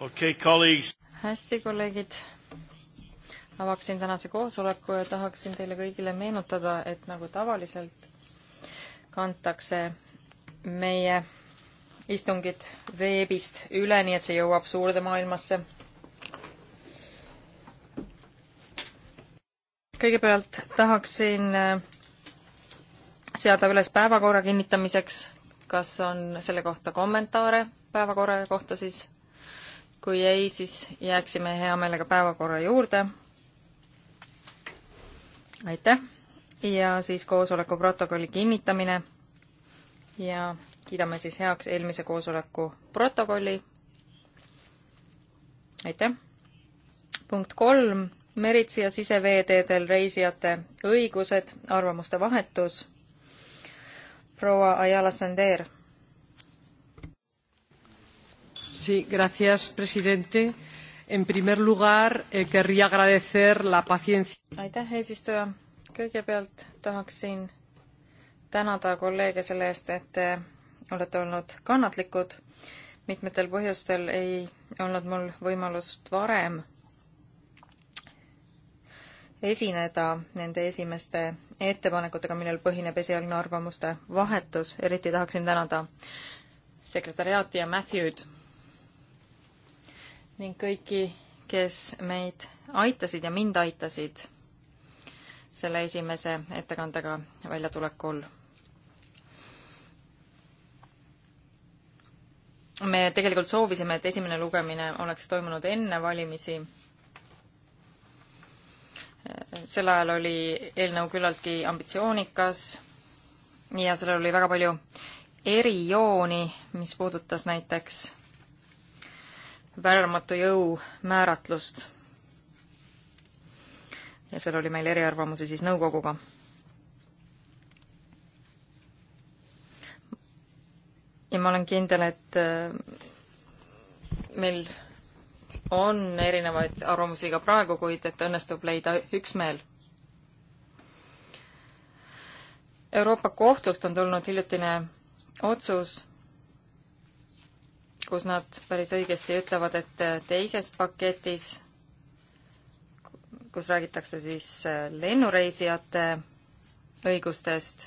okei okay,, kolleegid. hästi, kolleegid. avaksin tänase koosoleku ja tahaksin teile kõigile meenutada, et nagu tavaliselt kantakse meie istungid veebist üle, nii et see jõuab suurde maailmasse. kõigepealt tahaksin eh, seada üles päevakorra kinnitamiseks, kas on selle kohta kommentaare päevakorra kohta siis? kui ei, siis jääksime hea meelega päevakorra juurde. aitäh ja siis koosoleku protokolli kinnitamine ja kiidame siis heaks eelmise koosoleku protokolli. aitäh. punkt kolm, meritsi ja siseveeteedel reisijate õigused, arvamuste vahetus. proua Ayala Sender Sí, gracias, presidente. En primer lugar eh, querría agradecer la paciencia. aitäh, eesistuja. kõigepealt tahaksin tänada kolleege selle eest, et te olete olnud kannatlikud. mitmetel põhjustel ei olnud mul võimalust varem esineda nende esimeste ettepanekutega, millel põhineb esialgne arvamuste vahetus. eriti tahaksin tänada sekretäriaati ja Matthew'd ning kõiki, kes meid aitasid ja mind aitasid selle esimese ettekandega väljatulekul. me tegelikult soovisime, et esimene lugemine oleks toimunud enne valimisi. sel ajal oli eelnõu küllaltki ambitsioonikas ja sellel oli väga palju erijooni, mis puudutas näiteks vääramatu jõu määratlust. ja seal oli meil eriarvamusi siis nõukoguga. ja ma olen kindel, et äh, meil on erinevaid arvamusi ka praegu, kuid et õnnestub leida üksmeel. Euroopa Kohtult on tulnud hiljutine otsus kus nad päris õigesti ütlevad, et äh, teises paketis, kus räägitakse siis äh, lennureisijate õigustest,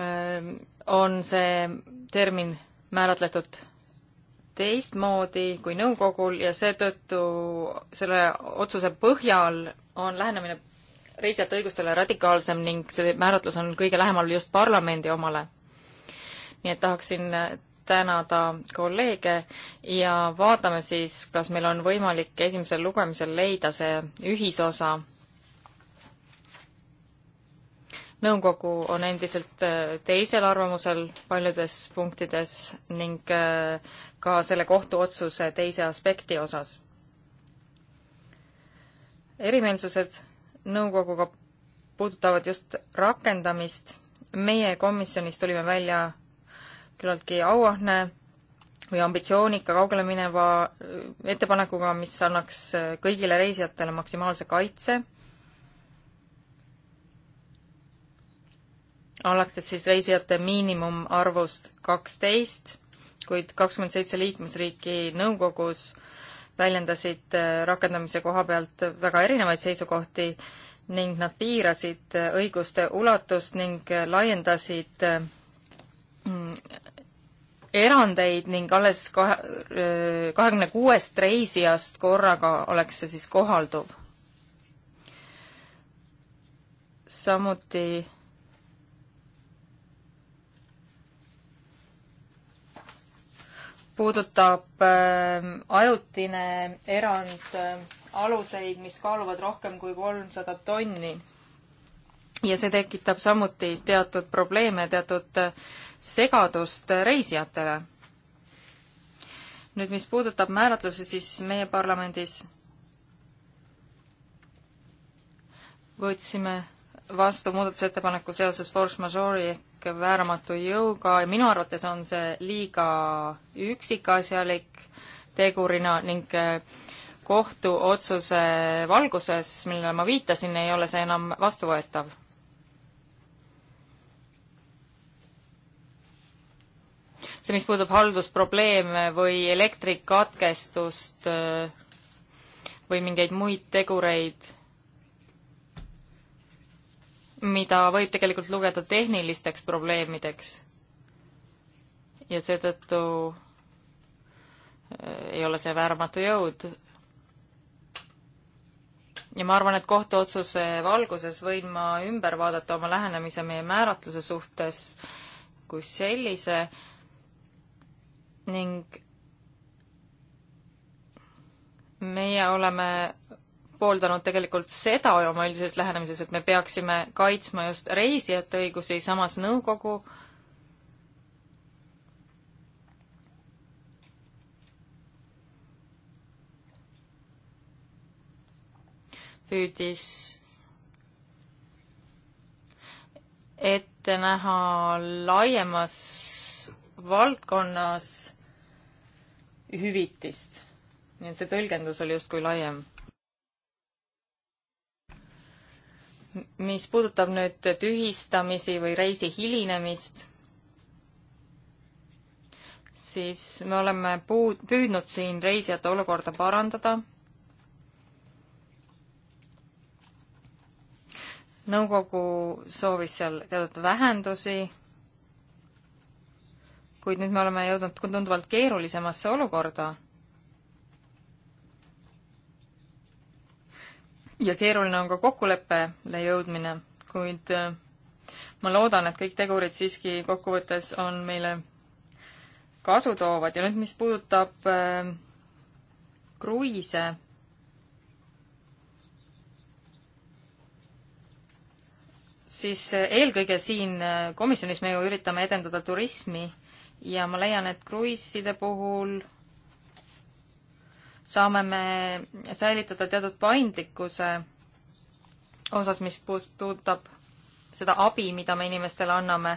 ähm, on see termin määratletud teistmoodi kui nõukogul ja seetõttu selle otsuse põhjal on lähenemine reisijate õigustele radikaalsem ning see määratlus on kõige lähemal just parlamendi omale. nii et tahaksin tänada kolleege ja vaatame siis, kas meil on võimalik esimesel lugemisel leida see ühisosa. nõukogu on endiselt äh, teisel arvamusel paljudes punktides ning äh, ka selle kohtuotsuse teise aspekti osas. erimeelsused nõukoguga puudutavad just rakendamist. meie komisjonis tulime välja küllaltki auahne või ambitsioonika kaugele mineva äh, ettepanekuga, mis annaks äh, kõigile reisijatele maksimaalse kaitse, alates siis reisijate miinimumarvust kaksteist, kuid kakskümmend seitse liikmesriiki nõukogus äh, väljendasid äh, rakendamise koha pealt väga erinevaid seisukohti ning nad piirasid äh, õiguste ulatust ning äh, laiendasid mm, erandeid ning alles kahe, kahekümne kuuest reisijast korraga oleks see siis kohalduv. samuti puudutab ähm, ajutine erand ähm, aluseid, mis kaaluvad rohkem kui kolmsada tonni. ja see tekitab samuti teatud probleeme, teatud äh, segadust äh, reisijatele. nüüd, mis puudutab määratlusi, siis meie parlamendis võtsime vastu muudatusettepaneku seoses force majeure'i ehk võimalik vääramatu jõuga ja minu arvates on see liiga üksikasjalik tegurina ning eh, kohtuotsuse valguses, millele ma viitasin, ei ole see enam vastuvõetav. see, mis puudutab haldusprobleeme või elektrikatkestust eh, või mingeid muid tegureid mida võib tegelikult lugeda tehnilisteks probleemideks. ja seetõttu äh, ei ole see vääramatu jõud. ja ma arvan, et kohtuotsuse valguses võin ma ümber vaadata oma lähenemise meie määratluse suhtes kui sellise ning meie oleme pooldanud tegelikult seda oma üldises lähenemises, et me peaksime kaitsma just reisijate õigusi, samas nõukogu püüdis ette näha laiemas valdkonnas hüvitist. nii et see tõlgendus oli justkui laiem. mis puudutab nüüd tühistamisi või reisi hilinemist, siis me oleme puu-, püüdnud siin reisijate olukorda parandada. nõukogu soovis seal teatud vähendusi, kuid nüüd me oleme jõudnud tunduvalt keerulisemasse olukorda ja keeruline on ka kokkuleppele jõudmine, kuid äh, ma loodan, et kõik tegurid siiski kokkuvõttes on meile kasu toovad ja nüüd, mis puudutab kruiise äh,, siis äh, eelkõige siin äh, komisjonis me ju üritame edendada turismi ja ma leian, et kruiiside puhul saame me säilitada teatud paindlikkuse osas, mis puudutab seda abi, mida me inimestele anname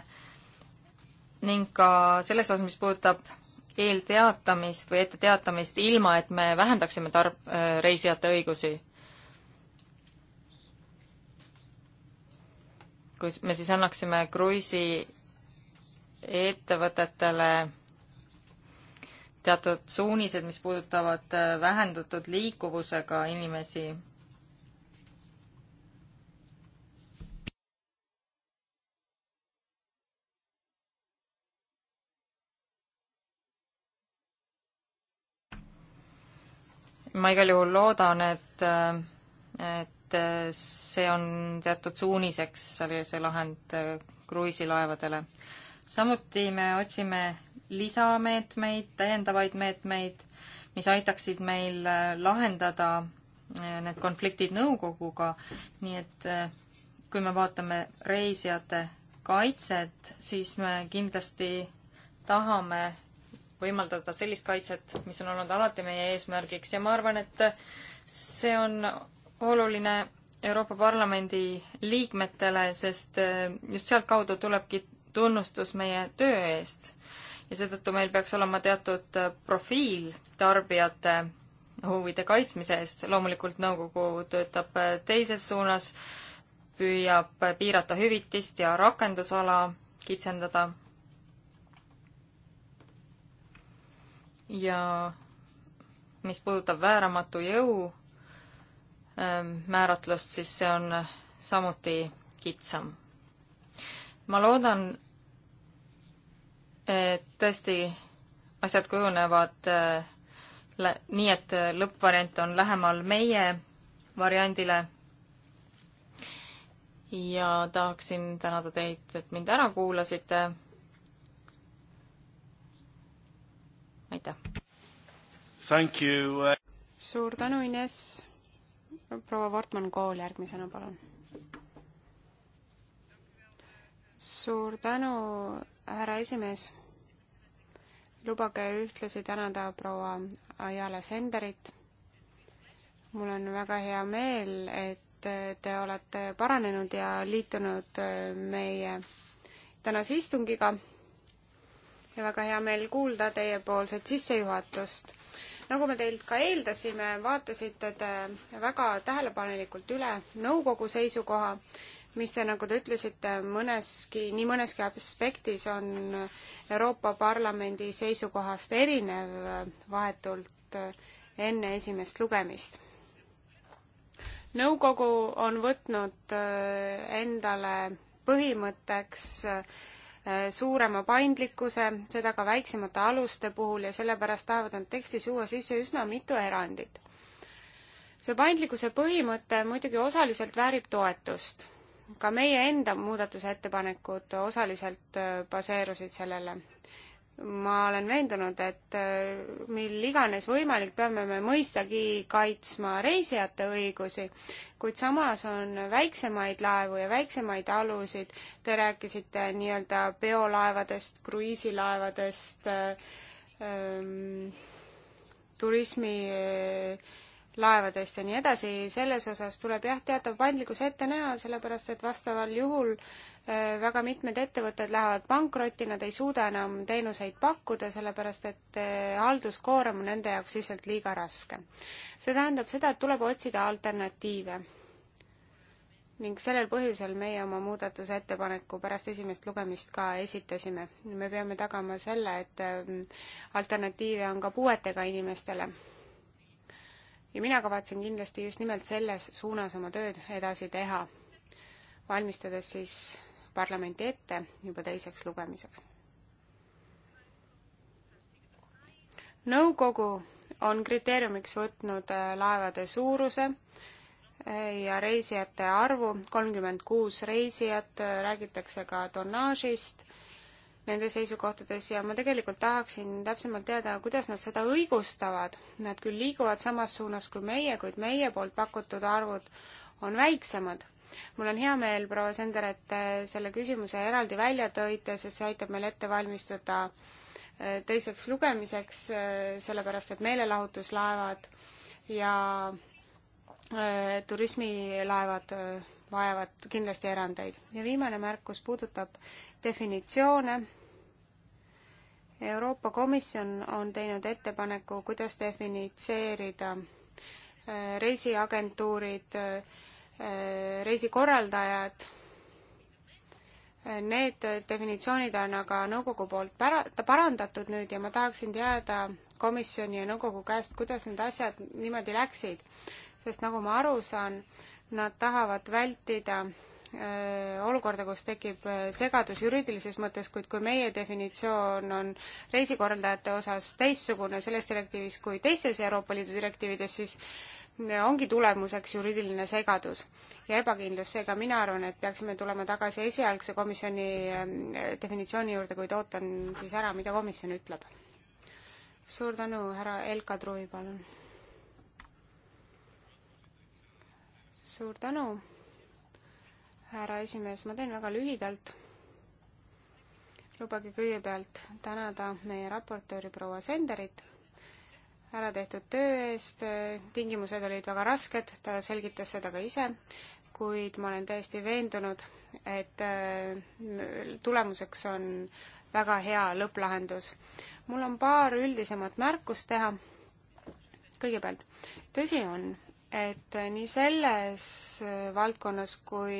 ning ka selles osas, mis puudutab eelteatamist või etteteatamist, ilma et me vähendaksime tarb-, äh, reisijate õigusi. kus me siis annaksime kruiisiettevõtetele teatud suunised, mis puudutavad äh, vähendatud liikuvusega inimesi. ma igal juhul loodan, et, äh, et äh, see on teatud suuniseks, see lahend kruiisilaevadele. samuti me otsime lisameetmeid, täiendavaid meetmeid, mis aitaksid meil äh, lahendada äh, need konfliktid nõukoguga, nii et äh, kui me vaatame reisijate kaitset, siis me kindlasti tahame võimaldada sellist kaitset, mis on olnud alati meie eesmärgiks ja ma arvan, et see on oluline Euroopa Parlamendi liikmetele, sest just sealtkaudu tulebki tunnustus meie töö eest ja seetõttu meil peaks olema teatud äh, profiil tarbijate huvide kaitsmise eest. loomulikult nõukogu töötab äh, teises suunas, püüab äh, piirata hüvitist ja rakendusala kitsendada. ja mis puudutab vääramatu jõu ähm, määratlust, siis see on samuti kitsam. ma loodan, et tõesti asjad kujunevad äh, nii, et lõppvariant on lähemal meie variandile. ja tahaksin tänada teid, et mind ära kuulasite. aitäh! Uh, suur tänu, Ines! proua Wortmann Kool järgmisena, palun! suur tänu härra esimees, lubage ühtlasi tänada proua Ajala Senderit. mul on väga hea meel, et te olete paranenud ja liitunud meie tänase istungiga ja väga hea meel kuulda teiepoolset sissejuhatust. nagu me teilt ka eeldasime, vaatasite te väga tähelepanelikult üle nõukogu seisukoha mis te, nagu te ütlesite, mõneski, nii mõneski aspektis on Euroopa Parlamendi seisukohast erinev vahetult enne esimest lugemist. nõukogu on võtnud äh, endale põhimõtteks äh, suurema paindlikkuse, seda ka väiksemate aluste puhul ja sellepärast tahavad nad tekstis juua sisse üsna mitu erandit. see paindlikkuse põhimõte muidugi osaliselt väärib toetust ka meie enda muudatusettepanekud osaliselt äh, baseerusid sellele. ma olen veendunud, et äh, mil iganes võimalik, peame me mõistagi kaitsma reisijate õigusi, kuid samas on väiksemaid laevu ja väiksemaid alusid, te rääkisite nii-öelda peolaevadest, kruiisilaevadest äh, ähm,, turismi äh, laevadest ja nii edasi, selles osas tuleb jah, teatav paindlikkus ette näha, sellepärast et vastaval juhul äh, väga mitmed ettevõtted lähevad pankrotti, nad ei suuda enam teenuseid pakkuda, sellepärast et äh, halduskoorem on nende jaoks lihtsalt liiga raske. see tähendab seda, et tuleb otsida alternatiive. ning sellel põhjusel meie oma muudatusettepaneku pärast esimest lugemist ka esitasime. me peame tagama selle, et äh, alternatiive on ka puuetega inimestele ja mina kavatsen kindlasti just nimelt selles suunas oma tööd edasi teha, valmistades siis parlamenti ette juba teiseks lugemiseks. nõukogu on kriteeriumiks võtnud äh, laevade suuruse äh, ja reisijate arvu, kolmkümmend kuus reisijat, äh, räägitakse ka tonnaažist nende seisukohtades ja ma tegelikult tahaksin täpsemalt teada, kuidas nad seda õigustavad. Nad küll liiguvad samas suunas kui meie, kuid meie poolt pakutud arvud on väiksemad. mul on hea meel, proua Sender, et te selle küsimuse eraldi välja tõite, sest see aitab meil ette valmistuda äh, teiseks lugemiseks, äh, sellepärast et meelelahutuslaevad ja äh, turismilaevad vajavad kindlasti erandeid. ja viimane märkus puudutab definitsioone. Euroopa Komisjon on teinud ettepaneku, kuidas definitseerida äh, reisiagentuurid, äh, reisikorraldajad, äh, need definitsioonid on aga nõukogu poolt para-, parandatud nüüd ja ma tahaksin teada komisjoni ja nõukogu käest, kuidas need asjad niimoodi läksid. sest nagu ma aru saan, Nad tahavad vältida äh, olukorda, kus tekib äh, segadus juriidilises mõttes, kuid kui meie definitsioon on reisikorraldajate osas teistsugune selles direktiivis kui teistes Euroopa Liidu direktiivides, siis äh, ongi tulemuseks juriidiline segadus ja ebakindlus, seega mina arvan, et peaksime tulema tagasi esialgse komisjoni definitsiooni juurde, kuid ootan siis ära, mida komisjon ütleb. suur tänu, härra Elka Truvi, palun suur tänu, härra esimees, ma teen väga lühidalt. lubage kõigepealt tänada meie raportööri proua Senderit ära tehtud töö eest, tingimused olid väga rasked, ta selgitas seda ka ise, kuid ma olen täiesti veendunud, et äh, tulemuseks on väga hea lõpplahendus. mul on paar üldisemat märkust teha. kõigepealt, tõsi on, et nii selles valdkonnas kui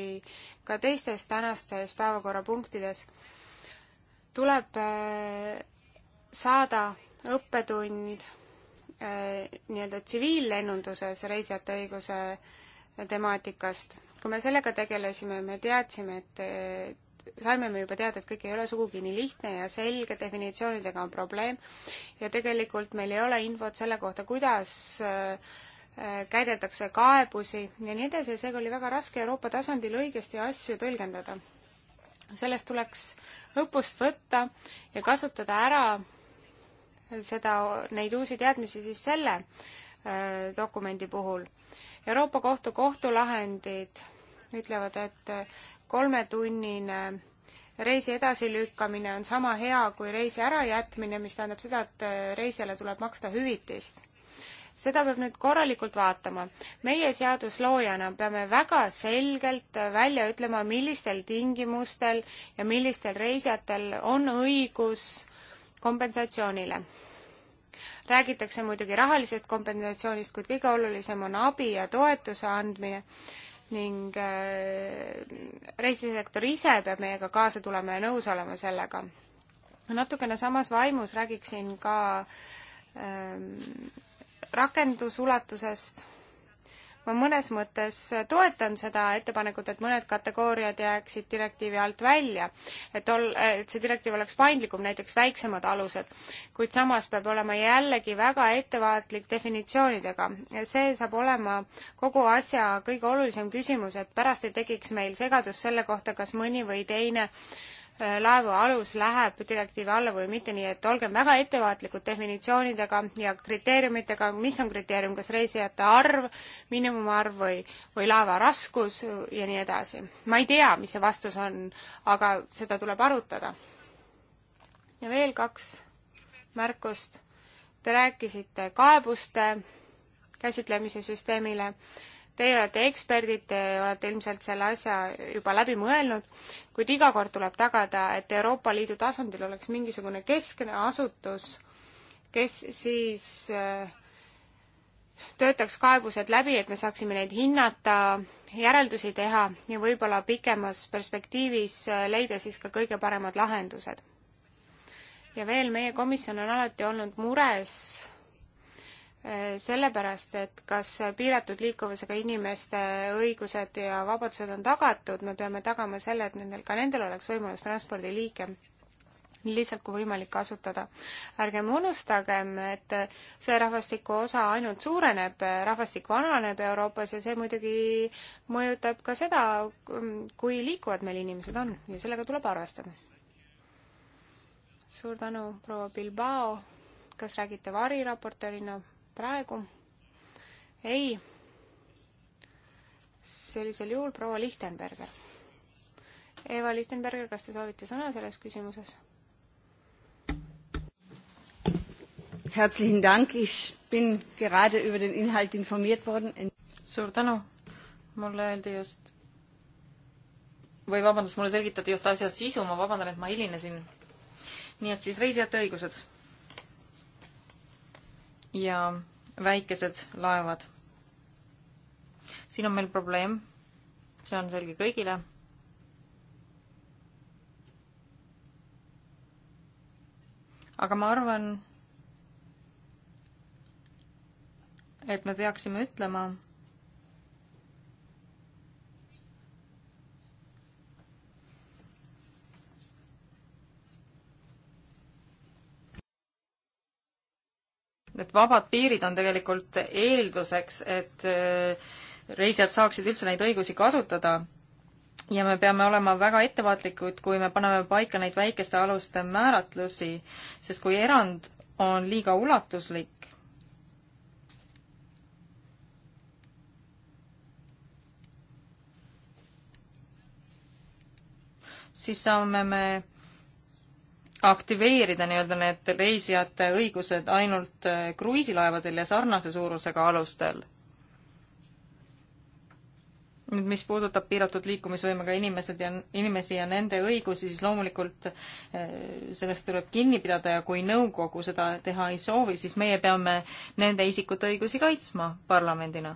ka teistes tänastes päevakorrapunktides tuleb äh, saada õppetund äh, nii-öelda tsiviillennunduses reisijate õiguse temaatikast. kui me sellega tegelesime, me teadsime, et äh, saime me juba teada, et kõik ei ole sugugi nii lihtne ja selge, definitsioonidega on probleem ja tegelikult meil ei ole infot selle kohta, kuidas äh, Äh, käideldakse kaebusi ja nii edasi ja seega oli väga raske Euroopa tasandil õigesti asju tõlgendada. sellest tuleks õppust võtta ja kasutada ära seda, neid uusi teadmisi siis selle öö, äh, dokumendi puhul. Euroopa Kohtu kohtulahendid ütlevad, et äh, kolmetunnine reisi edasilükkamine on sama hea kui reisi ärajätmine, mis tähendab seda, et reisijale tuleb maksta hüvitist seda peab nüüd korralikult vaatama. meie seadusloojana peame väga selgelt välja ütlema, millistel tingimustel ja millistel reisijatel on õigus kompensatsioonile. räägitakse muidugi rahalisest kompensatsioonist, kuid kõige olulisem on abi ja toetuse andmine ning äh, reisisektor ise peab meiega kaasa tulema ja nõus olema sellega. natukene samas vaimus räägiksin ka ähm, rakendusuletusest ma mõnes mõttes toetan seda ettepanekut, et mõned kategooriad jääksid direktiivi alt välja, et ol-, et see direktiiv oleks paindlikum, näiteks väiksemad alused, kuid samas peab olema jällegi väga ettevaatlik definitsioonidega. see saab olema kogu asja kõige olulisem küsimus, et pärast ei tekiks meil segadust selle kohta, kas mõni või teine äh, laeva alus läheb direktiivi alla või mitte, nii et olgem väga ettevaatlikud definitsioonidega ja kriteeriumitega, mis on kriteerium, kas reisijate arv, miinimumarv või, või laeva raskus ja nii edasi. ma ei tea, mis see vastus on, aga seda tuleb arutada. ja veel kaks märkust. Te rääkisite kaebuste käsitlemise süsteemile Teie olete eksperdid, te olete ilmselt selle asja juba läbi mõelnud, kuid iga kord tuleb tagada, et Euroopa Liidu tasandil oleks mingisugune keskne asutus, kes siis äh, töötaks kaebused läbi, et me saaksime neid hinnata, järeldusi teha ja võib-olla pikemas perspektiivis äh, leida siis ka kõige paremad lahendused. ja veel, meie komisjon on alati olnud mures Äh, sellepärast, et kas piiratud liikuvusega inimeste õigused ja vabadused on tagatud, me peame tagama selle, et nendel, ka nendel oleks võimalus transpordiliike nii lihtsalt kui võimalik kasutada. ärgem unustagem, et see rahvastiku osa ainult suureneb, rahvastik vananeb Euroopas ja see muidugi mõjutab ka seda, kui liikuvad meil inimesed on ja sellega tuleb arvestada. suur tänu, proua Bilbao, kas räägite variraportöörina? praegu? ei. sellisel juhul proua Lichtenberger. Eva Lichtenberger, kas te soovite sõna selles küsimuses? Herzlichen Dank, ich bin gerade über den Inhalt informiert worden. suur tänu, mulle öeldi just või vabandust, mulle selgitati just asja sisu, ma vabandan, et ma hilinesin. nii et siis reisijate õigused ja väikesed laevad. siin on meil probleem, see on selge kõigile. aga ma arvan, et me peaksime ütlema, et vabad piirid on tegelikult eelduseks, et äh, reisijad saaksid üldse neid õigusi kasutada ja me peame olema väga ettevaatlikud, kui me paneme paika neid väikeste aluste määratlusi, sest kui erand on liiga ulatuslik, siis saame me aktiveerida nii-öelda need reisijate õigused ainult äh, kruiisilaevadel ja sarnase suurusega alustel. nüüd, mis puudutab piiratud liikumisvõimega inimesed ja, inimesi ja nende õigusi, siis loomulikult äh, sellest tuleb kinni pidada ja kui nõukogu seda teha ei soovi, siis meie peame nende isikute õigusi kaitsma parlamendina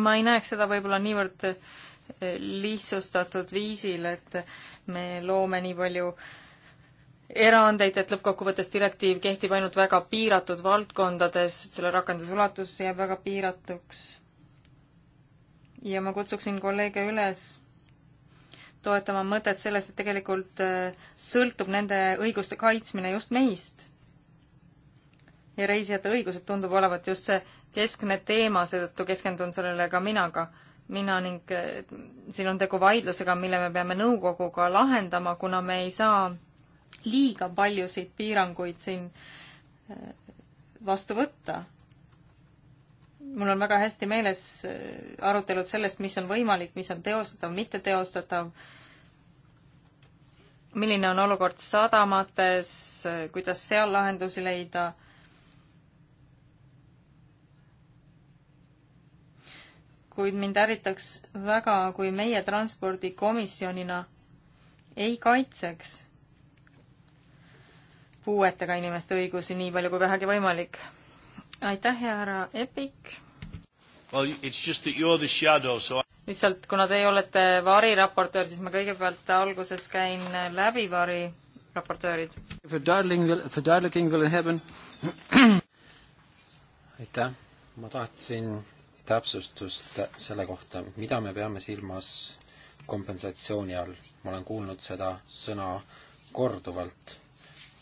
ma ei näeks seda võib-olla niivõrd lihtsustatud viisil, et me loome nii palju erandeid, et lõppkokkuvõttes direktiiv kehtib ainult väga piiratud valdkondades, selle rakendusulatus jääb väga piiratuks. ja ma kutsuksin kolleege üles toetama mõtet sellest, et tegelikult äh, sõltub nende õiguste kaitsmine just meist. ja reisijate õigused tundub olevat just see keskne teema, seetõttu keskendun sellele ka mina ka mina ning siin on tegu vaidlusega, mille me peame nõukoguga lahendama, kuna me ei saa liiga paljusid piiranguid siin äh, vastu võtta. mul on väga hästi meeles äh, arutelud sellest, mis on võimalik, mis on teostatav, mitte teostatav, milline on olukord sadamates, äh, kuidas seal lahendusi leida kuid mind ärritaks väga, kui meie transpordikomisjonina ei kaitseks puuetega inimeste õigusi nii palju kui vähegi võimalik. aitäh ja härra Epik well,! So... lihtsalt, kuna teie olete variraportöör, siis ma kõigepealt alguses käin läbi variraportöörid. aitäh, ma tahtsin täpsustust selle kohta, mida me peame silmas kompensatsiooni all. ma olen kuulnud seda sõna korduvalt.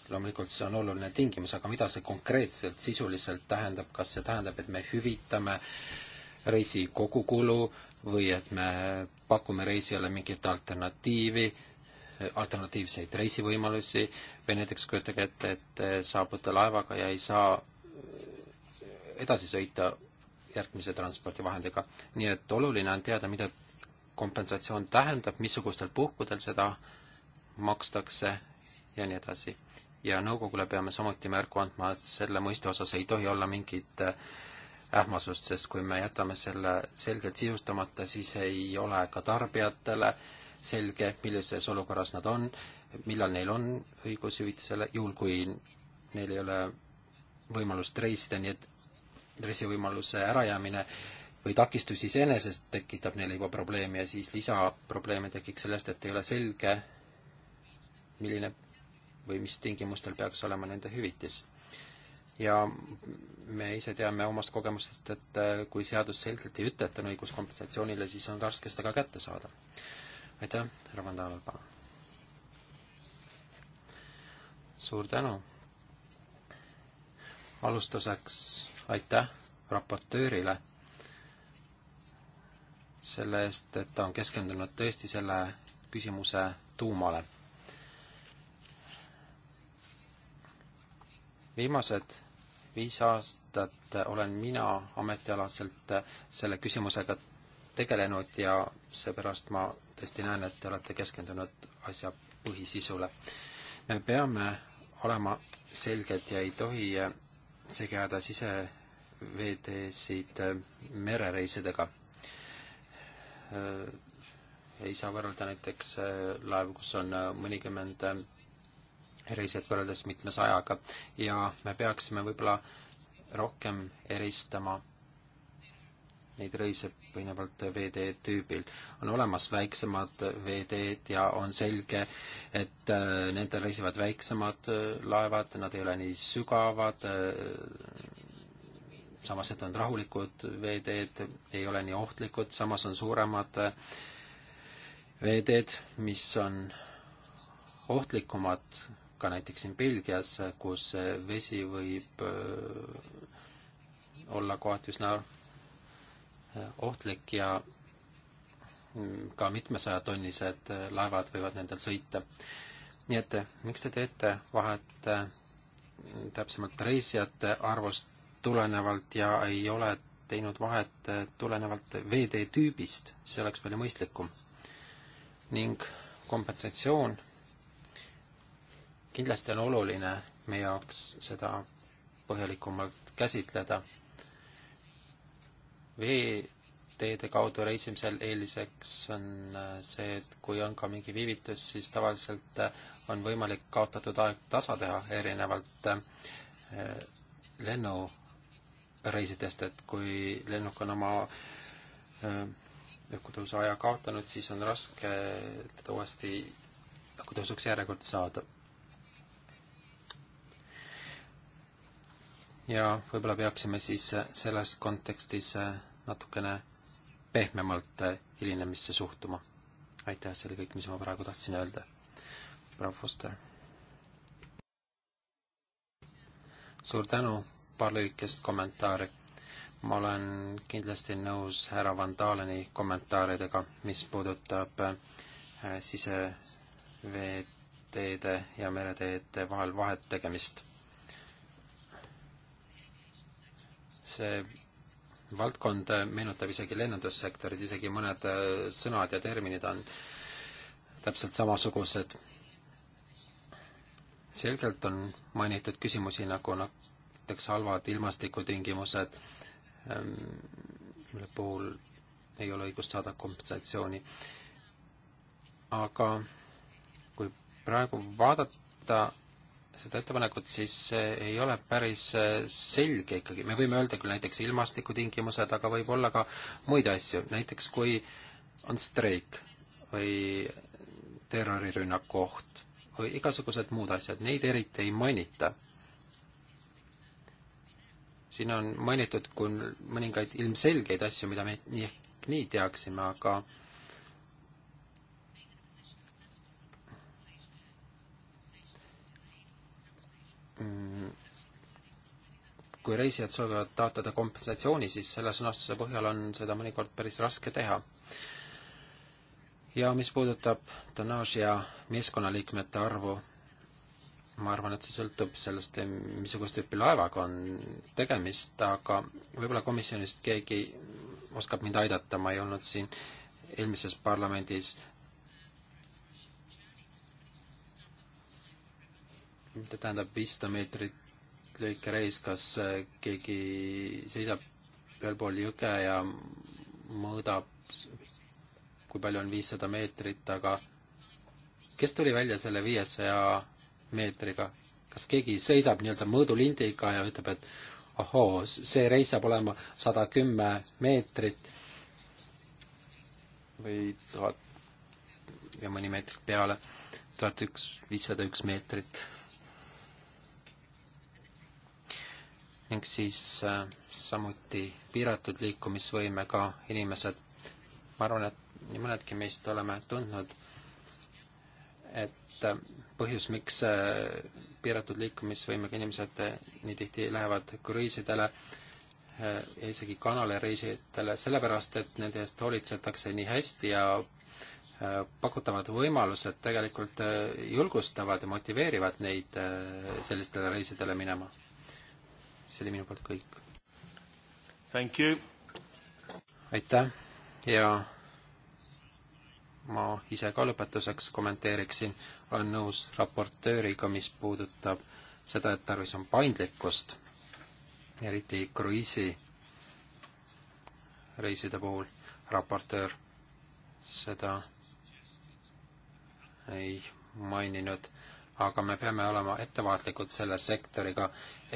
loomulikult see on oluline tingimus, aga mida see konkreetselt sisuliselt tähendab, kas see tähendab, et me hüvitame reisi kogukulu või et me pakume reisijale mingit alternatiivi, alternatiivseid reisivõimalusi või näiteks kujutage ette, et saabute laevaga ja ei saa edasi sõita järgmise transpordivahendiga. nii et oluline on teada, mida kompensatsioon tähendab, missugustel puhkudel seda makstakse ja nii edasi. ja nõukogule peame samuti märku andma, et selle mõiste osas ei tohi olla mingit äh, ähmasust, sest kui me jätame selle selgelt sisustamata, siis ei ole ka tarbijatele selge, millises olukorras nad on, millal neil on õigus hüvitisele, juhul kui neil ei ole võimalust reisida, nii et vesivõimaluse ärajäämine või takistus iseenesest tekitab neile juba probleemi ja siis lisaprobleeme tekiks sellest, et ei ole selge, milline või mis tingimustel peaks olema nende hüvitis. ja me ise teame omast kogemustest, et äh, kui seadus selgelt ei ütle, et on õigus kompensatsioonile, siis on raske seda ka kätte saada. aitäh, härra Vandalov, palun! suur tänu! alustuseks aitäh raportöörile selle eest, et ta on keskendunud tõesti selle küsimuse tuumale. viimased viis aastat olen mina ametialaselt selle küsimusega tegelenud ja seepärast ma tõesti näen, et te olete keskendunud asja põhisisule. me peame olema selged ja ei tohi segi ajada sise veeteesid äh, merereisidega. Äh, ei saa võrrelda näiteks äh, laevu, kus on mõnikümmend reisijat võrreldes mitmesajaga ja me peaksime võib-olla rohkem eristama neid reise põhinevalt veetee tüübil. on olemas väiksemad veeteed ja on selge, et nendel reisivad väiksemad laevad, nad ei ole nii sügavad, samas, et on rahulikud veeteed, ei ole nii ohtlikud, samas on suuremad veeteed, mis on ohtlikumad, ka näiteks siin Belgias, kus vesi võib äh, olla kohati üsna äh, ohtlik ja mm, ka mitmesajatonnised äh, laevad võivad nendel sõita. nii et miks te teete vahet täpsemalt reisijate arvust tulenevalt ja ei ole teinud vahet eh, tulenevalt veeteetüübist, see oleks palju mõistlikum. ning kompensatsioon, kindlasti on oluline meie jaoks seda põhjalikumalt käsitleda. veeteede kaudu reisimisel eeliseks on eh, see, et kui on ka mingi viivitus, siis tavaliselt eh, on võimalik kaotatud aeg tasa teha, erinevalt lennu reisidest, et kui lennuk on oma õhkutõusu äh, aja kaotanud, siis on raske teda uuesti õhkutõusuks järjekorda saada. ja võib-olla peaksime siis äh, selles kontekstis äh, natukene pehmemalt hilinemisse suhtuma. aitäh, see oli kõik, mis ma praegu tahtsin öelda. proua Foster. suur tänu paar lühikest kommentaari. ma olen kindlasti nõus härra Van Daleni kommentaaridega, mis puudutab äh, siseveeteede ja mereteede vahel vahet tegemist. see valdkond meenutab isegi lennundussektorit, isegi mõned äh, sõnad ja terminid on täpselt samasugused. selgelt on mainitud küsimusi nagu, nagu näiteks halvad ilmastikutingimused, ehm, mille puhul ei ole õigust saada kompensatsiooni. aga kui praegu vaadata seda ettepanekut, siis see ei ole päris eh, selge ikkagi, me võime öelda küll näiteks ilmastikutingimused, aga võib olla ka muid asju, näiteks kui on streik või terrorirünnaku oht või igasugused muud asjad, neid eriti ei mainita siin on mainitud kui mõningaid ilmselgeid asju, mida me nii ehk nii teaksime, aga mm, kui reisijad soovivad taotleda kompensatsiooni, siis selle sõnastuse põhjal on seda mõnikord päris raske teha. ja mis puudutab tonnaaži ja meeskonnaliikmete arvu, ma arvan, et see sõltub sellest, missugust tüüpi laevaga on tegemist, aga võib-olla komisjonist keegi oskab mind aidata, ma ei olnud siin eelmises parlamendis. mida tähendab viissada meetrit lõikereis, kas äh, keegi seisab ühelpool jõge ja mõõdab, kui palju on viissada meetrit, aga kes tuli välja selle viiesaja 500 meetriga. kas keegi seisab nii-öelda mõõdulindiga ja ütleb, et ohoo, see reis saab olema sada kümme meetrit või tuhat ja mõni meetrit peale, tuhat üks, viissada üks meetrit. ning siis äh, samuti piiratud liikumisvõimega inimesed, ma arvan, et nii mõnedki meist oleme tundnud et äh, põhjus, miks äh, piiratud liikumisvõimega inimesed äh, nii tihti lähevad kruiisidele ja isegi kanalereisidele, sellepärast et nende eest hoolitsetakse nii hästi ja pakutavad võimalused tegelikult julgustavad ja motiveerivad neid sellistele reisidele minema. see oli minu poolt kõik. aitäh ja ma ise ka lõpetuseks kommenteeriksin, olen nõus raportööriga, mis puudutab seda, et tarvis on paindlikkust, eriti kruiisireiside puhul, raportöör seda ei maininud, aga me peame olema ettevaatlikud selle sektoriga,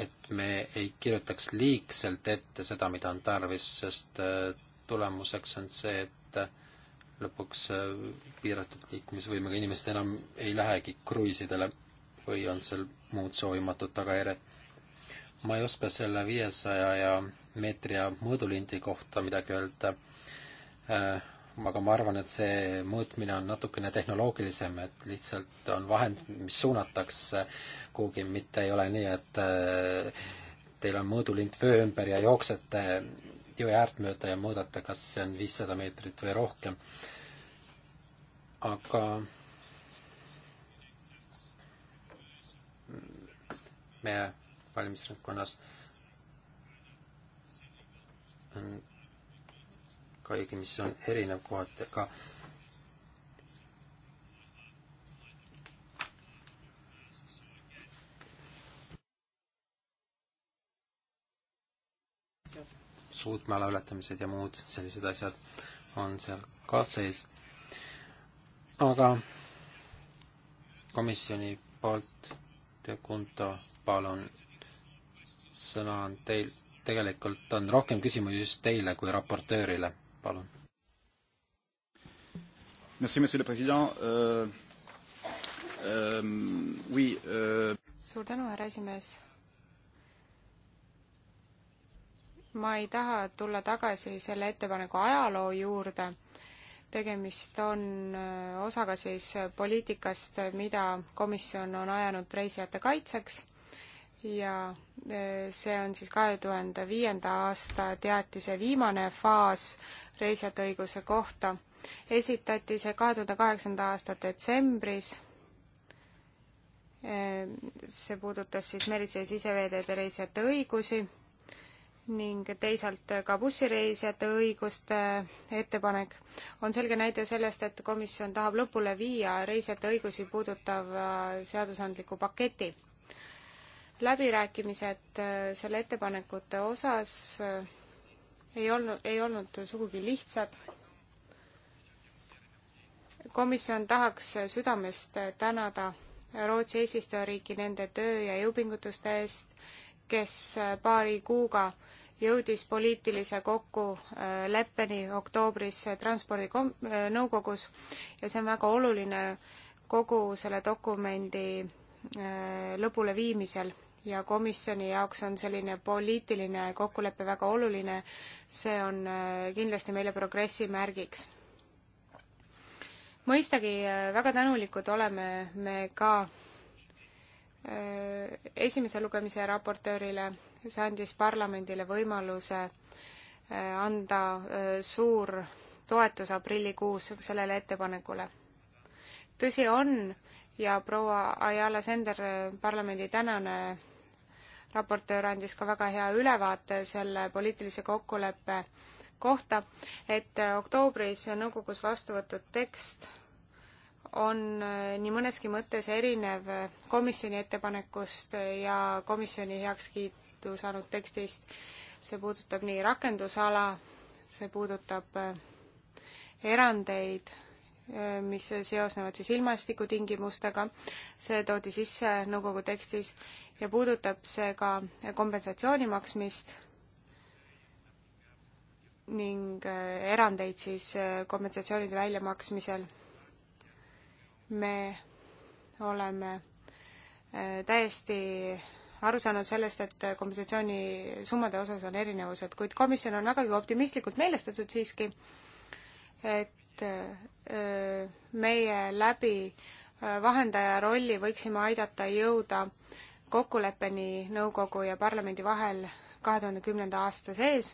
et me ei kirjutaks liigselt ette seda, mida on tarvis, sest äh, tulemuseks on see, et lõpuks äh, piiratud liikumisvõimega inimesed enam ei lähegi kruiisidele või on seal muud soovimatud tagajärjed. ma ei oska selle viiesaja ja meetri ja mõõdulindi kohta midagi öelda, äh, aga ma arvan, et see mõõtmine on natukene tehnoloogilisem, et lihtsalt on vahend, mis suunatakse kuhugi, mitte ei ole nii, et äh, teil on mõõdulint vöö ümber ja jooksete jõe äärt mööda ja mõõdata, kas see on viissada meetrit või rohkem. aga meie valimisringkonnas on ka õige, mis on erinev kohati, aga Suutmäela ületamised ja muud sellised asjad on seal ka sees. aga komisjoni poolt, De Kunto, palun, sõna on teil, tegelikult on rohkem küsimusi just teile kui raportöörile, palun. Merci, monsieur le president uh,. Uh, oui, uh... suur tänu, härra esimees ma ei taha tulla tagasi selle ettepaneku ajaloo juurde, tegemist on äh, osaga siis äh, poliitikast, mida komisjon on ajanud reisijate kaitseks ja äh, see on siis kahe tuhande viienda aasta teatise viimane faas reisijate õiguse kohta. esitati see kahe tuhande kaheksanda aasta detsembris, see puudutas siis merise ja siseveeteede reisijate õigusi ning teisalt ka bussireisijate õiguste ettepanek on selge näide sellest, et komisjon tahab lõpule viia reisijate õigusi puudutava äh, seadusandliku paketi. läbirääkimised äh, selle ettepanekute osas äh, ei olnud, ei olnud sugugi lihtsad. komisjon tahaks südamest tänada Rootsi eesistujariiki nende töö ja jõupingutuste eest, kes paari kuuga äh, jõudis poliitilise kokkuleppeni oktoobris transpordinõukogus ja see on väga oluline kogu selle dokumendi äh, lõpuleviimisel ja komisjoni jaoks on selline poliitiline kokkulepe väga oluline, see on äh, kindlasti meile progressi märgiks. mõistagi äh, väga tänulikud oleme me ka esimese lugemise raportöörile see andis parlamendile võimaluse äh, anda äh, suur toetus aprillikuus sellele ettepanekule. tõsi on ja proua Ayala Sender, äh, parlamendi tänane raportöör andis ka väga hea ülevaate selle poliitilise kokkuleppe kohta, et oktoobris nõukogus vastu võetud tekst on nii mõneski mõttes erinev komisjoni ettepanekust ja komisjoni heakskiit edu saanud tekstist. see puudutab nii rakendusala, see puudutab äh, erandeid, äh, mis seosnevad siis ilmastikutingimustega, see toodi sisse nõukogu tekstis ja puudutab see ka kompensatsiooni maksmist ning äh, erandeid siis kompensatsioonide väljamaksmisel. me oleme täiesti aru saanud sellest, et kompensatsioonisummade osas on erinevused, kuid komisjon on vägagi optimistlikult meelestatud siiski, et äh, meie läbi äh, vahendaja rolli võiksime aidata jõuda kokkuleppeni nõukogu ja parlamendi vahel kahe tuhande kümnenda aasta sees.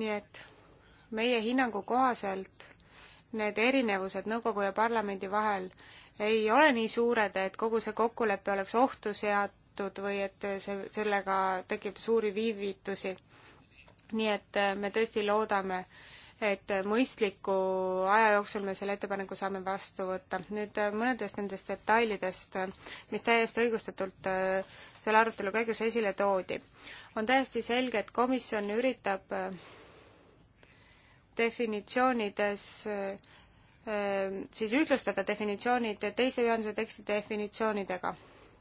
nii et meie hinnangu kohaselt need erinevused nõukogu ja parlamendi vahel ei ole nii suured, et kogu see kokkulepe oleks ohtu seatud või et see, sellega tekib suuri viivitusi. nii et äh, me tõesti loodame, et mõistliku aja jooksul me selle ettepaneku saame vastu võtta. nüüd äh, mõnedest nendest detailidest, äh, mis täiesti õigustatult selle arutelu käigus esile toodi. on täiesti selge, et komisjon üritab definitsioonides Ehm, siis ühtlustada definitsioonid teise veonduse teksti definitsioonidega.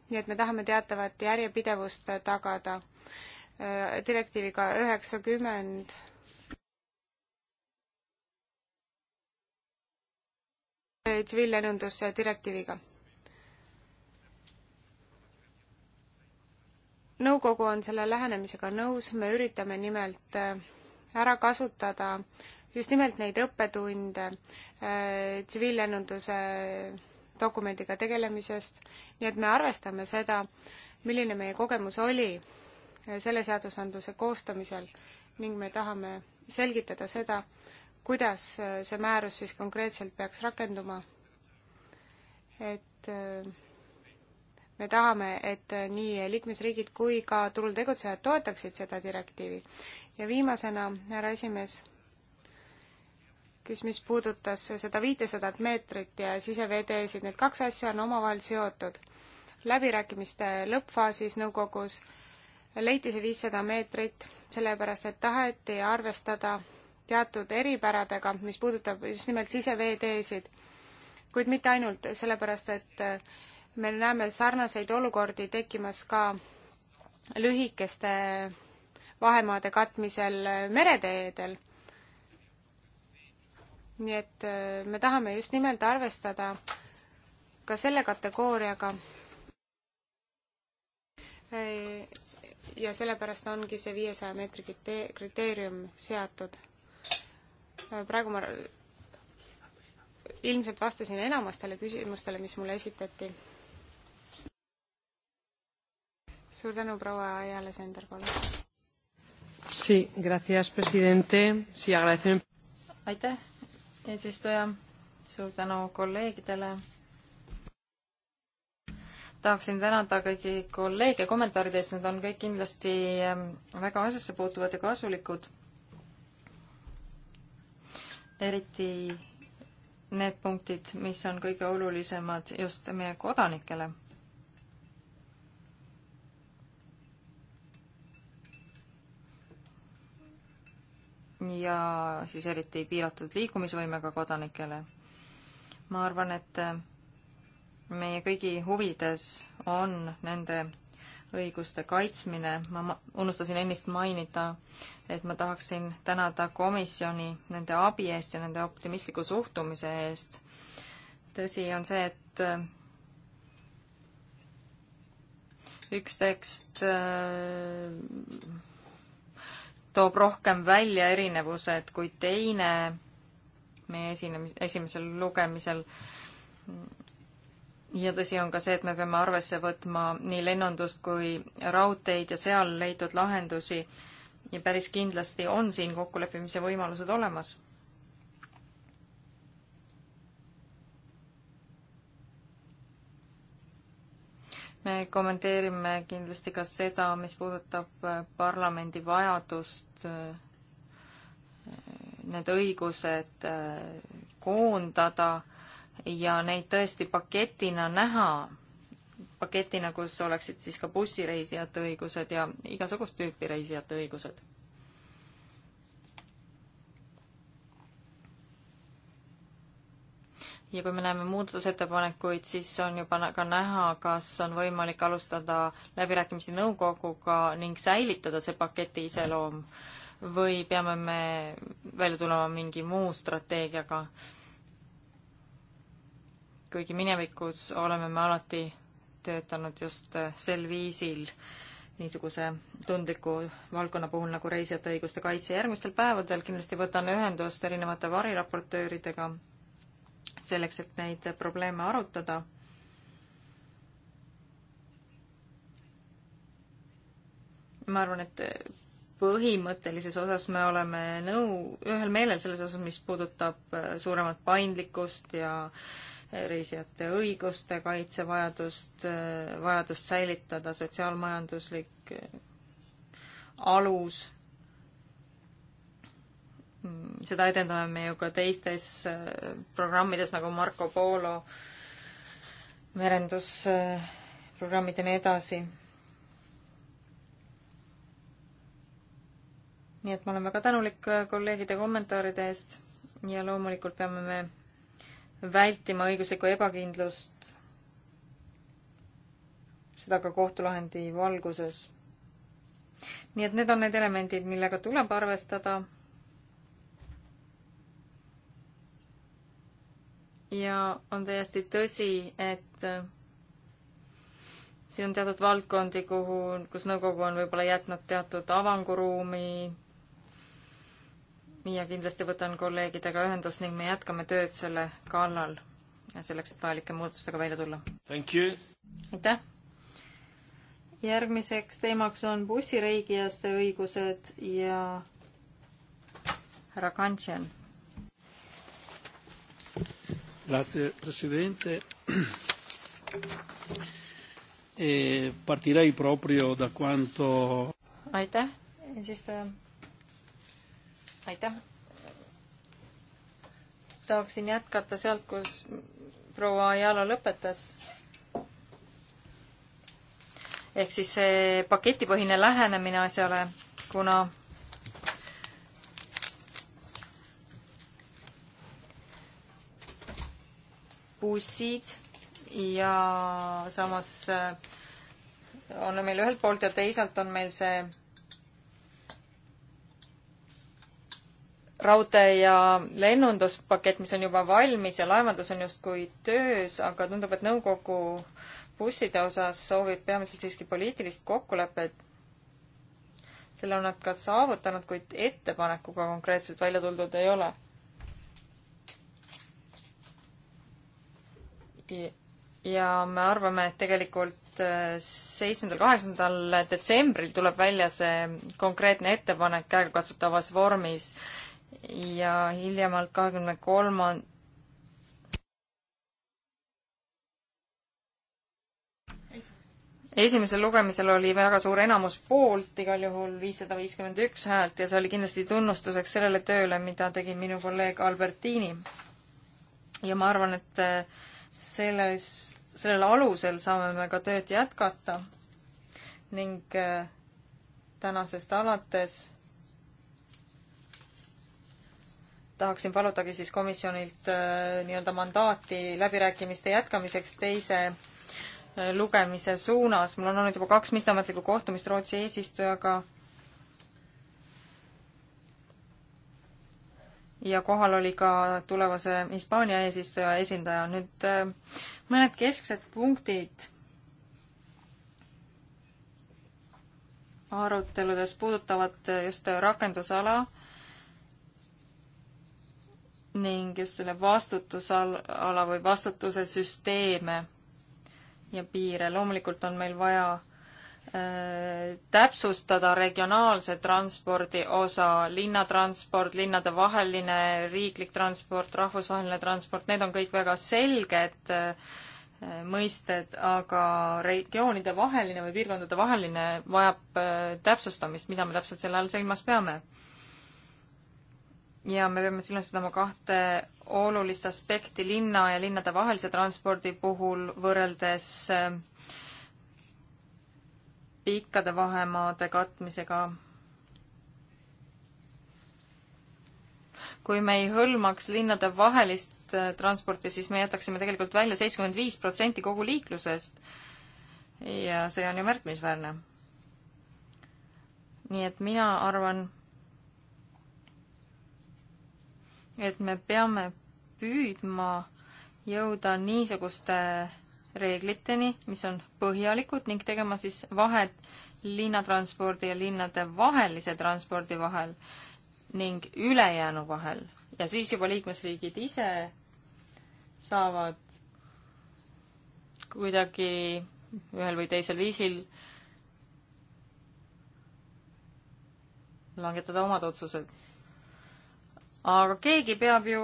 nii et me tahame teatavat järjepidevust tagada ehm, direktiiviga üheksakümmend ehm, tsiviillennunduse direktiiviga. nõukogu on selle lähenemisega nõus, me üritame nimelt ära kasutada just nimelt neid õppetunde äh, tsiviillennunduse dokumendiga tegelemisest, nii et me arvestame seda, milline meie kogemus oli äh, selle seadusandluse koostamisel ning me tahame selgitada seda, kuidas äh, see määrus siis konkreetselt peaks rakenduma. et me tahame, et nii liikmesriigid kui ka turul tegutsejad toetaksid seda direktiivi. ja viimasena, härra esimees, kus, mis puudutas seda viitesadat meetrit ja siseveeteesid, need kaks asja on omavahel seotud. läbirääkimiste lõppfaasis nõukogus leiti see viissada meetrit, sellepärast et taheti arvestada teatud eripäradega, mis puudutab just nimelt siseveeteesid, kuid mitte ainult, sellepärast et me näeme sarnaseid olukordi tekkimas ka lühikeste vahemaade katmisel mereteedel nii et äh, me tahame just nimelt arvestada ka selle kategooriaga. Äh, ja sellepärast ongi see viiesaja meetri kriteerium seatud. Äh, praegu ma ilmselt vastasin enamastele küsimustele, mis mulle esitati. suur tänu, proua Jale Sender, palun. Sí, gracias, presidente. Sí, agradecen. Aitäh, eesistuja, suur tänu kolleegidele. tahaksin tänada kõiki kolleege kommentaaride eest, need on kõik kindlasti ähm, väga asjasse puutuvad ja kasulikud. eriti need punktid, mis on kõige olulisemad just meie kodanikele ja siis eriti piiratud liikumisvõimega kodanikele. ma arvan, et meie kõigi huvides on nende õiguste kaitsmine, ma unustasin ennist mainida, et ma tahaksin tänada komisjoni nende abi eest ja nende optimistliku suhtumise eest. tõsi on see, et äh, üks tekst äh, toob rohkem välja erinevused kui teine meie esinemis, esimesel lugemisel. ja tõsi on ka see, et me peame arvesse võtma nii lennundust kui raudteid ja seal leitud lahendusi ja päris kindlasti on siin kokkuleppimise võimalused olemas me kommenteerime kindlasti ka seda, mis puudutab äh, parlamendi vajadust, äh, need õigused äh, koondada ja neid tõesti paketina näha, paketina, kus oleksid siis ka bussireisijate õigused ja igasugust tüüpi reisijate õigused ja kui me näeme muudatusettepanekuid, siis on juba ka näha, kas on võimalik alustada läbirääkimisi nõukoguga ning säilitada see paketi iseloom või peame me välja tulema mingi muu strateegiaga. kuigi minevikus oleme me alati töötanud just sel viisil niisuguse tundliku valdkonna puhul nagu reisijate õiguste kaitse. järgmistel päevadel kindlasti võtan ühendust erinevate variraportööridega selleks, et neid probleeme arutada. ma arvan, et põhimõttelises osas me oleme nõu, ühel meelel selles osas, mis puudutab äh, suuremat paindlikkust ja äh, reisijate õiguste kaitsevajadust, äh, vajadust säilitada sotsiaalmajanduslik alus seda edendame me ju ka teistes äh, programmides nagu Marco Polo merendusprogrammid äh, ja nii edasi. nii et ma olen väga tänulik äh, kolleegide kommentaaride eest ja loomulikult peame me vältima õiguslikku ebakindlust, seda ka kohtulahendi valguses. nii et need on need elemendid, millega tuleb arvestada ja on täiesti tõsi, et äh, siin on teatud valdkondi, kuhu, kus nõukogu on võib-olla jätnud teatud avanguruumi. ja kindlasti võtan kolleegidega ühendust ning me jätkame tööd selle kallal ja selleks, et vajalike muutustega välja tulla. aitäh! järgmiseks teemaks on bussireigijaste õigused ja härra Kantšen Grazie Presidente. E partirei proprio da quanto... aitäh, eesistuja. aitäh. tahaksin jätkata sealt, kus proua Ajala lõpetas. ehk siis see paketipõhine lähenemine asjale, kuna bussid ja samas äh, on meil ühelt poolt ja teisalt on meil see raudtee ja lennunduspakett, mis on juba valmis ja laevandus on justkui töös, aga tundub, et nõukogu busside osas soovib peamiselt siiski poliitilist kokkulepet. selle on nad ka saavutanud, kuid ettepanekuga konkreetselt välja tuldud ei ole ja me arvame, et tegelikult äh, seitsmendal, kaheksandal detsembril tuleb välja see konkreetne ettepanek käegakatsutavas vormis ja hiljemalt kahekümne kolmand-, esimesel lugemisel oli väga suur enamus poolt, igal juhul viissada viiskümmend üks häält ja see oli kindlasti tunnustuseks sellele tööle, mida tegi minu kolleeg Albertini. ja ma arvan, et äh, selles, sellel alusel saame me ka tööd jätkata ning äh, tänasest alates tahaksin palutagi siis komisjonilt äh, nii-öelda mandaati läbirääkimiste jätkamiseks teise äh, lugemise suunas. mul on olnud juba kaks mitteametlikku kohtumist Rootsi eesistujaga ja kohal oli ka tulevase Hispaania eesistuja esindaja. nüüd äh, mõned kesksed punktid aruteludes puudutavad just rakendusala ning just selle vastutusala või vastutuse süsteeme ja piire. loomulikult on meil vaja Äh, täpsustada regionaalse transpordi osa, linnatransport, linnade vaheline riiklik transport, rahvusvaheline transport, need on kõik väga selged äh, mõisted, aga regioonide vaheline või piirkondade vaheline vajab äh, täpsustamist, mida me täpselt selle all silmas peame. ja me peame silmas pidama kahte olulist aspekti linna ja linnade vahelise transpordi puhul võrreldes äh, pikkade vahemaade katmisega. kui me ei hõlmaks linnade vahelist äh, transporti, siis me jätaksime tegelikult välja seitsekümmend viis protsenti kogu liiklusest. ja see on ju märkimisväärne. nii et mina arvan, et me peame püüdma jõuda niisuguste reegliteni, mis on põhjalikud ning tegema siis vahet linnatranspordi ja linnade vahelise transpordi vahel ning ülejäänu vahel ja siis juba liikmesriigid ise saavad kuidagi ühel või teisel viisil langetada omad otsused aga keegi peab ju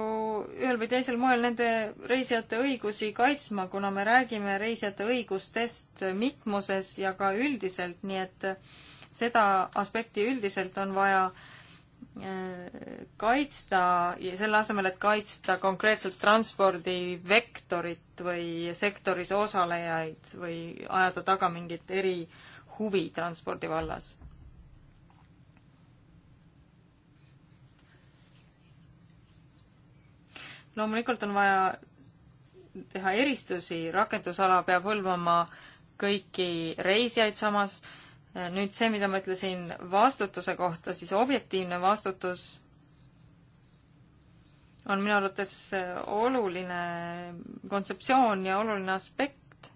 ühel või teisel moel nende reisijate õigusi kaitsma, kuna me räägime reisijate õigustest mitmuses ja ka üldiselt, nii et seda aspekti üldiselt on vaja äh, kaitsta ja selle asemel, et kaitsta konkreetselt transpordivektorit või sektoris osalejaid või ajada taga mingit erihuvi transpordi vallas loomulikult on vaja teha eristusi, rakendusala peab hõlmama kõiki reisijaid samas, nüüd see, mida ma ütlesin vastutuse kohta, siis objektiivne vastutus on minu arvates oluline kontseptsioon ja oluline aspekt,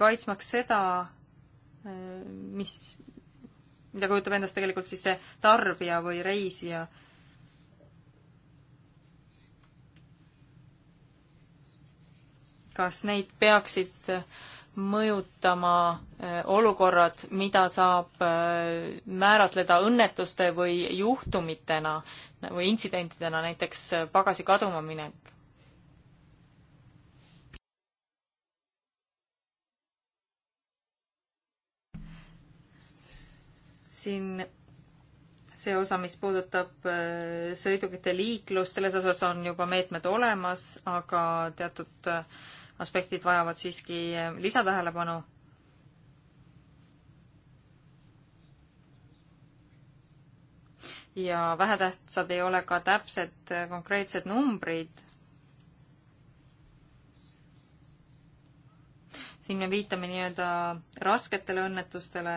kaitsmaks seda, mis mida kujutab endast tegelikult siis see tarbija või reisija. kas neid peaksid mõjutama äh, olukorrad, mida saab äh, määratleda õnnetuste või juhtumitena või intsidentidena, näiteks äh, pagasi kaduma minek? siin see osa, mis puudutab äh, sõidukite liiklust, selles osas on juba meetmed olemas, aga teatud äh, aspektid vajavad siiski äh, lisatähelepanu. ja vähetähtsad ei ole ka täpsed konkreetsed numbrid. siin me viitame nii-öelda rasketele õnnetustele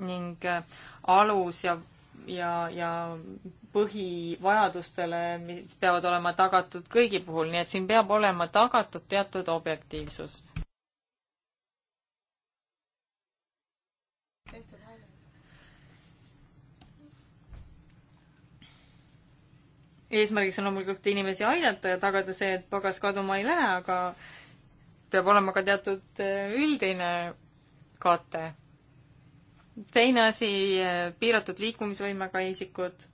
ning äh, alus ja, ja, ja põhivajadustele, mis peavad olema tagatud kõigi puhul, nii et siin peab olema tagatud teatud objektiivsus. eesmärgiks on loomulikult inimesi aidata ja tagada see, et pagas kaduma ei lähe, aga peab olema ka teatud äh, üldine kate teine asi, eh, piiratud liikumisvõimega isikud.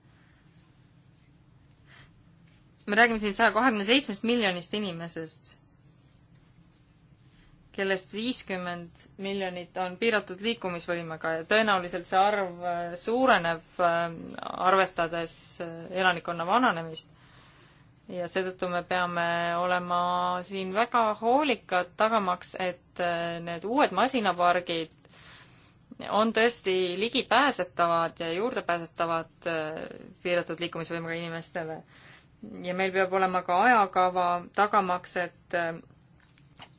me räägime siin saja kahekümne seitsmest miljonist inimesest, kellest viiskümmend miljonit on piiratud liikumisvõimega ja tõenäoliselt see arv eh, suureneb, eh, arvestades elanikkonna vananemist. ja seetõttu me peame olema siin väga hoolikad, tagamaks, et need uued masinapargid on tõesti ligipääsetavad ja juurdepääsetavad äh, piiratud liikumisvõimega inimestele. ja meil peab olema ka ajakava tagamaks, et äh,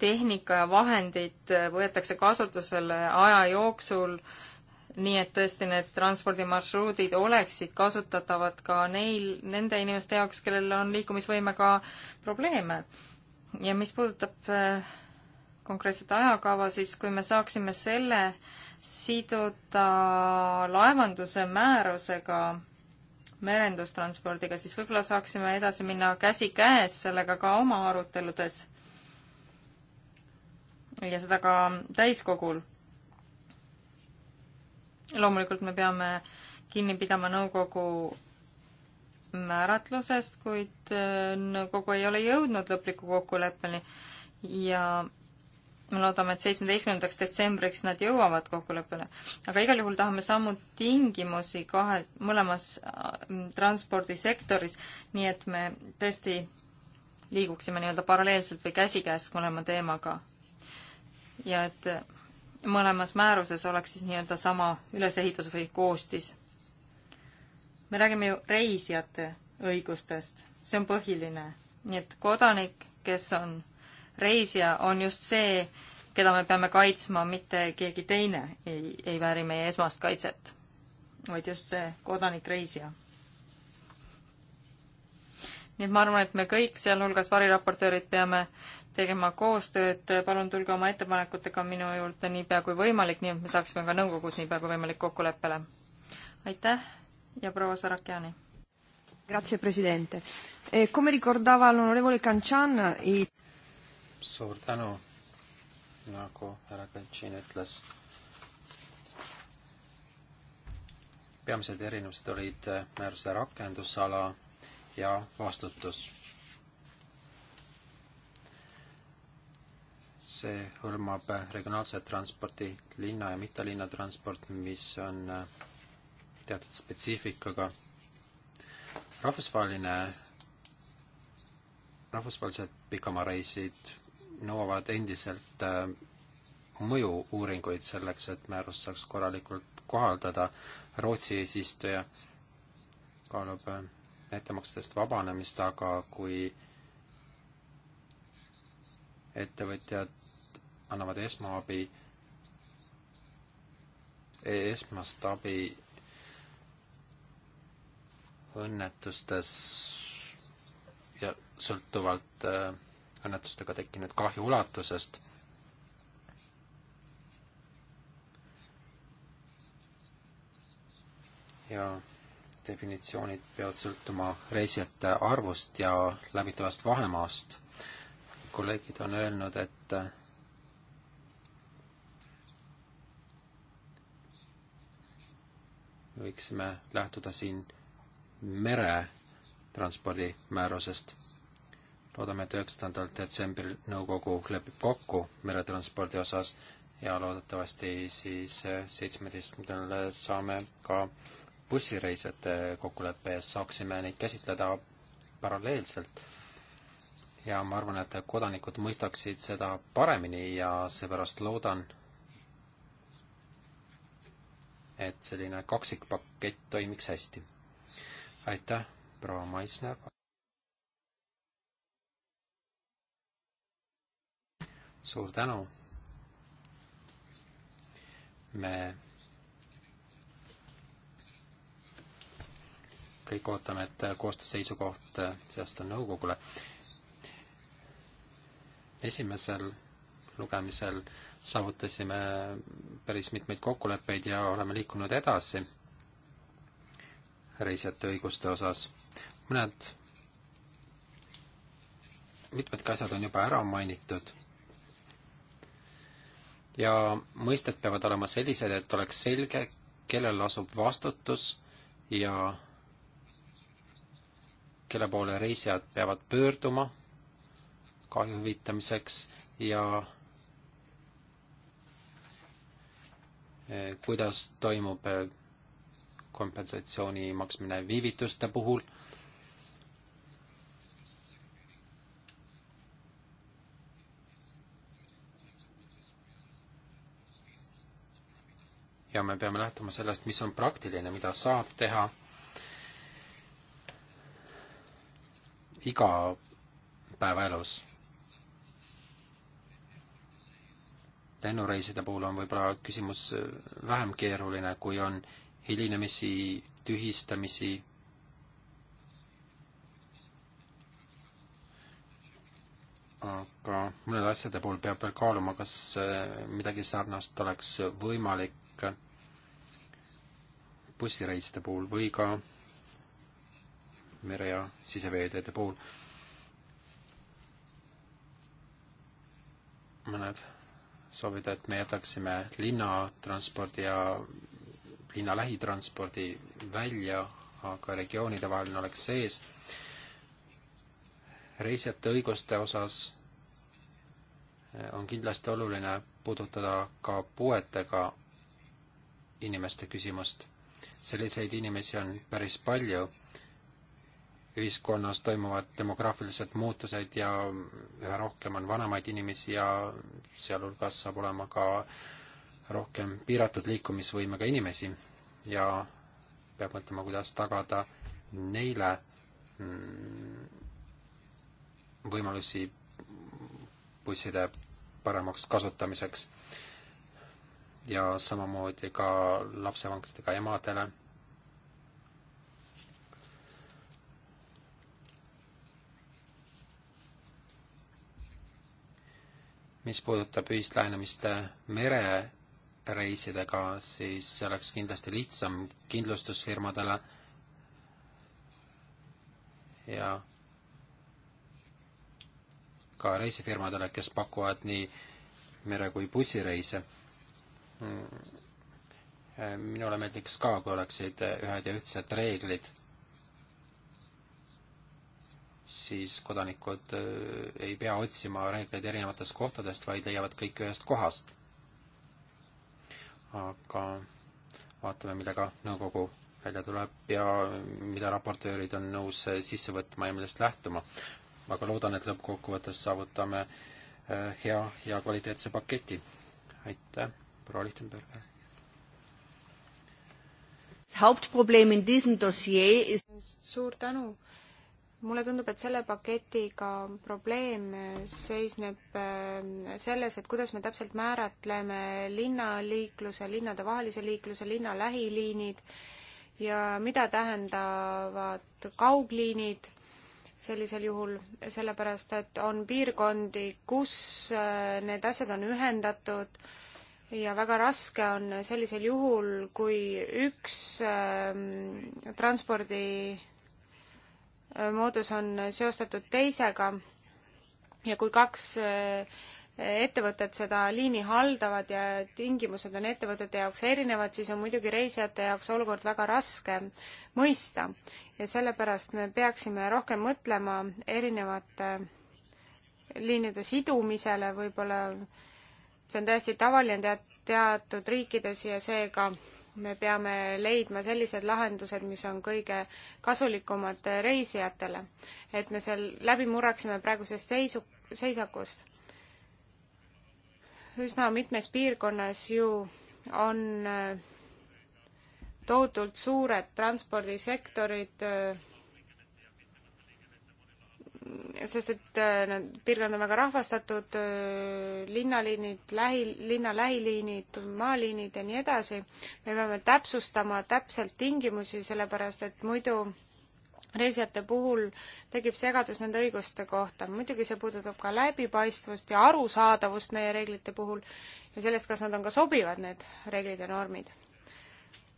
tehnika ja vahendid äh, võetakse kasutusele aja jooksul, nii et tõesti need transpordimarsruudid oleksid kasutatavad ka neil, nende inimeste jaoks, kellel on liikumisvõimega probleeme. ja mis puudutab konkreetset ajakava, siis kui me saaksime selle äh, siduda laevanduse määrusega merendustranspordiga, siis võib-olla saaksime edasi minna käsikäes sellega ka oma aruteludes ja seda ka täiskogul. loomulikult me peame kinni pidama nõukogu määratlusest, kuid nõukogu ei ole jõudnud lõpliku kokkuleppeni ja me loodame, et seitsmeteistkümnendaks detsembriks nad jõuavad kokkuleppele. aga igal juhul tahame samu tingimusi kahe, mõlemas äh, transpordisektoris, nii et me tõesti liiguksime nii-öelda paralleelselt või käsikäes mõlema teemaga. ja et äh, mõlemas määruses oleks siis nii-öelda sama ülesehitus või koostis. me räägime ju reisijate õigustest, see on põhiline, nii et kodanik, kes on reisija on just see, keda me peame kaitsma, mitte keegi teine ei, ei vääri meie esmast kaitset, vaid just see kodanik-reisija. nii et ma arvan, et me kõik, sealhulgas variraportöörid, peame tegema koostööd, palun tulge oma ettepanekutega minu juurde niipea kui võimalik, nii et me saaksime ka nõukogus niipea kui võimalik kokkuleppele. aitäh ja proua Sarakiani! Grazie Presidente. Eh, come ricordava l'onorevole Cancian, i suur tänu, nagu härra Kantšin ütles. peamised erinevused olid määruse rakendusala ja vastutus. see hõlmab regionaalset transporti, linna ja mittelinna transport, mis on teatud spetsiifikaga. rahvusvaheline, rahvusvahelised pikamaareisid nõuavad endiselt äh, mõju-uuringuid selleks, et määrust saaks korralikult kohaldada. Rootsi eesistuja kaalub ettemaksetest äh, vabanemist, aga kui ettevõtjad annavad esmaabi, esmast abi õnnetustes ja sõltuvalt äh, õnnetustega tekkinud kahju ulatusest. ja definitsioonid peavad sõltuma reisijate arvust ja läbitavast vahemaast. kolleegid on öelnud, et võiksime lähtuda siin meretranspordi määrusest loodame, et üheksandal detsembril nõukogu lepib kokku meretranspordi osas ja loodetavasti siis seitsmeteistkümnendal saame ka bussireisijate kokkuleppe ja saaksime neid käsitleda paralleelselt. ja ma arvan, et kodanikud mõistaksid seda paremini ja seepärast loodan, et selline kaksikpakett toimiks hästi. aitäh, proua Maisner! suur tänu. me kõik ootame, et koostöö seisukoht seast on nõukogule. esimesel lugemisel saavutasime päris mitmeid kokkuleppeid ja oleme liikunud edasi reisijate õiguste osas. mõned, mitmedki asjad on juba ära mainitud ja mõisted peavad olema sellised, et oleks selge, kellel asub vastutus ja kelle poole reisijad peavad pöörduma kahju hüvitamiseks ja eh, kuidas toimub eh, kompensatsiooni maksmine viivituste puhul ja me peame lähtuma sellest, mis on praktiline, mida saab teha. igapäevaelus. lennureiside puhul on võib-olla küsimus äh, vähem keeruline, kui on hilinemisi, tühistamisi. aga mõnede asjade puhul peab veel kaaluma, kas äh, midagi sarnast oleks võimalik bussireiside puhul või ka mere- ja siseveeteede puhul. mõned soovida, et me jätaksime linnatranspordi ja linna lähitranspordi välja, aga regioonide vaheline oleks sees. reisijate õiguste osas eh, on kindlasti oluline puudutada ka puuetega inimeste küsimust selliseid inimesi on päris palju. ühiskonnas toimuvad demograafilised muutused ja üha rohkem on vanemaid inimesi ja sealhulgas saab olema ka rohkem piiratud liikumisvõimega inimesi ja peab mõtlema, kuidas tagada neile mm, võimalusi busside paremaks kasutamiseks ja samamoodi ka lapsevankritega emadele. mis puudutab ühist lähenemist merereisidega, siis see oleks kindlasti lihtsam kindlustusfirmadele ja ka reisifirmadele, kes pakuvad nii mere- kui bussireise Mm. minule meeldiks ka, kui oleksid ühed ja ühtsed reeglid, siis kodanikud äh, ei pea otsima reegleid erinevatest kohtadest, vaid leiavad kõik ühest kohast. aga vaatame, millega nõukogu välja tuleb ja mida raportöörid on nõus äh, sisse võtma ja millest lähtuma. aga loodan, et lõppkokkuvõttes saavutame äh, hea ja kvaliteetse paketi. aitäh! proua Lichtenberg. suur tänu. mulle tundub, et selle paketiga probleem seisneb ähm, selles, et kuidas me täpselt määratleme linnaliikluse, linnadevahelise liikluse, linna lähiliinid ja mida tähendavad kaugliinid sellisel juhul, sellepärast et on piirkondi, kus äh, need asjad on ühendatud ja väga raske on sellisel juhul, kui üks ähm, transpordi äh, moodus on seostatud teisega ja kui kaks äh, ettevõtted seda liini haldavad ja tingimused on ettevõtete jaoks erinevad, siis on muidugi reisijate jaoks olukord väga raske mõista. ja sellepärast me peaksime rohkem mõtlema erinevate liinide sidumisele, võib-olla äh, see on täiesti tavaline teat-, teatud riikides ja seega me peame leidma sellised lahendused, mis on kõige kasulikumad reisijatele. et me seal läbi murraksime praegusest seisu, seisakust. üsna mitmes piirkonnas ju on äh, tohutult suured transpordisektorid äh, sest et äh, need piirkond on väga rahvastatud, äh, linnaliinid, lähi, linna lähiliinid, maaliinid ja nii edasi. me peame täpsustama täpselt tingimusi, sellepärast et muidu reisijate puhul tekib segadus nende õiguste kohta. muidugi see puudutab ka läbipaistvust ja arusaadavust meie reeglite puhul ja sellest, kas nad on ka sobivad, need reeglid ja normid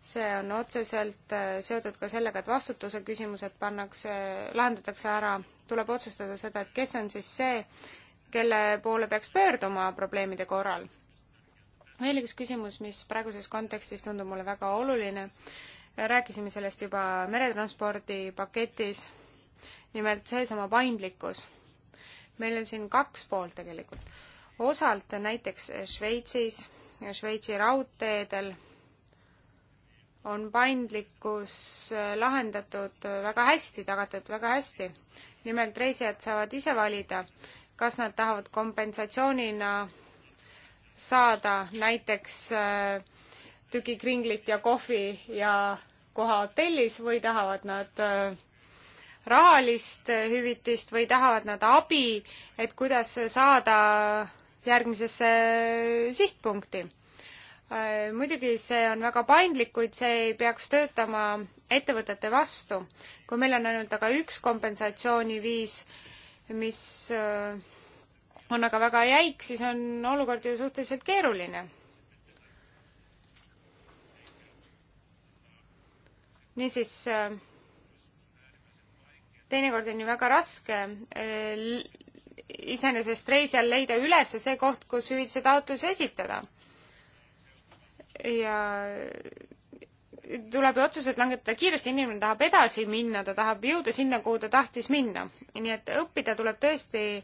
see on otseselt äh, seotud ka sellega, et vastutuse küsimused pannakse, lahendatakse ära, tuleb otsustada seda, et kes on siis see, kelle poole peaks pöörduma probleemide korral. veel üks küsimus, mis praeguses kontekstis tundub mulle väga oluline, rääkisime sellest juba meretranspordi paketis, nimelt seesama paindlikkus. meil on siin kaks poolt tegelikult. osalt näiteks Šveitsis, Šveitsi raudteedel on paindlikkus äh, lahendatud äh, väga hästi, tagatud väga hästi. nimelt reisijad saavad ise valida, kas nad tahavad kompensatsioonina saada näiteks äh, tükikringlit ja kohvi ja koha hotellis või tahavad nad rahalist hüvitist või tahavad nad abi, et kuidas saada järgmisesse sihtpunkti Äh, muidugi see on väga paindlik, kuid see ei peaks töötama ettevõtete vastu. kui meil on ainult aga üks kompensatsiooniviis, mis äh, on aga väga jäik, siis on olukord ju suhteliselt keeruline. niisiis, äh, teinekord on ju väga raske iseenesest reisijal leida üles see koht, kus hüvitise taotlus esitada ja tuleb ju otsused langetada kiiresti, inimene tahab edasi minna, ta tahab jõuda sinna, kuhu ta tahtis minna. nii et õppida tuleb tõesti äh,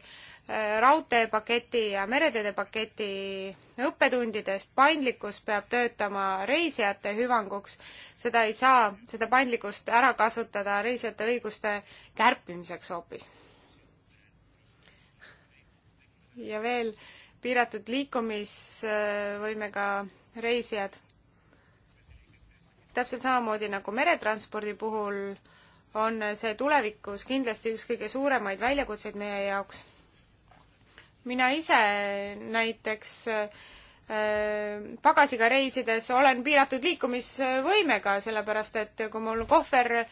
raudteepaketi ja mereteede paketi õppetundidest, paindlikkus peab töötama reisijate hüvanguks, seda ei saa, seda paindlikkust ära kasutada reisijate õiguste kärpimiseks hoopis. ja veel piiratud liikumisvõimega äh, reisijad. täpselt samamoodi nagu meretranspordi puhul on see tulevikus kindlasti üks kõige suuremaid väljakutseid meie jaoks. mina ise näiteks äh, pagasiga reisides olen piiratud liikumisvõimega, sellepärast et kui mul kohver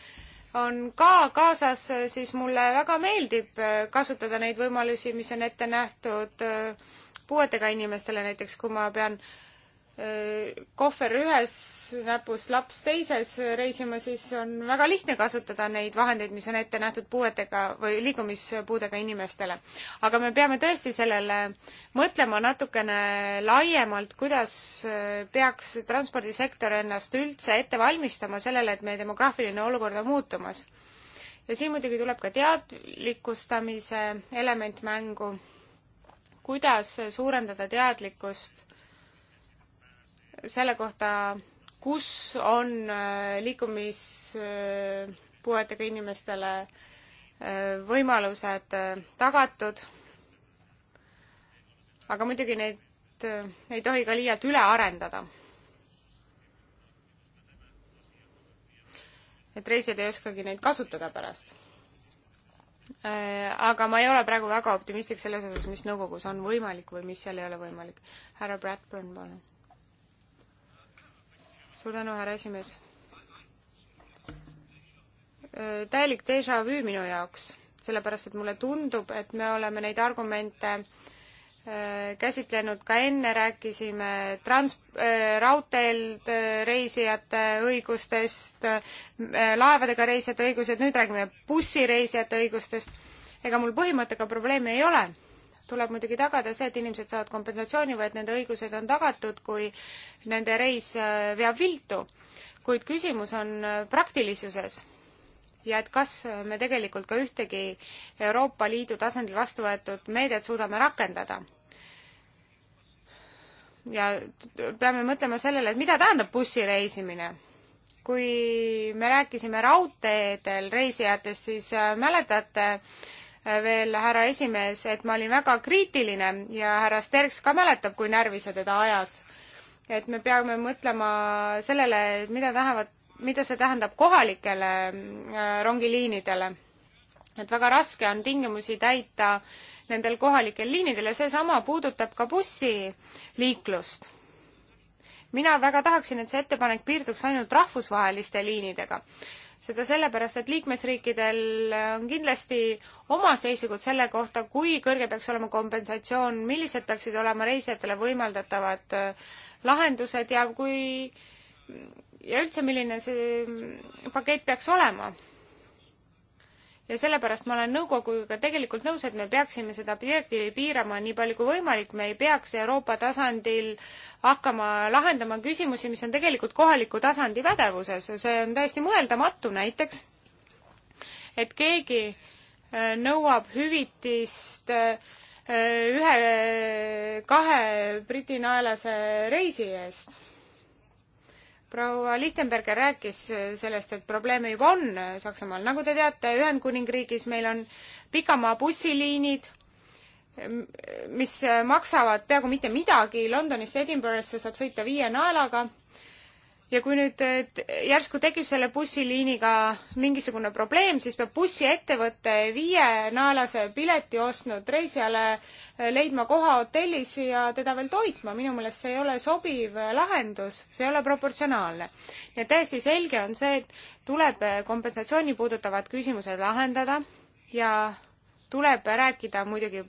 on ka kaasas, siis mulle väga meeldib äh, kasutada neid võimalusi, mis on ette nähtud äh, puuetega inimestele, näiteks kui ma pean äh, kohver ühes näpus, laps teises reisima, siis on väga lihtne kasutada neid vahendeid, mis on ette nähtud puuetega või liikumispuudega inimestele. aga me peame tõesti sellele mõtlema natukene laiemalt, kuidas äh, peaks transpordisektor ennast üldse ette valmistama sellele, et meie demograafiline olukord on muutumas. ja siin muidugi tuleb ka teadlikustamise element mängu, kuidas suurendada teadlikkust selle kohta, kus on äh, liikumispuuetega inimestele äh, võimalused äh, tagatud. aga muidugi neid ei tohi ka liialt üle arendada. et reisijad ei oskagi neid kasutada pärast. aga ma ei ole praegu väga optimistlik selles osas, mis nõukogus on võimalik või mis seal ei ole võimalik. härra Bradburn, palun suur tänu, härra esimees. Äh, täielik déjà vu minu jaoks, sellepärast et mulle tundub, et me oleme neid argumente äh, käsitlenud ka enne, rääkisime trans-, äh, raudteel reisijate õigustest, laevadega reisijate õigused, nüüd räägime bussireisijate õigustest. ega mul põhimõttega probleemi ei ole tuleb muidugi tagada see, et inimesed saavad kompensatsiooni või et nende õigused on tagatud, kui nende reis äh, veab viltu. kuid küsimus on äh, praktilisuses ja et kas äh, me tegelikult ka ühtegi Euroopa Liidu tasandil vastu võetud meedet suudame rakendada. ja peame mõtlema sellele, et mida tähendab bussireisimine kui me rääkisime raudteedel reisijatest, siis mäletate, Äh, veel, härra esimees, et ma olin väga kriitiline ja härra Sterks ka mäletab, kui närvi see teda ajas. et me peame mõtlema sellele, mida tähendavad, mida see tähendab kohalikele äh, rongiliinidele et väga raske on tingimusi täita nendel kohalikel liinidel ja seesama puudutab ka bussiliiklust. mina väga tahaksin, et see ettepanek piirduks ainult rahvusvaheliste liinidega seda sellepärast, et liikmesriikidel on kindlasti oma seisukoht selle kohta, kui kõrge peaks olema kompensatsioon, millised peaksid olema reisijatele võimaldatavad äh, lahendused ja kui ja üldse, milline see mm, pakett peaks olema ja sellepärast ma olen nõukoguga tegelikult nõus, et me peaksime seda direktiivi piirama nii palju kui võimalik, me ei peaks Euroopa tasandil hakkama lahendama küsimusi, mis on tegelikult kohaliku tasandi pädevuses ja see on täiesti mõeldamatu näiteks, et keegi äh, nõuab hüvitist äh, ühe-kahe Briti naelase reisi eest proua Lichtenberger rääkis äh, sellest, et probleeme juba on äh, Saksamaal. nagu te teate, Ühendkuningriigis meil on pikamaa bussiliinid, mis äh, maksavad peaaegu mitte midagi, Londonist Edinburgh'sse saab sõita viie naelaga ja kui nüüd järsku tekib selle bussiliiniga mingisugune probleem, siis peab bussiettevõte viienaelase pileti ostnud reisijale eh, leidma koha hotellis ja teda veel toitma. minu meelest see ei ole sobiv eh, lahendus, see ei ole proportsionaalne. nii et täiesti selge on see, et tuleb eh, kompensatsiooni puudutavad küsimused lahendada ja tuleb rääkida muidugi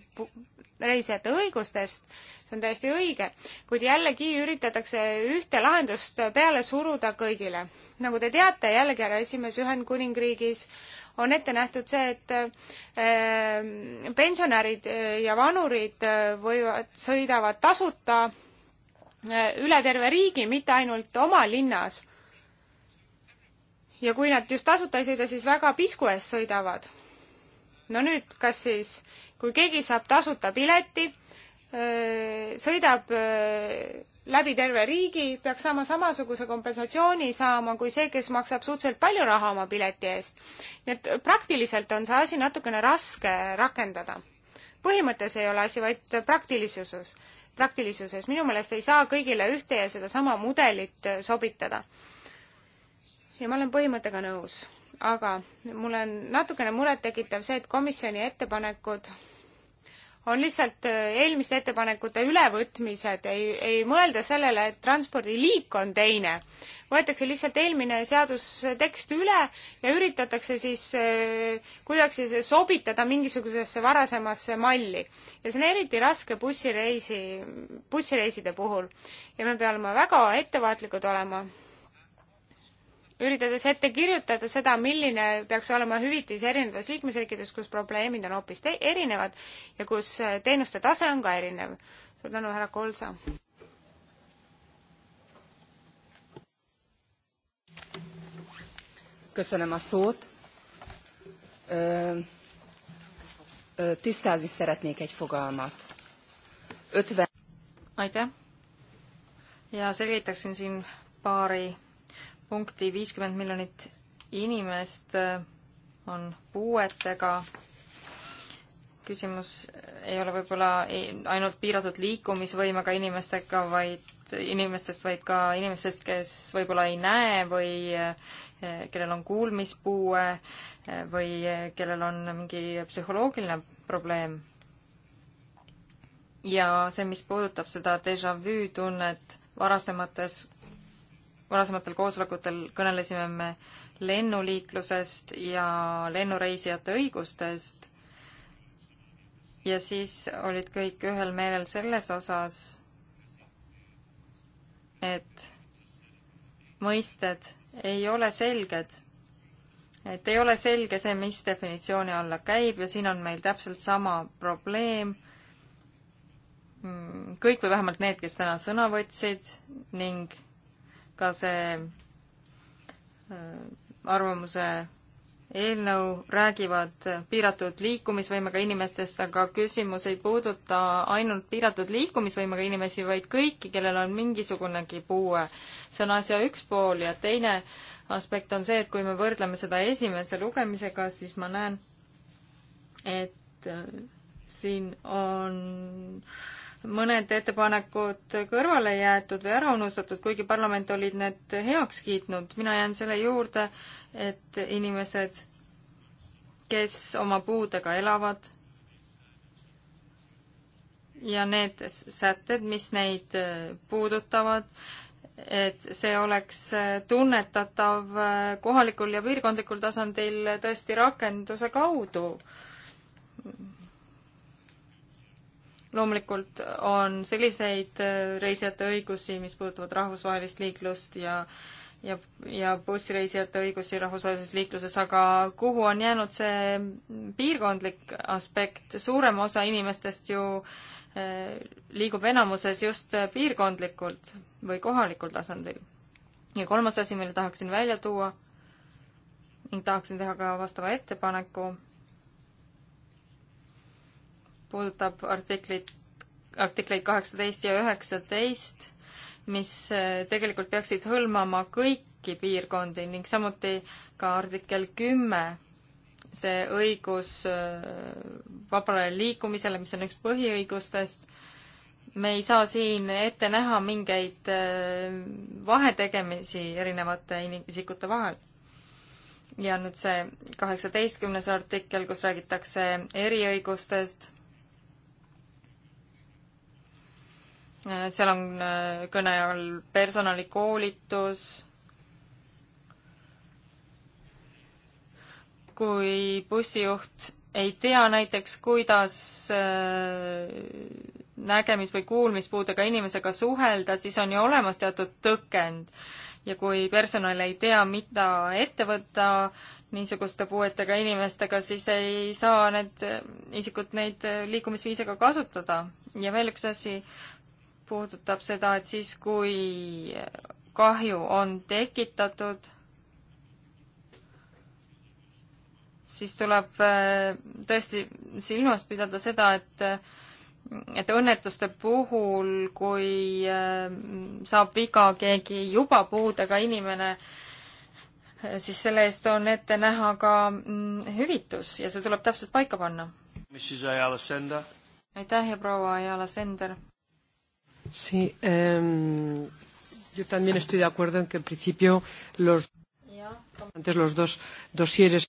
reisijate õigustest, see on täiesti õige, kuid jällegi üritatakse ühte lahendust peale suruda kõigile. nagu te teate, jällegi härra esimees Ühendkuningriigis on ette nähtud see, et äh, pensionärid äh, ja vanurid äh, võivad, sõidavad tasuta üle terve riigi, mitte ainult oma linnas. ja kui nad just tasuta ei sõida, siis väga pisku eest sõidavad no nüüd, kas siis kui keegi saab tasuta pileti, sõidab läbi terve riigi, peaks saama samasuguse kompensatsiooni saama kui see, kes maksab suhteliselt palju raha oma pileti eest. nii et praktiliselt on see asi natukene raske rakendada. põhimõttes ei ole asi vaid praktilisuses, praktilisuses. minu meelest ei saa kõigile ühte ja sedasama mudelit sobitada. ja ma olen põhimõttega nõus, aga mul on natukene murettekitav see, et komisjoni ettepanekud on lihtsalt äh, eelmiste ettepanekute ülevõtmised, ei, ei mõelda sellele, et transpordiliik on teine. võetakse lihtsalt eelmine seadustekst üle ja üritatakse siis äh, kuidagi siis sobitada mingisugusesse varasemasse malli. ja see on eriti raske bussireisi, bussireiside puhul. ja me peame väga ettevaatlikud olema üritades ette kirjutada seda, milline peaks olema hüvitis erinevates liikmesriikides, kus probleemid on hoopis erinevad ja kus äh, teenuste tase on ka erinev. suur tänu, härra Kolsa! Köszönöm a szót. Ö, ö, tisztázni szeretnék egy fogalmat. 50... Aitäh! Ja selgitaksin siin paari punkti viiskümmend miljonit inimest äh, on puuetega. küsimus ei ole võib-olla ainult piiratud liikumisvõimega inimestega, vaid inimestest, vaid ka inimestest, kes võib-olla ei näe või äh, kellel on kuulmispuue äh, või kellel on mingi psühholoogiline probleem. ja see, mis puudutab seda déjà vu tunnet varasemates varasematel koosolekutel kõnelesime me lennuliiklusest ja lennureisijate õigustest ja siis olid kõik ühel meelel selles osas, et mõisted ei ole selged. et ei ole selge see, mis definitsiooni alla käib ja siin on meil täpselt sama probleem, mm, kõik või vähemalt need, kes täna sõna võtsid ning ka see äh, arvamuse eelnõu räägivad piiratud liikumisvõimega inimestest, aga küsimus ei puuduta ainult piiratud liikumisvõimega inimesi, vaid kõiki, kellel on mingisugunegi puue. see on asja üks pool ja teine aspekt on see, et kui me võrdleme seda esimese lugemisega, siis ma näen, et äh, siin on äh, mõned ettepanekud kõrvale jäetud või ära unustatud, kuigi parlament olid need heaks kiitnud. mina jään selle juurde, et inimesed, kes oma puudega elavad ja need sätted, mis neid puudutavad, et see oleks tunnetatav kohalikul ja piirkondlikul tasandil tõesti rakenduse kaudu loomulikult on selliseid äh, reisijate õigusi, mis puudutavad rahvusvahelist liiklust ja ja, ja bussireisijate õigusi rahvusvahelises liikluses, aga kuhu on jäänud see piirkondlik aspekt, suurem osa inimestest ju äh, liigub enamuses just piirkondlikult või kohalikul tasandil. ja kolmas asi, mille tahaksin välja tuua ning tahaksin teha ka vastava ettepaneku, puudutab artiklit, artikleid kaheksateist ja üheksateist, mis eh, tegelikult peaksid hõlmama kõiki piirkondi ning samuti ka artikkel kümme, see õigus eh, vabale liikumisele, mis on üks põhiõigustest, me ei saa siin ette näha mingeid eh, vahetegemisi erinevate isikute vahel ja nüüd see kaheksateistkümnes artikkel, kus räägitakse eriõigustest, Äh, seal on äh, kõne all personalikoolitus, kui bussijuht ei tea näiteks, kuidas äh, nägemis- või kuulmispuudega inimesega suhelda, siis on ju olemas teatud tõkend. ja kui personal ei tea, mida ette võtta niisuguste puuetega inimestega, siis ei saa need isikud neid liikumisviise ka kasutada. ja veel üks asi, puudutab seda, et siis, kui kahju on tekitatud, siis tuleb äh, tõesti silmas pidada seda, et et õnnetuste puhul, kui äh, saab viga keegi juba puudega inimene, äh, siis selle eest on ette näha ka mm, hüvitus ja see tuleb täpselt paika panna. aitäh ja proua Ayala Sender! Sí, eh, yo también estoy de acuerdo en que en principio los antes los dos dosieres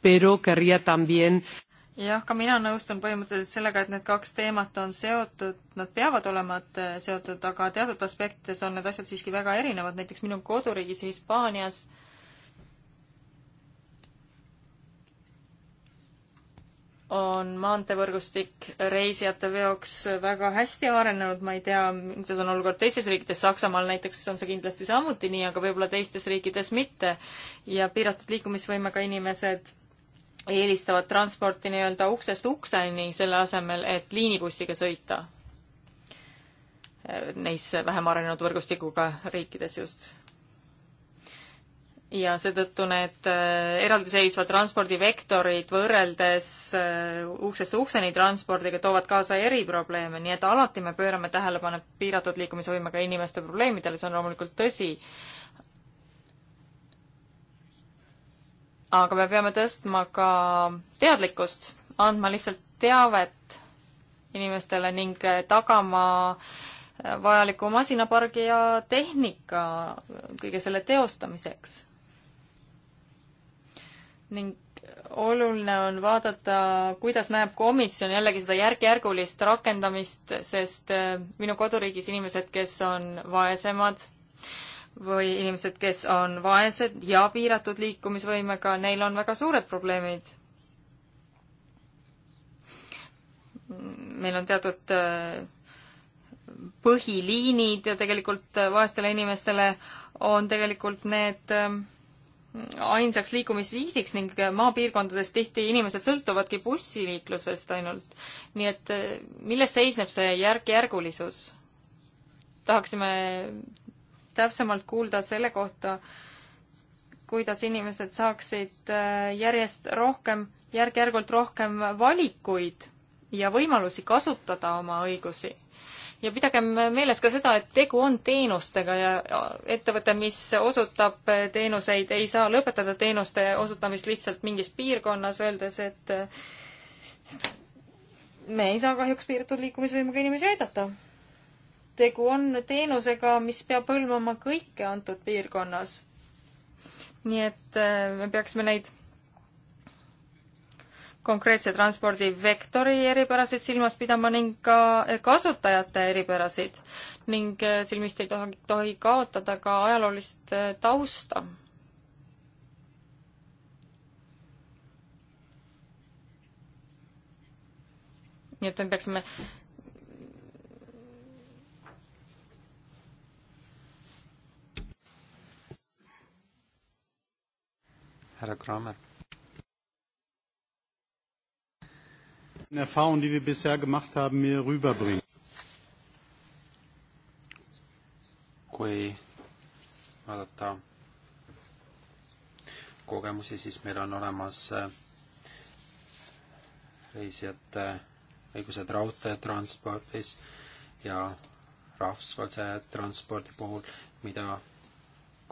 pero querría también jah, ka mina nõustun põhimõtteliselt sellega, et need kaks teemat on seotud, nad peavad olema seotud, aga teatud aspektides on need asjad siiski väga erinevad, näiteks minu koduriigis Hispaanias äh, on maanteevõrgustik reisijate veoks väga hästi arenenud, ma ei tea, kuidas on olukord teistes riikides, Saksamaal näiteks on see kindlasti samuti nii, aga võib-olla teistes riikides mitte. ja piiratud liikumisvõimega inimesed eelistavad transporti nii-öelda uksest ukseni, selle asemel, et liinibussiga sõita. Neis vähem arenenud võrgustikuga riikides just ja seetõttu need äh, eraldiseisvad transpordivektorid võrreldes äh, uksest ukseni transpordiga toovad kaasa eriprobleeme, nii et alati me pöörame tähelepanu piiratud liikumisvõimega inimeste probleemidele, see on loomulikult tõsi. aga me peame tõstma ka teadlikkust, andma lihtsalt teavet inimestele ning äh, tagama vajaliku masinapargi ja tehnika kõige selle teostamiseks ning oluline on vaadata, kuidas näeb komisjon jällegi seda järk-järgulist rakendamist, sest äh, minu koduriigis inimesed, kes on vaesemad või inimesed, kes on vaesed ja piiratud liikumisvõimega, neil on väga suured probleemid. meil on teatud äh, põhiliinid ja tegelikult vaestele inimestele on tegelikult need äh, ainsaks liikumisviisiks ning maapiirkondades tihti inimesed sõltuvadki bussiliiklusest ainult. nii et eh, milles seisneb see järk-järgulisus? tahaksime täpsemalt kuulda selle kohta, kuidas inimesed saaksid eh, järjest rohkem, järk-järgult rohkem valikuid ja võimalusi kasutada oma õigusi ja pidagem meeles ka seda, et tegu on teenustega ja ettevõte, mis osutab teenuseid, ei saa lõpetada teenuste osutamist lihtsalt mingis piirkonnas, öeldes, et me ei saa kahjuks piiratud liikumisvõimega inimesi aidata. tegu on teenusega, mis peab hõlmama kõike antud piirkonnas. nii et äh, me peaksime neid konkreetse transpordivektori eripärasid silmas pidama ning ka kasutajate eripärasid ning äh, silmist ei tohi, tohi kaotada ka ajaloolist äh, tausta. nii et me peaksime härra Kramer Erfahrung, die wir bisher gemacht haben, mir rüberbringen. kui vaadata kogemusi, siis meil on olemas äh, reisijate õigused raudteetranspordis ja rahvusvahelise transpordi puhul, mida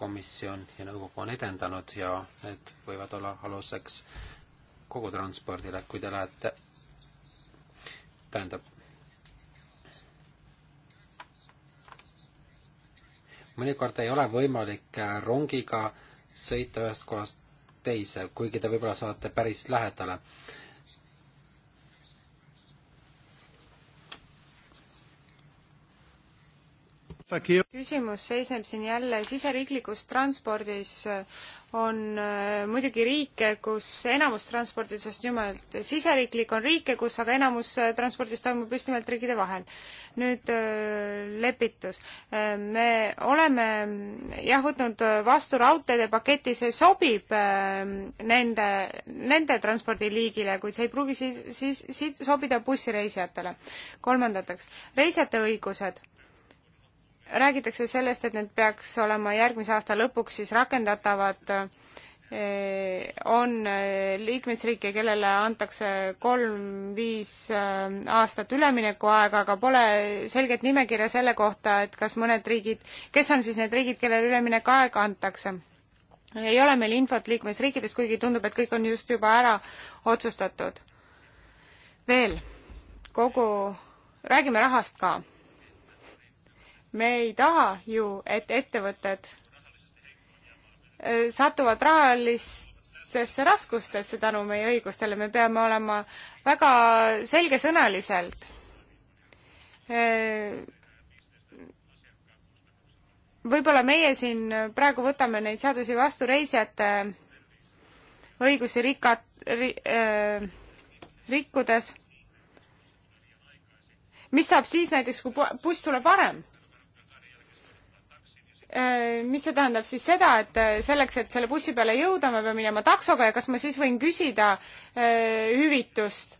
komisjon ja nõukogu on edendanud ja need võivad olla aluseks kogu transpordile, kui te lähete tähendab, mõnikord ei ole võimalik äh, rongiga sõita ühest kohast teise, kuigi te võib-olla saate päris lähedale. küsimus seisneb siin jälle siseriiklikus transpordis. on äh, muidugi riike, kus enamus transpordist just nimelt siseriiklik on riike, kus aga enamus äh, transpordist toimub just nimelt riikide vahel. nüüd äh, lepitus. me oleme jah, võtnud vastu raudteede paketi, see sobib nende, nende transpordiliigile, kuid see ei pruugi siis, siis, siis sobida bussireisijatele. kolmandateks, reisijate õigused räägitakse sellest, et need peaks olema järgmise aasta lõpuks siis rakendatavad, eh, on eh, liikmesriike, kellele antakse kolm-viis eh, aastat üleminekuaega, aga pole selget nimekirja selle kohta, et kas mõned riigid, kes on siis need riigid, kellele üleminekuaega antakse ei ole meil infot liikmesriikidest, kuigi tundub, et kõik on just juba ära otsustatud. veel, kogu, räägime rahast ka me ei taha ju, et ettevõtted äh, satuvad rahalistesse raskustesse tänu meie õigustele, me peame olema väga selgesõnaliselt äh, võib-olla meie siin praegu võtame neid seadusi vastu reisijate õigusi rikat- ri,, äh, rikkudes. mis saab siis näiteks, kui buss tuleb varem? Äh, mis see tähendab siis seda, et äh, selleks, et selle bussi peale jõuda, ma pean minema taksoga ja kas ma siis võin küsida äh, hüvitust?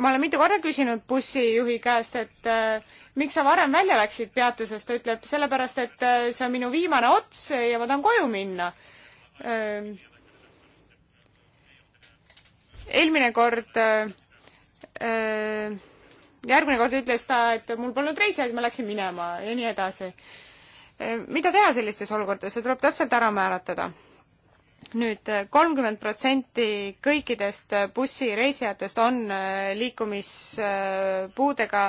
ma olen mitu korda küsinud bussijuhi käest, et äh, miks sa varem välja läksid peatusest, ta ütleb sellepärast, et äh, see on minu viimane ots ja ma tahan koju minna äh,. eelmine kord äh,, järgmine kord ütles ta, et mul polnud reisi, et ma läksin minema ja nii edasi äh, mida teha sellistes olukordades, see tuleb täpselt ära määratleda. nüüd kolmkümmend protsenti kõikidest bussireisijatest on äh, liikumispuudega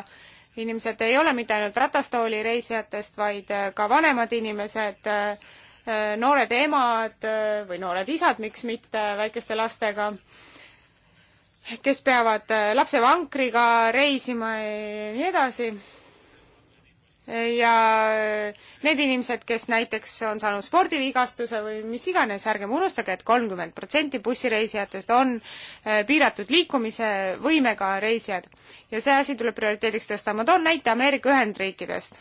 inimesed, ei ole mitte ainult ratastoolireisijatest, vaid äh, ka vanemad inimesed, äh, noored emad või noored isad, miks mitte, väikeste lastega kes peavad lapsevankriga reisima ja nii edasi ja äh, need inimesed, kes näiteks on saanud spordivigastuse või mis iganes, ärgem unustage et, et kolmkümmend protsenti bussireisijatest on äh, piiratud liikumisvõimega reisijad ja see asi tuleb prioriteediks tõsta. ma toon näite Ameerika Ühendriikidest.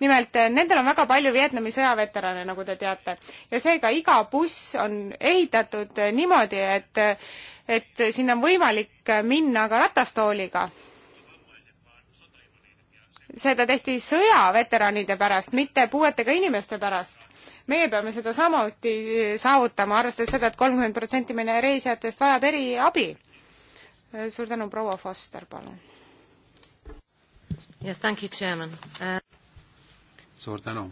nimelt, äh, nendel on väga palju Vietnami sõjaveterane, nagu te teate, ja seega iga buss on ehitatud niimoodi, et, et sinna on võimalik minna ka ratastooliga seda tehti sõjaveteranide pärast, mitte puuetega inimeste pärast. meie peame seda samuti äh, saavutama, arvestades seda et, et kolmkümmend protsenti meie reisijatest vajab eriabi. Äh, suur tänu, proua Foster, palun. jah, thank you, chairman uh.... suur tänu.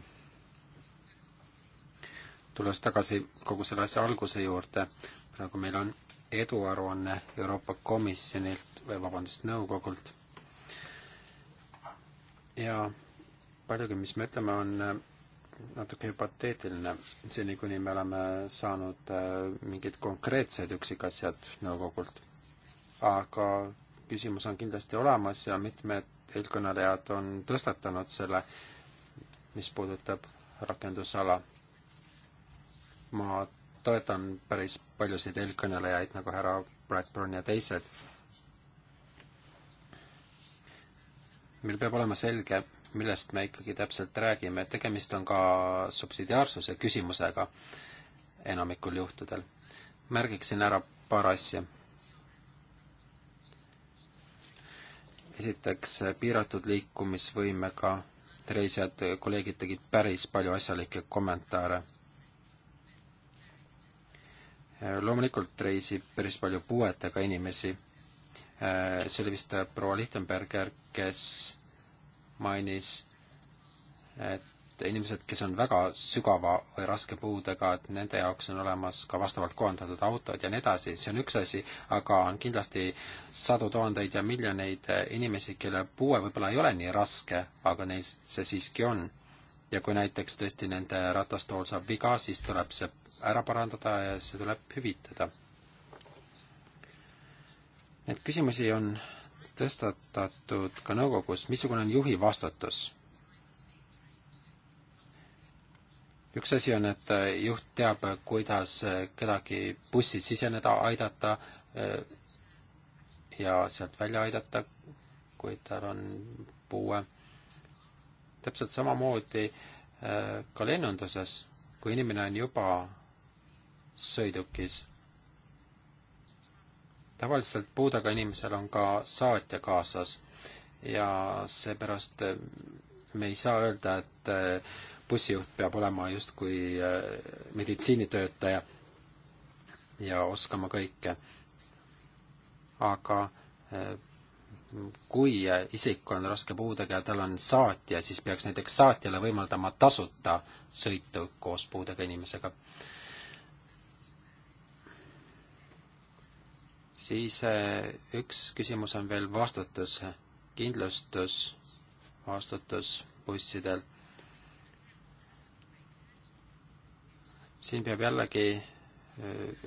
tulles tagasi kogu selle asja alguse juurde, praegu meil on eduaruanne Euroopa Komisjonilt või vabandust, nõukogult ja paljugi, mis me ütleme, on äh, natuke hüpoteetiline, seni kuni me oleme saanud äh, mingid konkreetsed üksikasjad nõukogult. aga küsimus on kindlasti olemas ja mitmed eelkõnelejad on tõstatanud selle, mis puudutab rakendusala. ma toetan päris paljusid eelkõnelejaid, nagu härra Bradburn ja teised meil peab olema selge, millest me ikkagi täpselt räägime, tegemist on ka subsidiaarsuse küsimusega enamikul juhtudel. märgiksin ära paar asja. esiteks, piiratud liikumisvõimega reisijad, kolleegid tegid päris palju asjalikke kommentaare. loomulikult reisib päris palju puuetega inimesi Äh, see oli vist äh, proua Lichtenberger, kes mainis, et inimesed, kes on väga sügava või raske puudega, et nende jaoks on olemas ka vastavalt kohandatud autod ja nii edasi, see on üks asi, aga on kindlasti sadu tuhandeid ja miljoneid äh, inimesi, kelle puue võib-olla ei ole nii raske, aga neil see siiski on. ja kui näiteks tõesti nende ratastool saab viga, siis tuleb see ära parandada ja see tuleb hüvitada Neid küsimusi on tõstatatud ka nõukogus, missugune on juhi vastutus? üks asi on, et juht teab, kuidas kedagi bussi siseneda, aidata eh, ja sealt välja aidata, kui tal on puue. täpselt samamoodi eh, ka lennunduses, kui inimene on juba sõidukis tavaliselt puudega inimesel on ka saatja kaasas ja seepärast eh, me ei saa öelda, et eh, bussijuht peab olema justkui eh, meditsiinitöötaja ja oskama kõike. aga kui isik on raske puudega ja tal on saatja, siis peaks näiteks saatjale võimaldama tasuta sõitu koos puudega inimesega. siis eh, üks küsimus on veel vastutus, kindlustus, vastutus bussidel. siin peab jällegi eh,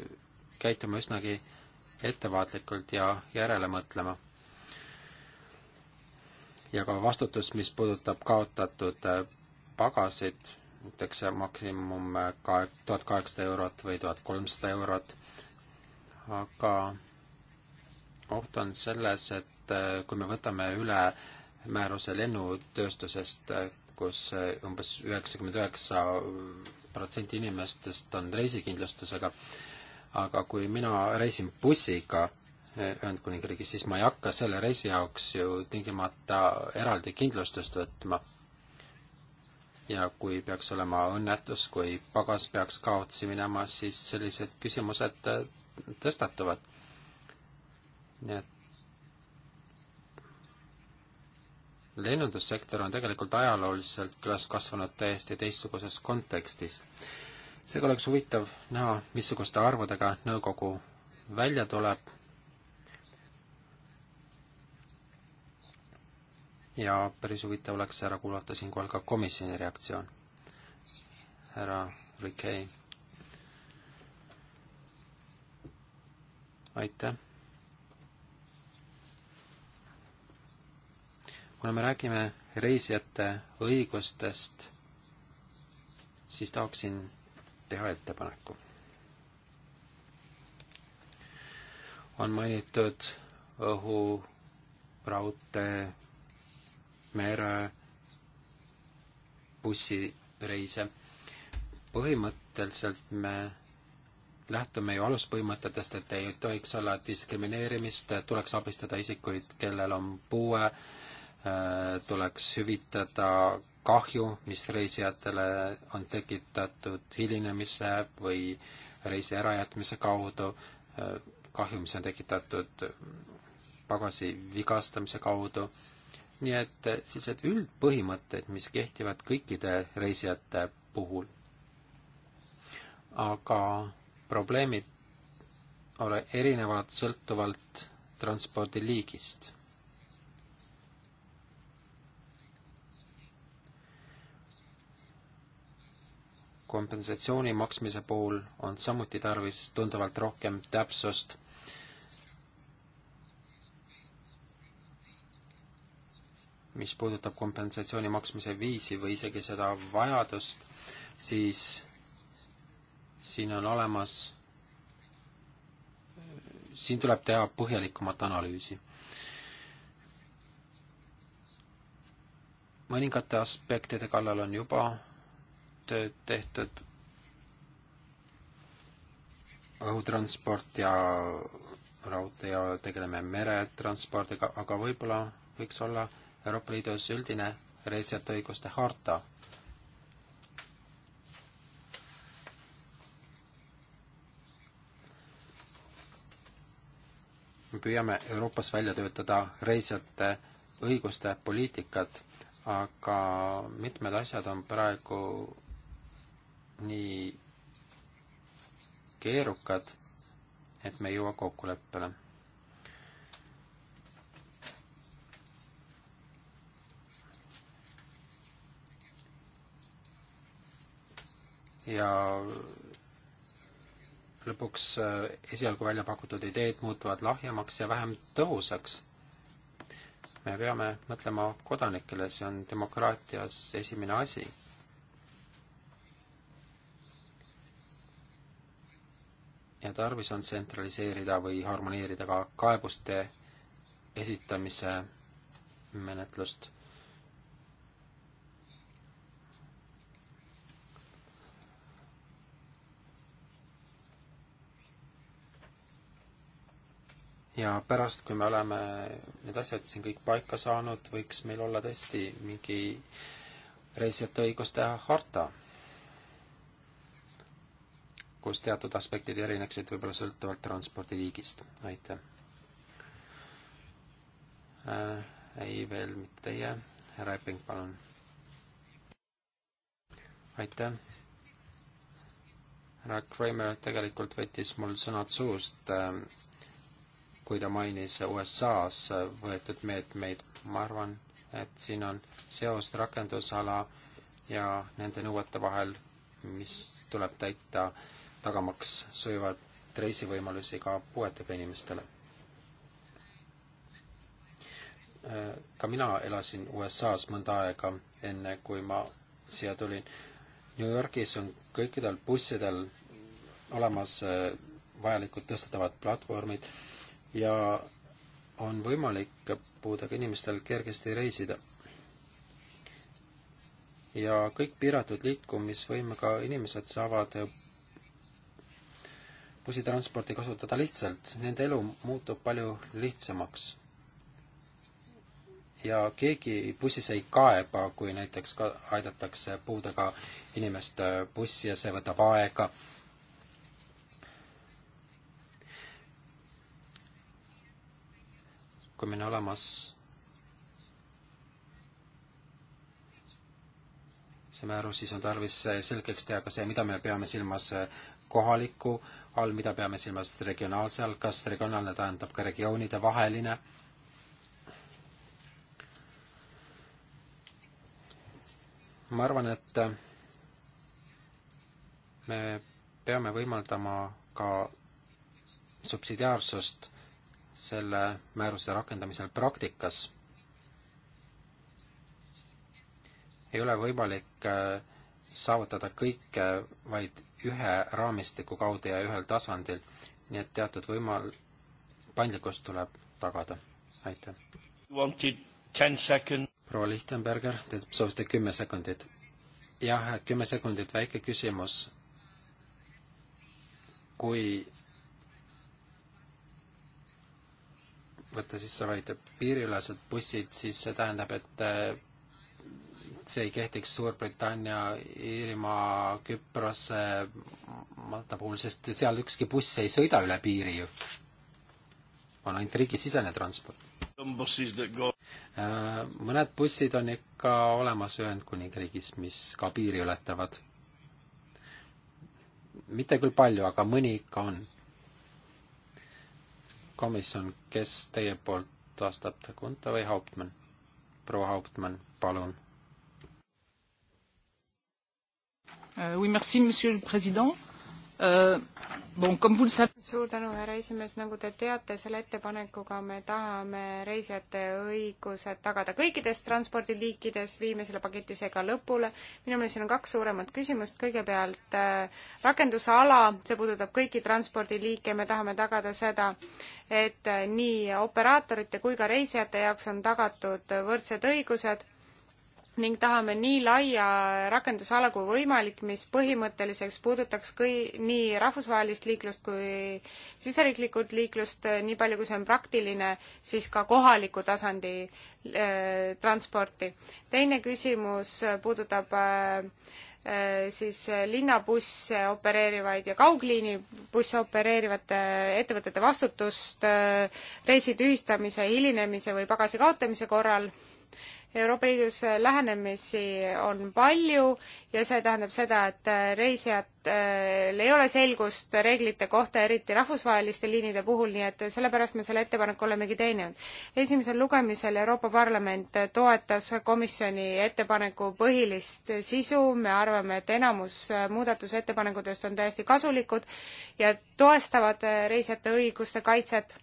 käituma üsnagi ettevaatlikult ja järele mõtlema. ja ka vastutus, mis puudutab kaotatud eh, pagasid, näiteks maksimum tuhat kaheksasada eurot või tuhat kolmsada eurot, aga oht on selles, et äh, kui me võtame üle määruse lennutööstusest, äh, kus äh, umbes üheksakümmend üheksa protsenti inimestest on reisikindlustusega, aga kui mina reisin bussiga Ühendkuningriigis, siis ma ei hakka selle reisi jaoks ju tingimata eraldi kindlustust võtma. ja kui peaks olema õnnetus, kui pagas peaks kaotsi minema, siis sellised küsimused tõstatuvad nii et lennundussektor on tegelikult ajalooliselt üles kasvanud täiesti teistsuguses kontekstis. seega oleks huvitav näha, missuguste arvudega nõukogu välja tuleb ja päris huvitav oleks ära kuulata siinkohal ka komisjoni reaktsioon. härra Rikei. aitäh kuna me räägime reisijate õigustest, siis tahaksin teha ettepaneku. on mainitud õhu, raudtee, mere, bussireise. põhimõtteliselt me lähtume ju aluspõhimõtetest, et ei tohiks olla diskrimineerimist, tuleks abistada isikuid, kellel on puue, Äh, tuleks hüvitada kahju, mis reisijatele on tekitatud hilinemise või reisi ärajätmise kaudu, äh, kahju, mis on tekitatud pagasi vigastamise kaudu, nii et äh, sellised üldpõhimõtted, mis kehtivad kõikide reisijate puhul. aga probleemid ole erinevad sõltuvalt transpordiliigist kompensatsiooni maksmise puhul on samuti tarvis tunduvalt rohkem täpsust. mis puudutab kompensatsiooni maksmise viisi või isegi seda vajadust, siis siin on olemas, siin tuleb teha põhjalikumat analüüsi. mõningate aspektide kallal on juba tööd tehtud. õhutransport ja raudtee ja tegeleme meretranspordiga, aga võib-olla võiks olla Euroopa Liidus üldine reisijate õiguste harta. me püüame Euroopas välja töötada reisijate õiguste poliitikat, aga mitmed asjad on praegu nii keerukad, et me ei jõua kokkuleppele. ja lõpuks äh, esialgu välja pakutud ideed muutuvad lahjemaks ja vähem tõhusaks. me peame mõtlema kodanikele, see on demokraatias esimene asi ja tarvis on tsentraliseerida või harmoneerida ka kaebuste esitamise menetlust. ja pärast, kui me oleme need asjad siin kõik paika saanud, võiks meil olla tõesti mingi reisijate õiguste harta kus teatud aspektid erineksid võib-olla sõltuvalt transpordiliigist. aitäh äh,. ei, veel mitte teie. härra Epping, palun. aitäh. härra Kramer tegelikult võttis mul sõnad suust äh,, kui ta mainis USA-s võetud meetmeid. ma arvan, et siin on seos rakendusala ja nende nõuete vahel, mis tuleb täita äh, tagamaks sobivad reisivõimalusi ka puuetega inimestele. ka mina elasin USA-s mõnda aega, enne kui ma siia tulin. New Yorgis on kõikidel bussidel olemas eh, vajalikud tõstetavad platvormid ja on võimalik puudega inimestel kergesti reisida. ja kõik piiratud liikumisvõimega inimesed saavad bussitransporti kasutada lihtsalt, nende elu muutub palju lihtsamaks. ja keegi bussis ei kaeba, kui näiteks ka aidatakse puudega inimest äh, bussi ja see võtab aega. kui meil on olemas see määrus, siis on tarvis selgeks teha ka see, mida me peame silmas äh, kohaliku all, mida peame silmas regionaalse all, kas regionaalne tähendab ka regioonide vaheline ma arvan, et me peame võimaldama ka subsidiaarsust selle määruse rakendamisel praktikas. ei ole võimalik äh, saavutada kõike vaid ühe raamistiku kaudu ja ühel tasandil, nii et teatud võimal-, paindlikkust tuleb tagada. aitäh. proua Lichtenberger, te soovisite kümme sekundit. jah, kümme sekundit, väike küsimus. kui võtta sisse vaid piiriülesed bussid, siis see tähendab, et et see ei kehtiks Suurbritannia, Iirimaa, Küprose, Malta puhul, sest seal ükski buss ei sõida üle piiri ju. on ainult riigisisene transport. Äh, mõned bussid on ikka olemas Ühendkuningriigis, mis ka piiri ületavad. mitte küll palju, aga mõni ikka on. komisjon, kes teie poolt vastab, Kunta või Hauptmann? proua Hauptmann, palun Uh, oui, merci, monsieur le président. Uh, bon, comme vous le savez... suur tänu, härra esimees, nagu te teate, selle ettepanekuga me tahame reisijate õigused tagada kõikides transpordiliikides, viime selle paketi seega lõpule. minu meelest siin on kaks suuremat küsimust, kõigepealt äh, rakendusala, see puudutab kõiki transpordiliike, me tahame tagada seda, et äh, nii operaatorite kui ka reisijate jaoks on tagatud võrdsed õigused ning tahame nii laia rakendusala kui võimalik, mis põhimõtteliseks puudutaks kõi-, nii rahvusvahelist liiklust kui siseriiklikult liiklust, nii palju kui see on praktiline, siis ka kohaliku tasandi äh, transporti. teine küsimus puudutab äh, äh siis linnabusse opereerivaid ja kaugliinibusse opereerivate ettevõtete vastutust äh, reisi tühistamise, hilinemise või pagasi kaotamise korral Euroopa Liidus lähenemisi on palju ja see tähendab seda, et äh, reisijatel äh, ei ole selgust reeglite kohta, eriti rahvusvaheliste liinide puhul, nii et sellepärast me selle ettepaneku olemegi teinud. esimesel lugemisel Euroopa Parlament toetas komisjoni ettepaneku põhilist sisu, me arvame, et enamus äh, muudatusettepanekutest on täiesti kasulikud ja toestavad reisijate õiguste kaitset.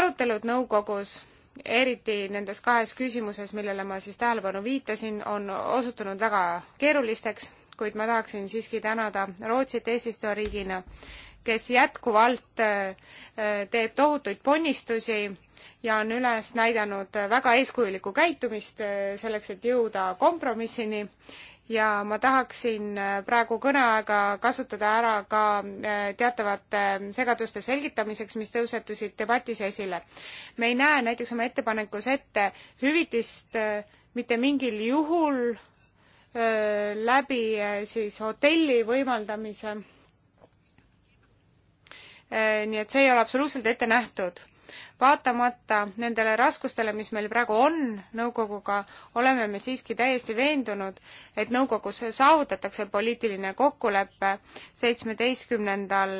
arutelud nõukogus eriti nendes kahes küsimuses, millele ma siis tähelepanu viitasin, on osutunud väga keerulisteks, kuid ma tahaksin siiski tänada Rootsit eesistujariigina, kes jätkuvalt äh, teeb tohutuid ponnistusi ja on üles näidanud väga eeskujulikku käitumist äh, selleks, et jõuda kompromissini ja ma tahaksin äh, praegu kõneaega kasutada ära ka äh, teatavate äh, segaduste selgitamiseks, mis tõusetusid debatis esile. me ei näe näiteks oma ettepanekus ette hüvitist mitte mingil juhul öö, läbi siis hotelli võimaldamise. nii et see ei ole absoluutselt ette nähtud vaatamata nendele raskustele, mis meil praegu on nõukoguga, oleme me siiski täiesti veendunud, et nõukogus saavutatakse poliitiline kokkulepe seitsmeteistkümnendal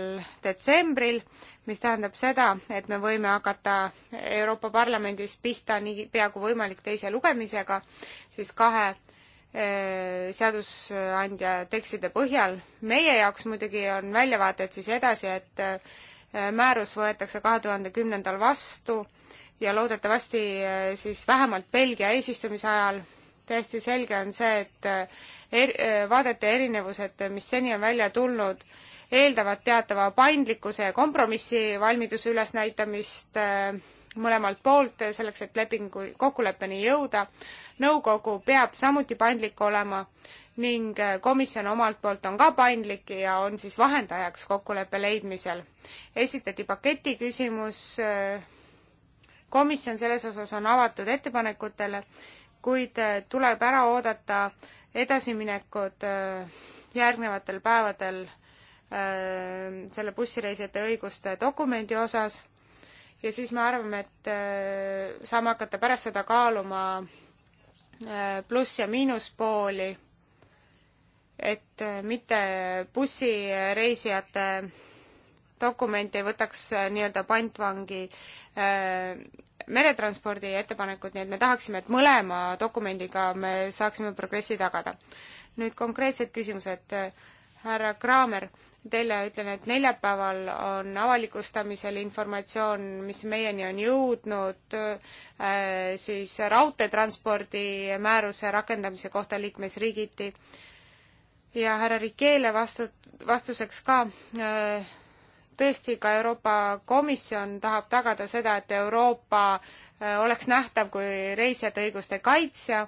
detsembril, mis tähendab seda, et me võime hakata Euroopa Parlamendis pihta niipea kui võimalik teise lugemisega, siis kahe eh, seadusandja tekstide põhjal. meie jaoks muidugi on väljavaated siis edasi, et eh, Äh, määrus võetakse kahe tuhande kümnendal vastu ja loodetavasti äh, siis vähemalt Belgia eesistumise ajal täiesti selge on see, et äh, er, vaadete erinevused, mis seni on välja tulnud, eeldavad teatava paindlikkuse ja kompromissivalmiduse ülesnäitamist äh, mõlemalt poolt selleks, et lepingu, kokkuleppeni jõuda. nõukogu peab samuti paindlik olema ning komisjon omalt poolt on ka paindlik ja on siis vahendajaks kokkuleppe leidmisel. esitati paketi küsimus. komisjon selles osas on avatud ettepanekutele, kuid tuleb ära oodata edasiminekud äh, järgnevatel päevadel äh, selle bussireisijate õiguste dokumendi osas ja siis me arvame, et äh, saame hakata pärast seda kaaluma äh, pluss- ja miinuspooli, et äh, mitte bussireisijate dokument ei võtaks nii-öelda pantvangi meretranspordi ettepanekut, nii et me tahaksime, et mõlema dokumendiga me saaksime progressi tagada. nüüd konkreetsed küsimused, härra Kraamer teile ütlen, et neljapäeval on avalikustamisel informatsioon, mis meieni on jõudnud äh, siis raudteetranspordi määruse rakendamise kohta liikmesriigiti. ja härra Rikeele vastu, vastuseks ka äh, tõesti ka Euroopa Komisjon tahab tagada seda, et Euroopa äh, oleks nähtav kui reisijate õiguste kaitsja.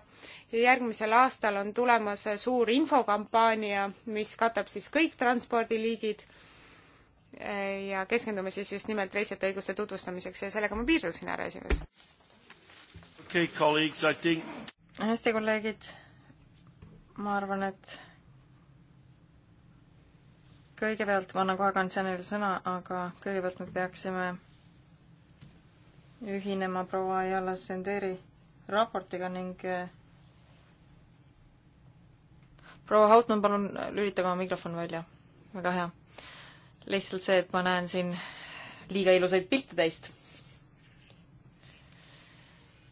järgmisel aastal on tulemas suur infokampaania, mis katab siis kõik transpordiliigid äh, ja keskendume siis just nimelt reisijate õiguste tutvustamiseks ja sellega ma piirduksin, härra esimees. okei okay,, kolleegid, I think hästi, kolleegid, ma arvan, et kõigepealt, ma annan kohe kantselerile sõna, aga kõigepealt me peaksime ühinema proua Ayala Senderi raportiga ning eh, proua Hautmann, palun lülitage oma mikrofon välja. väga hea. lihtsalt see, et ma näen siin liiga ilusaid pilte teist.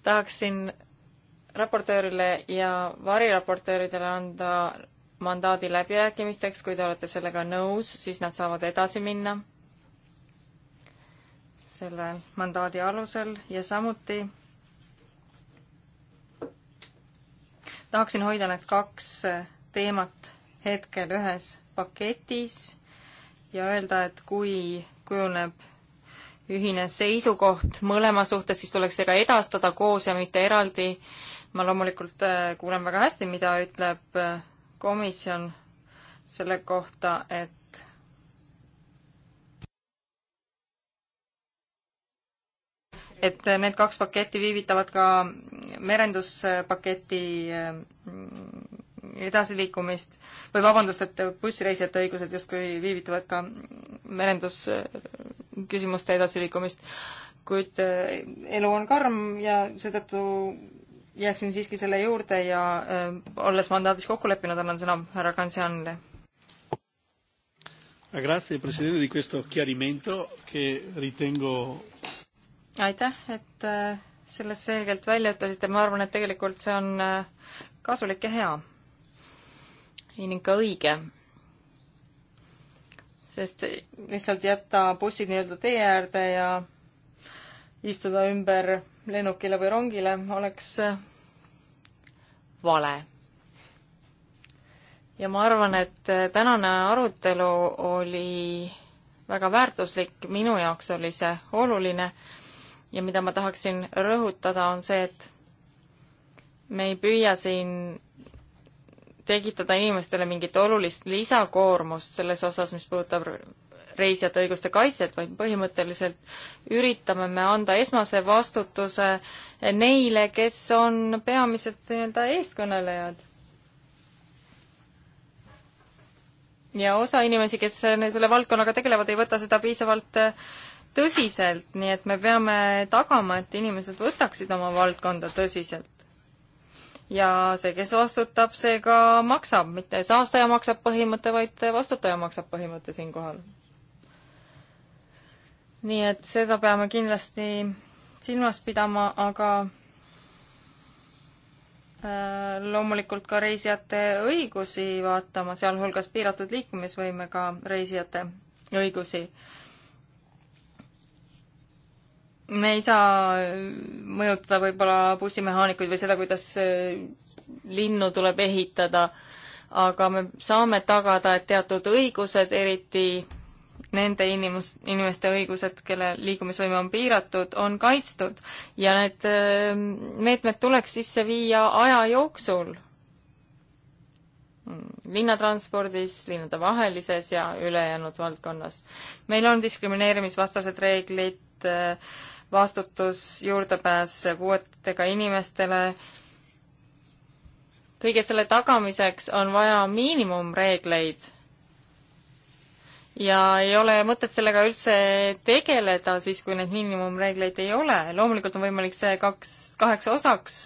tahaksin raportöörile ja variraportööridele anda mandaadi läbirääkimisteks, kui te olete sellega nõus, siis nad saavad edasi minna selle mandaadi alusel ja samuti tahaksin hoida need kaks teemat hetkel ühes paketis ja öelda, et kui kujuneb ühine seisukoht mõlema suhtes, siis tuleks see ka edastada koos ja mitte eraldi. ma loomulikult äh, kuulen väga hästi, mida ütleb äh, komisjon selle kohta, et et need kaks paketti viivitavad ka merenduspaketi mm, edasiliikumist või vabandust, et bussireisijate õigused justkui viivitavad ka merendusküsimuste edasiliikumist, kuid äh, elu on karm ja seetõttu jääksin siiski selle juurde ja öö, äh, olles mandaadis kokku leppinud, annan sõna härra Kansianile. Grazie Presidente di questo chiarimento che ritengo aitäh, et äh, sellest selgelt välja ütlesite, ma arvan, et tegelikult see on äh, kasulik ja hea ning ka õige. sest lihtsalt jätta bussid nii-öelda tee äärde ja istuda ümber lennukile või rongile, oleks äh, vale. ja ma arvan, et äh, tänane arutelu oli väga väärtuslik, minu jaoks oli see oluline ja mida ma tahaksin rõhutada, on see, et me ei püüa siin tekitada inimestele mingit olulist lisakoormust selles osas, mis puudutab reisijate õiguste kaitset, vaid põhimõtteliselt üritame me anda esmase vastutuse neile, kes on peamised nii-öelda eestkõnelejad. ja osa inimesi, kes selle valdkonnaga tegelevad, ei võta seda piisavalt tõsiselt, nii et me peame tagama, et inimesed võtaksid oma valdkonda tõsiselt ja see, kes vastutab, see ka maksab, mitte saastaja maksab põhimõte, vaid vastutaja maksab põhimõte siinkohal nii et seda peame kindlasti silmas pidama, aga äh, loomulikult ka reisijate õigusi vaatama, sealhulgas piiratud liikumisvõimega reisijate õigusi. me ei saa mõjutada võib-olla bussimehaanikuid või seda, kuidas äh, linnu tuleb ehitada, aga me saame tagada, et teatud õigused, eriti nende inimes-, inimeste õigused, kelle liikumisvõime on piiratud, on kaitstud ja need ähm, meetmed tuleks sisse viia aja jooksul linnatranspordis, linnadevahelises ja ülejäänud valdkonnas. meil on diskrimineerimisvastased reeglid, äh, vastutus, juurdepääs puuetega inimestele, kõige selle tagamiseks on vaja miinimumreegleid ja ei ole mõtet sellega üldse tegeleda siis, kui neid miinimumreegleid ei ole. loomulikult on võimalik see kaks, kaheks osaks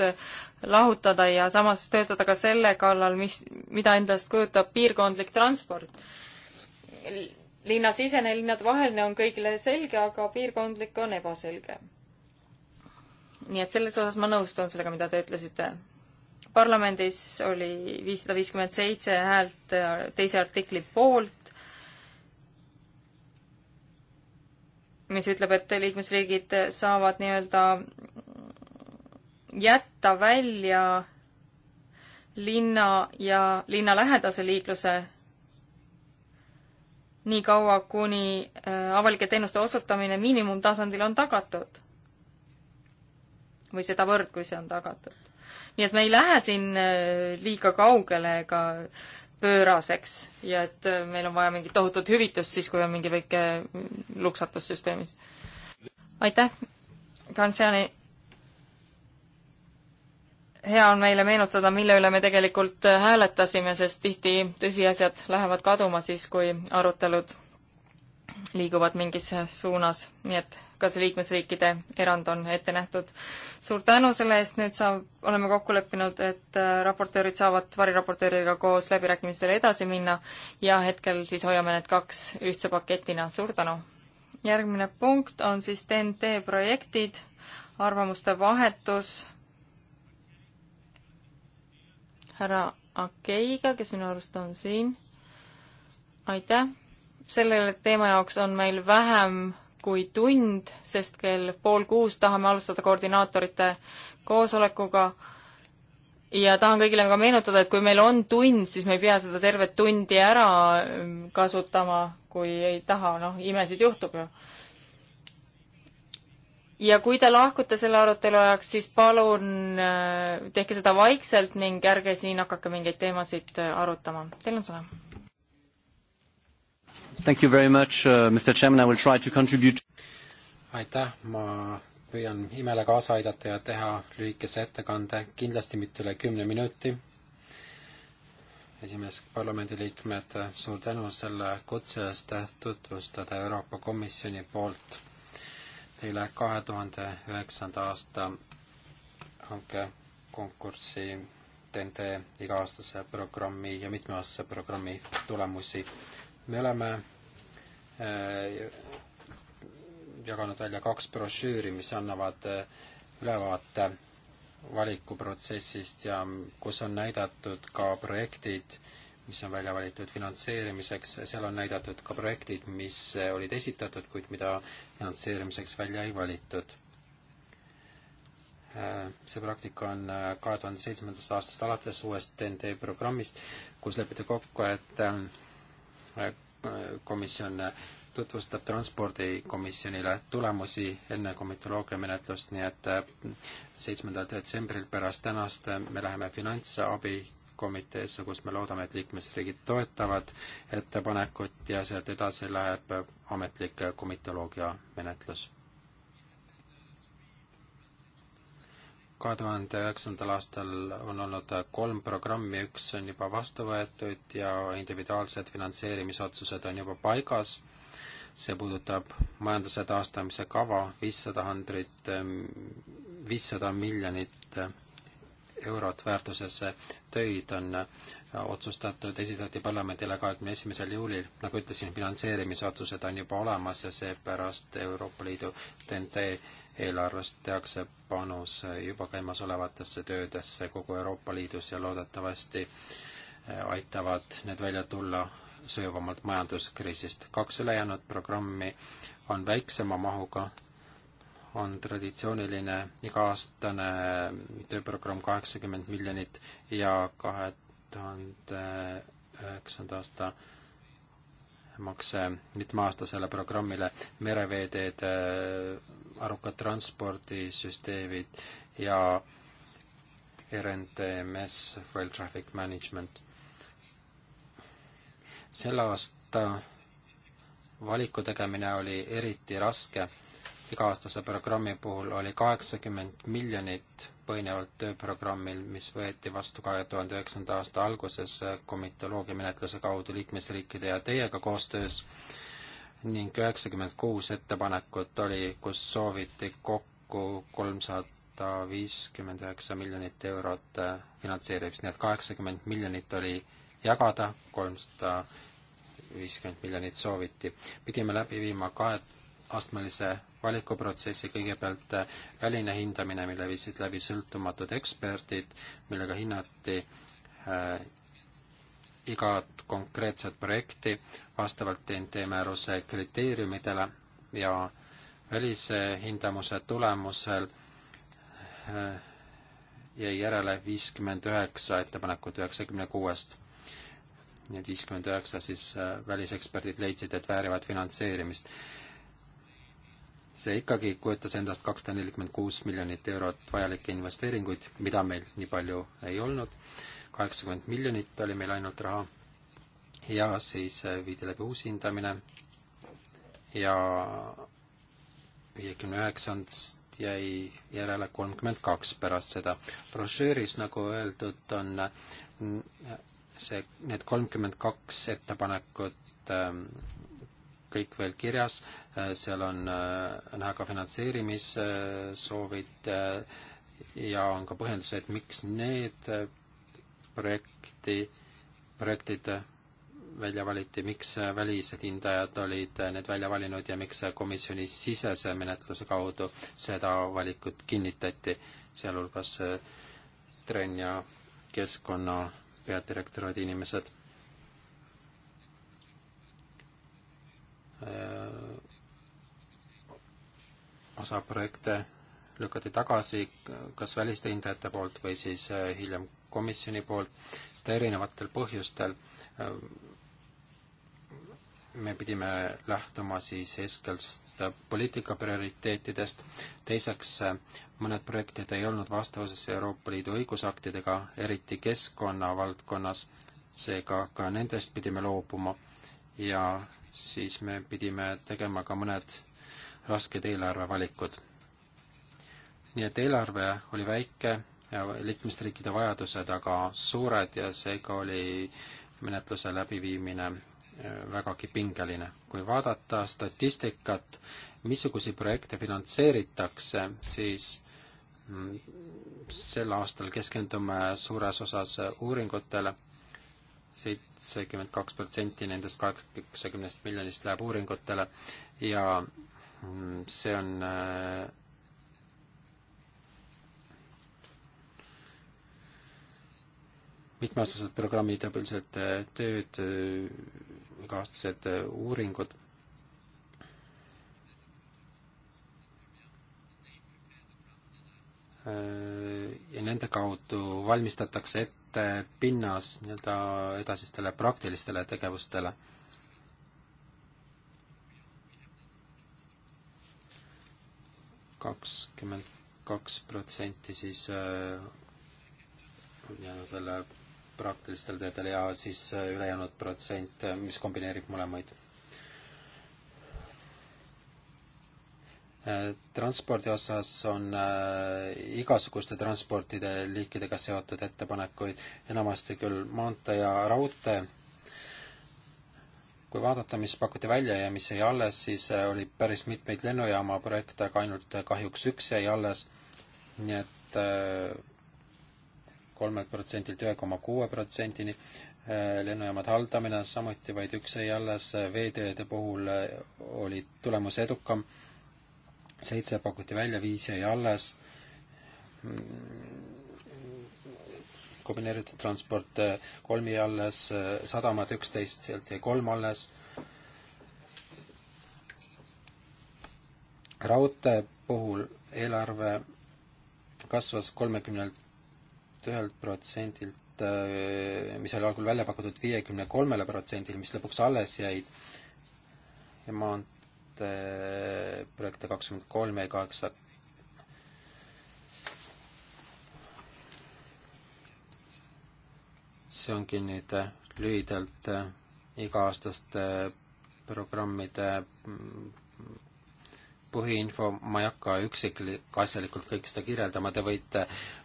lahutada ja samas töötada ka selle kallal, mis, mida endast kujutab piirkondlik transport. linnasisene ja linnade vaheline on kõigile selge, aga piirkondlik on ebaselge. nii et selles osas ma nõustun sellega, mida te ütlesite parlamendis oli viissada viiskümmend seitse häält teise artikli poolt, mis ütleb, et liikmesriigid saavad nii-öelda jätta välja linna ja linnalähedase liikluse nii kaua, kuni äh, avalike teenuste osutamine miinimumtasandil on tagatud. või sedavõrd, kui see on tagatud. nii et me ei lähe siin äh, liiga kaugele ega ka pööraseks ja et äh, meil on vaja mingit tohutut hüvitust siis, kui on mingi väike mm, luksatus süsteemis. aitäh, Kansiani. hea on meile meenutada, mille üle me tegelikult äh, hääletasime, sest tihti tõsiasjad lähevad kaduma siis, kui arutelud liiguvad mingis suunas, nii et ka see liikmesriikide erand on ette nähtud. suur tänu selle eest, nüüd saab, oleme kokku leppinud, et äh, raportöörid saavad variraportööridega koos läbirääkimistele edasi minna ja hetkel siis hoiame need kaks ühtse paketina, suur tänu! järgmine punkt on siis TNT projektid, arvamuste vahetus härra Akeiga, kes minu arust on siin, aitäh! selle teema jaoks on meil vähem kui tund, sest kell pool kuus tahame alustada koordinaatorite koosolekuga ja tahan kõigile ka meenutada, et kui meil on tund, siis me ei pea seda tervet tundi ära ähm, kasutama, kui ei taha, noh, imesid juhtub ju. ja kui te lahkute selle arutelu ajaks, siis palun äh, tehke seda vaikselt ning ärge siin hakake mingeid teemasid äh, arutama. Teil on sõna Thank you very much uh,, Mr Chairman, I will try to contribute. aitäh, ma püüan imele kaasa aidata ja teha lühikese ettekande, kindlasti mitte üle kümne minuti. esimees parlamendiliikmed, suur tänu selle kutse eest tutvustada Euroopa Komisjoni poolt teile kahe tuhande üheksanda aasta hanke konkurssi TNT iga-aastase programmi ja mitmeaastase programmi tulemusi me oleme äh, jaganud välja kaks brošüüri, mis annavad äh, ülevaate valikuprotsessist ja kus on näidatud ka projektid, mis on välja valitud finantseerimiseks, seal on näidatud ka projektid, mis äh, olid esitatud, kuid mida finantseerimiseks välja ei valitud. See praktika on kahe tuhande seitsmendast aastast alates uuest TNT programmist, kus lepiti kokku, et komisjon tutvustab Transpordikomisjonile tulemusi enne komitoloogia menetlust, nii et äh, seitsmendal detsembril pärast tänast äh, me läheme finantsabi komiteesse, kus me loodame, et liikmesriigid toetavad ettepanekut ja sealt edasi läheb ametlik komitoloogia menetlus kahe tuhande üheksandal aastal on olnud kolm programmi, üks on juba vastu võetud ja individuaalsed finantseerimisotsused on juba paigas. see puudutab majanduse taastamise kava, viissada hundred, viissada miljonit eurot väärtuses töid on otsustatud, esitati parlamendile kahekümne esimesel juulil. nagu ütlesin, finantseerimisotsused on juba olemas ja seepärast Euroopa Liidu TNT eelarvest tehakse panus juba käimasolevatesse töödesse kogu Euroopa Liidus ja loodetavasti eh, aitavad need välja tulla sujuvamalt majanduskriisist. kaks ülejäänud programmi on väiksema mahuga, on traditsiooniline iga-aastane tööprogramm kaheksakümmend miljonit ja kahe tuhande üheksanda aasta makse mitmeaastasele programmile mereveeteed, äh, arukad transpordisüsteemid ja RNTMS, Rail Traffic Management. selle aasta valiku tegemine oli eriti raske iga-aastase programmi puhul oli kaheksakümmend miljonit põhinevalt tööprogrammil, mis võeti vastu kahe tuhande üheksanda aasta alguses komitoloogia menetluse kaudu liikmesriikide ja teiega koostöös ning üheksakümmend kuus ettepanekut oli, kus sooviti kokku kolmsada viiskümmend üheksa miljonit eurot finantseerimist, nii et kaheksakümmend miljonit oli jagada, kolmsada viiskümmend miljonit sooviti. pidime läbi viima kahe astmelise valikuprotsessi, kõigepealt äh, väline hindamine, mille viisid läbi sõltumatud eksperdid, millega hinnati äh, igat konkreetset projekti vastavalt TNT määruse kriteeriumidele ja välise hindamuse tulemusel äh, jäi järele viiskümmend üheksa ettepanekut üheksakümne kuuest need viiskümmend üheksa siis äh, väliseksperdid leidsid, et väärivad finantseerimist see ikkagi kujutas endast kakssada nelikümmend kuus miljonit eurot vajalikke investeeringuid, mida meil nii palju ei olnud, kaheksakümmend miljonit oli meil ainult raha ja siis äh, viidi läbi uus hindamine ja viiekümne üheksandast jäi järele kolmkümmend kaks pärast seda. brošüüris, nagu öeldud, on äh, see, need kolmkümmend kaks ettepanekut ähm, kõik veel kirjas, äh, seal äh, on näha ka finantseerimissoovid äh, ja on ka põhjendused, miks need projekti, projektid välja valiti, miks välised hindajad olid need välja valinud ja miks komisjoni sisese menetluse kaudu seda valikut kinnitati, sealhulgas trenn ja keskkonna peadirektoraadi inimesed Äh, osa projekte lükati tagasi kas välisteenindajate poolt või siis äh, hiljem komisjoni poolt, seda erinevatel põhjustel. Äh, me pidime lähtuma siis eeskätt poliitika prioriteetidest, teiseks mõned projektid ei olnud vastavuses Euroopa Liidu õigusaktidega, eriti keskkonna valdkonnas, seega ka nendest pidime loobuma ja siis me pidime tegema ka mõned rasked eelarvevalikud. nii et eelarve oli väike ja liikmesriikide vajadused aga suured ja seega oli menetluse läbiviimine äh, vägagi pingeline. kui vaadata statistikat, missuguseid projekte finantseeritakse, siis mm, sel aastal keskendume suures osas äh, uuringutele seitsekümmend kaks protsenti nendest kaheksakümnest miljonist läheb uuringutele ja mm, see on äh, mitmeaastased programmid ja põhiliselt äh, tööd, äh, iga-aastased uuringud Äh, ja nende kaudu valmistatakse ette pinnas nii-öelda edasistele praktilistele tegevustele. kakskümmend kaks protsenti siis on äh, jäänud veel praktilistele töödele ja siis äh, ülejäänud protsent, mis kombineerib mõlemaid transpordi osas on äh, igasuguste transportide liikidega seotud ettepanekuid, enamasti küll maantee ja raudtee. kui vaadata, mis pakuti välja ja mis jäi alles, siis äh, oli päris mitmeid lennujaama projekte, aga ainult äh, kahjuks üks jäi alles. nii et kolmelt protsendilt ühe koma kuue protsendini lennujaamade haldamine, samuti vaid üks jäi alles, veeteede puhul oli tulemus edukam seitse pakuti välja, viis jäi alles. kombineeritud transport eh, kolm jäi alles, eh, sadamad üksteist, sealt jäi kolm alles. raudtee puhul eelarve kasvas kolmekümnelt ühelt protsendilt, eh, mis oli algul välja pakutud, viiekümne kolmele protsendile, mis lõpuks alles jäid. ja maantee projekte, eh, projekte kakskümmend kolm ja kaheksa see ongi nüüd eh, lühidalt eh, iga-aastaste programmide mm, põhiinfo, ma ei hakka üksikasjalikult kõike seda kirjeldama, te võite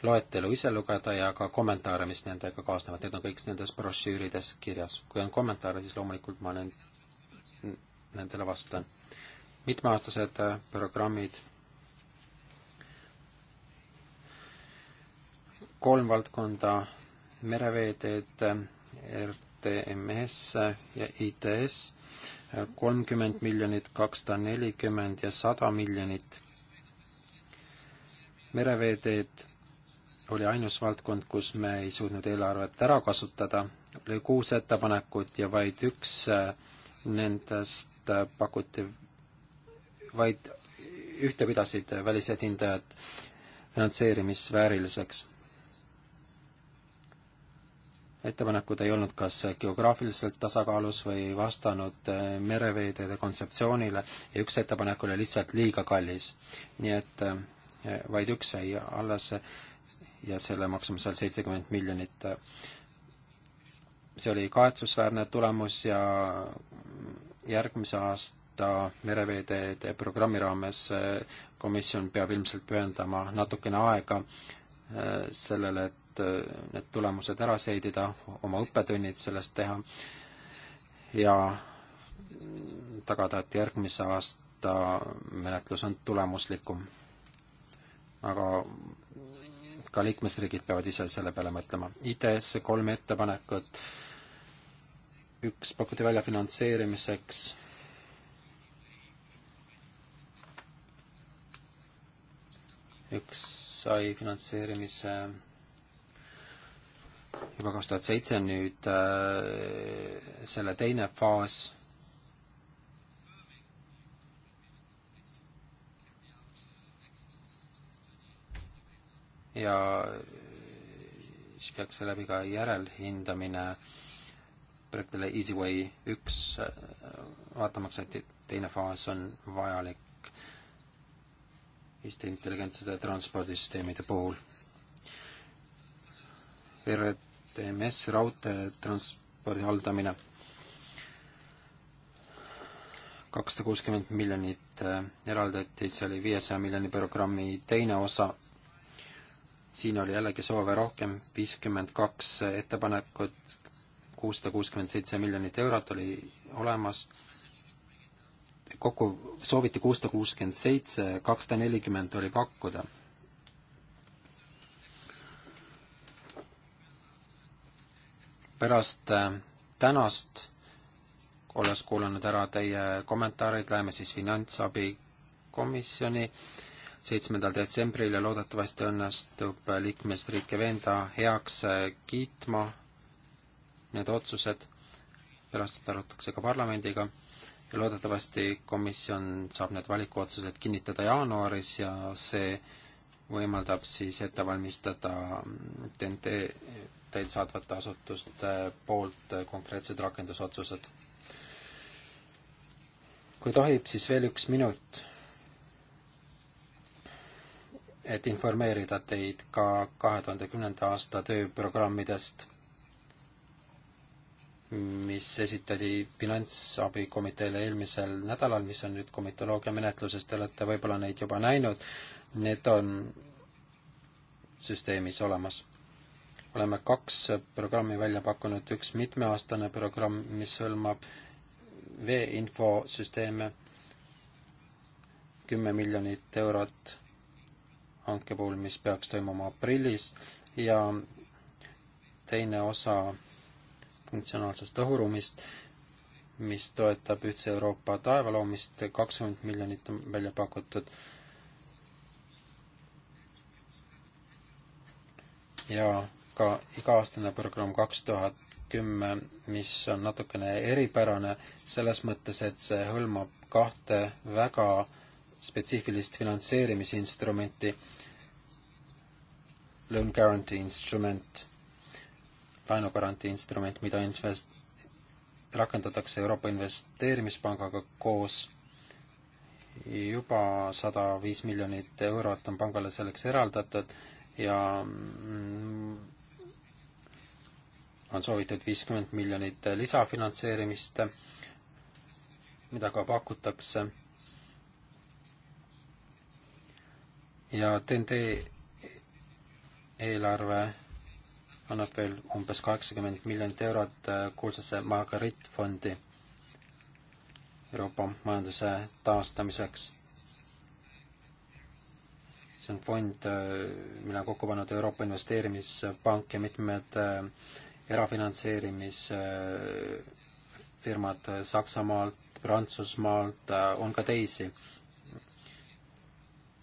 loetelu ise lugeda ja ka kommentaare, mis nendega kaasnevad, need on kõik nendes brošüürides kirjas. kui on kommentaare, siis loomulikult ma olen nendele vastan. mitmeaastased äh, programmid, kolm valdkonda, mereveeteed, äh, RTMS äh, ja ITS, kolmkümmend miljonit, kakssada nelikümmend ja sada miljonit. mereveeteed oli ainus valdkond, kus me ei suutnud eelarvet ära kasutada, oli kuus ettepanekut ja vaid üks nendest Äh, pakuti vaid ühte pidasid välised hindajad finantseerimisvääriliseks. ettepanekud ei olnud kas geograafiliselt tasakaalus või vastanud äh, mereveeteede kontseptsioonile ja üks ettepanek oli lihtsalt liiga kallis. nii et äh, vaid üks jäi alles ja selle maksumus oli seitsekümmend miljonit. see oli kahetsusväärne tulemus ja järgmise aasta mereveeteede programmi raames eh, komisjon peab ilmselt pühendama natukene aega eh, sellele, et eh, need tulemused ära seedida, oma õppetunnid sellest teha ja tagada, et järgmise aasta menetlus on tulemuslikum. aga ka liikmesriigid peavad ise selle peale mõtlema. ITS kolm ettepanekut üks pakuti välja finantseerimiseks üks sai finantseerimise juba kaks tuhat seitse, nüüd äh, selle teine faas. ja siis peaks läbi ka järelhindamine äh, projektile EasyWay üks, äh, vaatamaks, et teine faas on vajalik Eesti intelligentsete transpordisüsteemide puhul. RTMS, raudteetranspordi haldamine, kakssada kuuskümmend miljonit äh, eraldati, see oli viiesaja miljoni programmi teine osa, siin oli jällegi soove rohkem, viiskümmend kaks ettepanekut, kuussada kuuskümmend seitse miljonit eurot oli olemas, kokku sooviti kuussada kuuskümmend seitse, kakssada nelikümmend oli pakkuda. pärast äh, tänast, olles kuulanud ära teie kommentaarid, läheme siis finantsabi komisjoni seitsmendal detsembril ja loodetavasti õnnestub liikmesriike veenda heaks äh, kiitma need otsused, pärast seda arutatakse ka parlamendiga ja loodetavasti komisjon saab need valikuotsused kinnitada jaanuaris ja see võimaldab siis ette valmistada TNT teid saatvate asutuste äh, poolt äh, konkreetsed rakendusotsused. kui tohib, siis veel üks minut, et informeerida teid ka kahe tuhande kümnenda aasta tööprogrammidest mis esitati Finantsabikomiteele eelmisel nädalal, mis on nüüd komitoloogia menetluses, te olete võib-olla neid juba näinud, need on süsteemis olemas. oleme kaks programmi välja pakkunud, üks mitmeaastane programm, mis hõlmab veeinfosüsteeme, kümme miljonit eurot hanke puhul, mis peaks toimuma aprillis ja teine osa funktsionaalsest õhuruumist, mis toetab ühtse Euroopa taeva loomist, kakskümmend miljonit on välja pakutud. ja ka iga-aastane programm kaks tuhat kümme, mis on natukene eripärane selles mõttes, et see hõlmab kahte väga spetsiifilist finantseerimisinstrumenti, loan guarantee instrument laenugarantiinstrument, mida invest-, rakendatakse Euroopa Investeerimispangaga koos. juba sada viis miljonit eurot on pangale selleks eraldatud ja mm, on soovitud viiskümmend miljonit lisafinantseerimist, mida ka pakutakse. ja TNT eelarve annab veel umbes kaheksakümmend miljonit eurot äh, kuulsasse Margarit fondi Euroopa majanduse taastamiseks. see on fond, äh, mille on kokku pannud Euroopa Investeerimispank ja mitmed äh, erafinantseerimisfirmad Saksamaalt, Prantsusmaalt, on ka teisi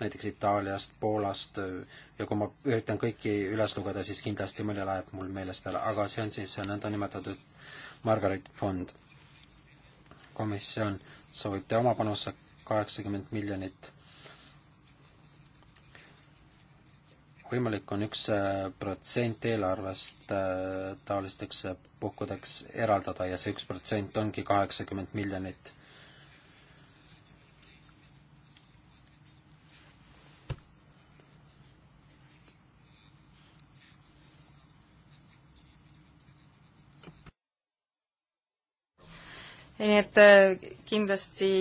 näiteks Itaaliast, Poolast ja kui ma üritan kõiki üles lugeda, siis kindlasti mõni läheb mul meelest ära, aga see on siis nõndanimetatud Margaret Fond. komisjon soovib teha oma panuse kaheksakümmend miljonit. võimalik on üks protsent eelarvest taolisteks puhkudeks eraldada ja see üks protsent ongi kaheksakümmend miljonit nii et äh, kindlasti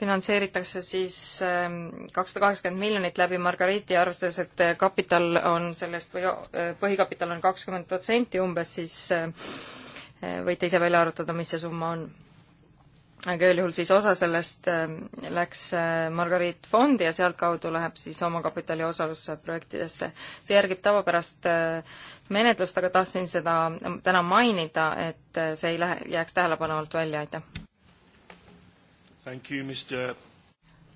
finantseeritakse siis ähm, kakssada kaheksakümmend miljonit läbi Margariti, arvestades, et äh, kapital on sellest või äh, põhikapital on kakskümmend protsenti umbes, siis võite ise välja arvutada, mis see summa on aga üldjuhul siis osa sellest äh, läks äh, Margarit Fondi ja sealtkaudu läheb siis omakapitali osalusse projektidesse. see järgib tavapärast äh, menetlust, aga tahtsin seda täna mainida, et see ei lähe, jääks tähelepanu alt välja, aitäh!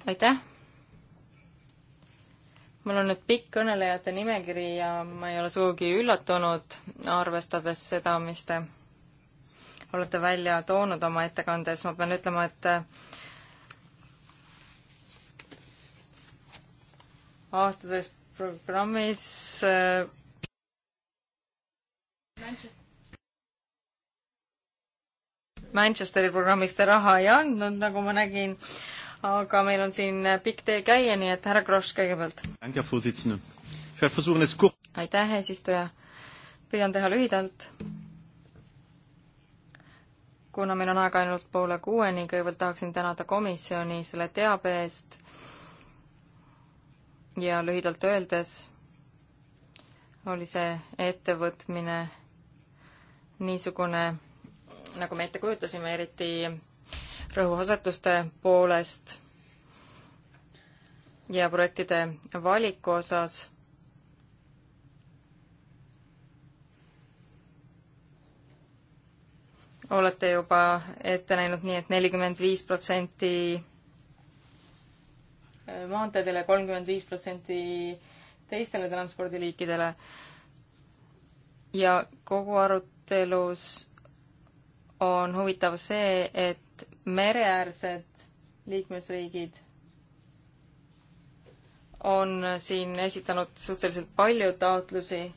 aitäh! mul on nüüd pikk kõnelejate nimekiri ja ma ei ole sugugi üllatunud, arvestades seda, mis te olete välja toonud oma ettekandes, ma pean ütlema, et äh, aastases programmis äh, Manchesteri programmis te raha ei andnud, nagu ma nägin, aga meil on siin pikk tee käia, nii et härra Kross kõigepealt. aitäh, eesistuja. püüan teha lühidalt kuna meil on aega ainult poole kuueni, kõigepealt tahaksin tänada komisjoni selle teabe eest ja lühidalt öeldes oli see ettevõtmine niisugune, nagu me ette kujutasime, eriti rõhuasetuste poolest ja projektide valiku osas olete juba ette näinud nii et, et nelikümmend viis protsenti maanteedele, kolmkümmend viis protsenti teistele transpordiliikidele. ja kogu arutelus on huvitav see, et mereäärsed liikmesriigid on siin esitanud suhteliselt palju taotlusi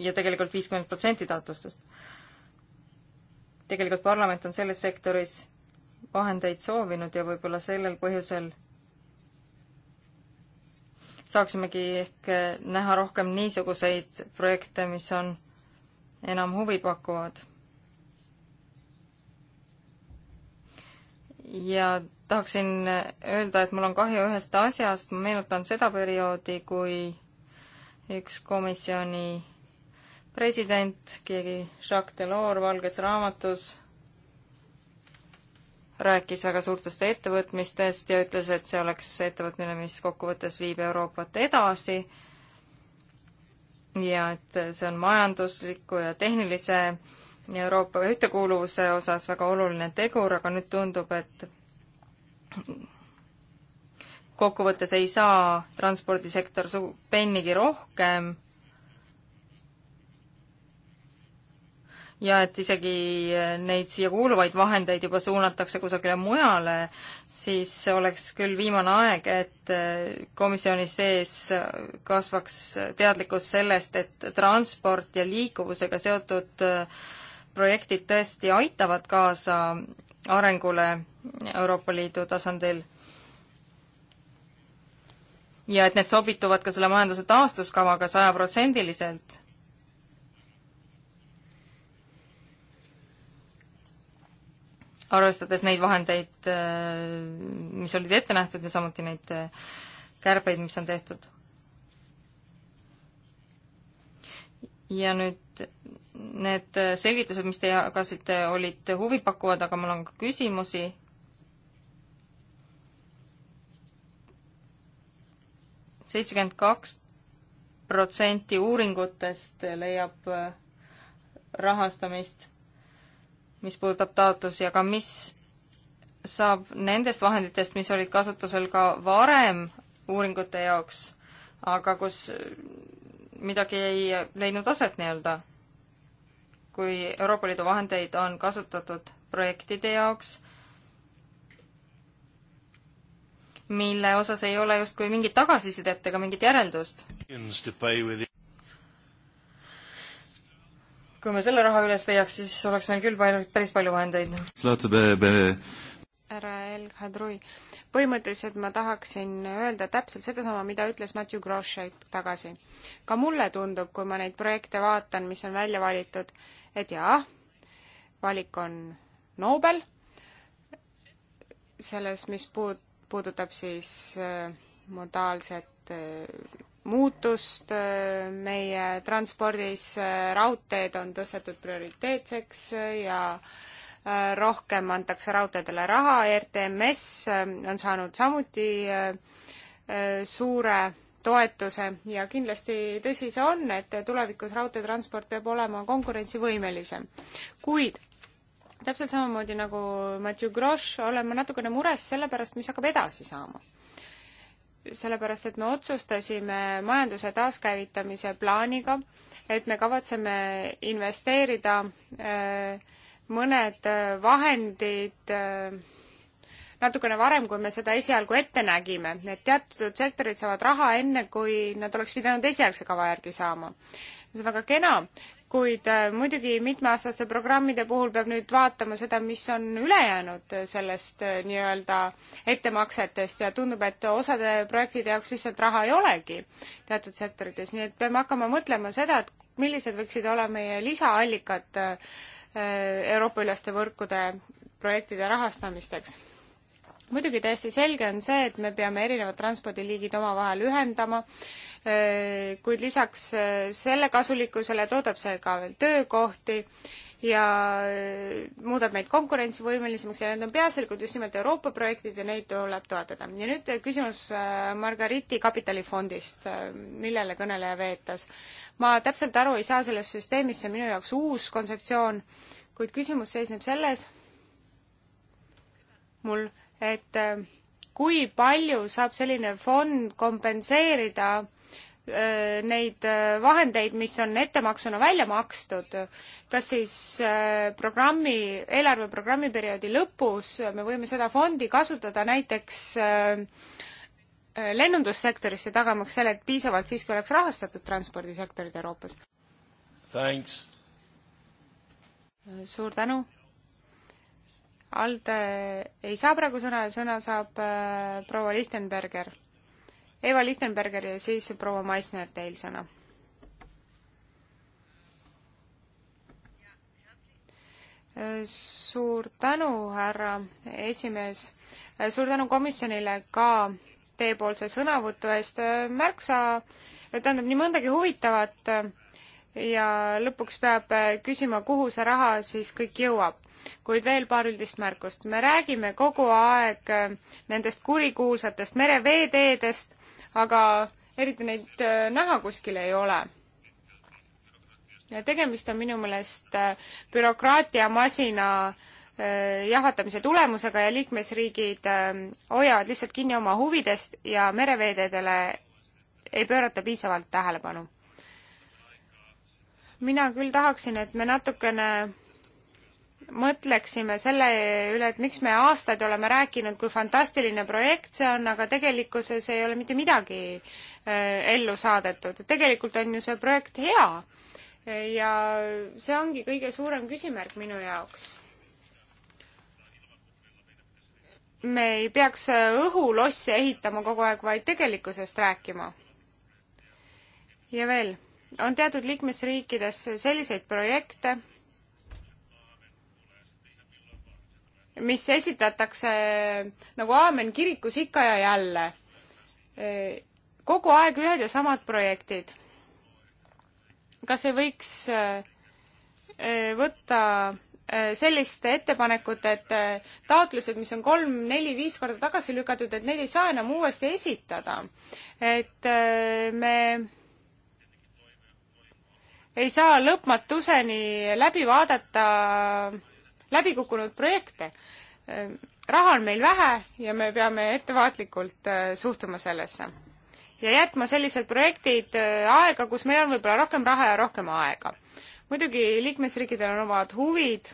ja tegelikult viiskümmend protsenti taotlustest. tegelikult parlament on selles sektoris vahendeid soovinud ja võib-olla sellel põhjusel saaksimegi ehk näha rohkem niisuguseid projekte, mis on enam huvipakkuvad. ja tahaksin öelda, et mul on kahju ühest asjast, ma meenutan seda perioodi, kui üks komisjoni president, keegi Jacques Delors Valges Raamatus rääkis väga suurtest ettevõtmistest ja ütles, et see oleks ettevõtmine, mis kokkuvõttes viib Euroopat edasi ja et see on majandusliku ja tehnilise Euroopa ühtekuuluvuse osas väga oluline tegur, aga nüüd tundub, et kokkuvõttes ei saa transpordisektor su-, pennigi rohkem ja et isegi eh, neid siia kuuluvaid vahendeid juba suunatakse kusagile mujale, siis oleks küll viimane aeg, et eh, komisjoni sees kasvaks teadlikkus sellest, et transport ja liikuvusega seotud eh, projektid tõesti aitavad kaasa arengule Euroopa Liidu tasandil ja et need sobituvad ka selle majanduse taastuskavaga sajaprotsendiliselt arvestades neid vahendeid, äh, mis olid ette nähtud ja samuti neid äh, kärbeid, mis on tehtud. ja nüüd need äh, selgitused, mis te jagasite, olid huvipakkuvad, aga mul on ka küsimusi. seitsekümmend kaks protsenti uuringutest leiab rahastamist mis puudutab taotlusi, aga mis saab nendest vahenditest, mis olid kasutusel ka varem uuringute jaoks, aga kus midagi ei leidnud aset nii-öelda? kui Euroopa Liidu vahendeid on kasutatud projektide jaoks, mille osas ei ole justkui mingit tagasisidet ega mingit järeldust kui me selle raha üles leiaks, siis oleks meil küll palju, päris palju vahendeid. härra El Khadrui, põhimõtteliselt ma tahaksin öelda täpselt sedasama, mida ütles Matthew Grosh hetk tagasi. ka mulle tundub, kui ma neid projekte vaatan, mis on välja valitud, et jah, valik on Nobel, selles, mis puud-, puudutab siis äh, modaalset äh, muutust meie transpordis, äh, raudteed on tõstetud prioriteetseks äh, ja äh, rohkem antakse raudteedele raha, RTMS on saanud samuti suure toetuse ja kindlasti tõsi see on, et tulevikus raudteetransport peab olema konkurentsivõimelisem. kuid täpselt samamoodi nagu Mathieu Grosch olen ma natukene mures selle pärast, mis hakkab edasi saama sellepärast et me otsustasime majanduse taaskäivitamise plaaniga, et me kavatseme investeerida äh, mõned äh, vahendid äh, natukene varem, kui me seda esialgu ette nägime, et teatud sektorid saavad raha enne, kui nad oleks pidanud esialgse kava järgi saama. see on väga kena, kuid äh, muidugi mitmeaastaste programmide puhul peab nüüd vaatama seda, mis on üle jäänud äh, sellest äh, nii-öelda ettemaksetest ja tundub, et osade projektide jaoks lihtsalt raha ei olegi teatud sektorites, nii et peame hakkama mõtlema seda, et millised võiksid olla meie lisaallikad Euroopa-üleste võrkude projektide rahastamisteks muidugi täiesti selge on see, et me peame erinevad transpordiliigid omavahel ühendama, kuid lisaks selle kasulikkusele toodab see ka veel töökohti ja muudab meid konkurentsivõimelisemaks ja need on peaasjalikult just nimelt Euroopa projektid ja neid tuleb toetada. ja nüüd küsimus Margariti kapitalifondist, millele kõneleja veetas. ma täpselt aru ei saa sellest süsteemist, see on minu jaoks uus kontseptsioon, kuid küsimus seisneb selles, mul et äh, kui palju saab selline fond kompenseerida äh, neid äh, vahendeid, mis on ettemaksuna välja makstud, kas siis programmi, eelarveprogrammi perioodi lõpus me võime seda fondi kasutada näiteks lennundussektorisse, tagamaks selle, et piisavalt siiski oleks rahastatud transpordisektorid Euroopas? suur tänu! Alde ei saa praegu sõna ja sõna saab äh, proua Lichtenberger. Eva Lichtenberger ja siis proua Maisner teil sõna. Äh, suur tänu, härra esimees. Äh, suur tänu komisjonile ka teiepoolse sõnavõtu eest. Äh, märksa, tähendab nii mõndagi huvitavat ja lõpuks peab küsima, kuhu see raha siis kõik jõuab kuid veel paar üldist märkust. me räägime kogu aeg äh, nendest kurikuulsatest mereveeteedest, aga eriti neid äh, näha kuskil ei ole. ja tegemist on minu meelest äh, bürokraatiamasina jahvatamise tulemusega ja liikmesriigid hoiavad lihtsalt kinni oma huvidest ja mereveeteedele ei pöörata piisavalt tähelepanu. mina küll tahaksin, et me natukene mõtleksime selle üle, et miks me aastaid oleme rääkinud, kui fantastiline projekt see on, aga tegelikkuses ei ole mitte midagi äh, ellu saadetud. tegelikult on ju see projekt hea ja see ongi kõige suurem küsimärk minu jaoks. me ei peaks õhulosse ehitama kogu aeg, vaid tegelikkusest rääkima. ja veel, on teatud liikmesriikides selliseid projekte, mis esitatakse nagu aamen kirikus ikka ja jälle. kogu aeg ühed ja samad projektid. kas ei võiks eh, võtta eh, sellist ettepanekut, et eh, taotlused, mis on kolm, neli, viis korda tagasi lükatud, et neid ei saa enam uuesti esitada. et me ei saa lõpmatuseni läbi vaadata läbikukkunud projekte. raha on meil vähe ja me peame ettevaatlikult äh, suhtuma sellesse ja jätma sellised projektid äh, aega, kus meil on võib-olla rohkem raha ja rohkem aega. muidugi liikmesriikidel on omad huvid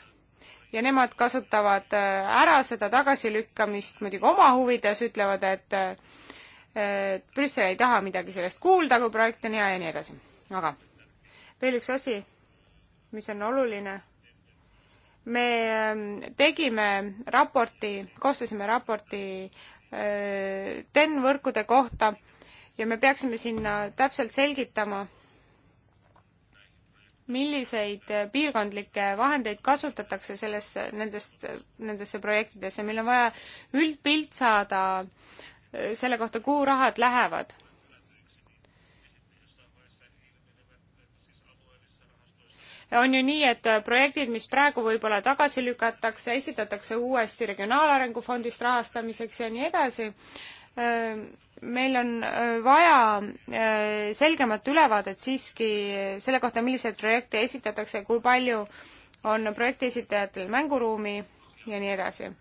ja nemad kasutavad äh, ära seda tagasilükkamist muidugi oma huvides, ütlevad, et Brüssel ei taha midagi sellest kuulda, kui projekt on hea ja nii edasi. aga veel üks asi, mis on oluline me ähm, tegime raporti, koostasime raporti äh, TEN võrkude kohta ja me peaksime sinna täpselt selgitama, milliseid piirkondlikke vahendeid kasutatakse selles, nendest, nendesse projektidesse, meil on vaja üldpilt saada äh, selle kohta, kuhu rahad lähevad on ju nii, et äh, projektid, mis praegu võib-olla tagasi lükatakse, esitatakse uuesti Regionaalarengu Fondist rahastamiseks ja nii edasi ähm, meil on äh, vaja äh, selgemat ülevaadet siiski selle kohta, milliseid projekte esitatakse, kui palju on projekti esitajatel mänguruumi ja nii edasi.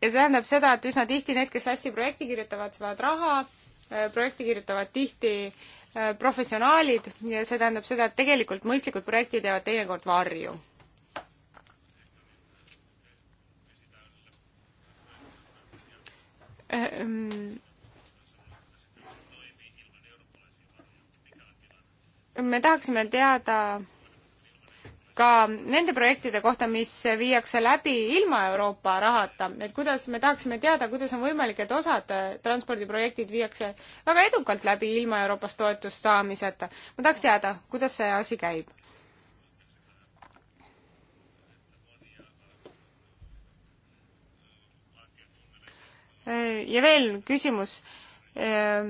ja see tähendab seda, et üsna tihti need, kes hästi projekti kirjutavad, saavad raha Äh, projekti kirjutavad tihti äh, professionaalid ja see tähendab seda, et tegelikult mõistlikud projektid jäävad teinekord varju. Äh, mm, me tahaksime teada ka nende projektide kohta, mis viiakse läbi ilma Euroopa rahata, et kuidas me tahaksime teada, kuidas on võimalik, et osad äh, transpordiprojektid viiakse väga edukalt läbi ilma Euroopast toetust saamiseta. ma tahaks teada, kuidas see asi käib? Äh, ja veel küsimus äh,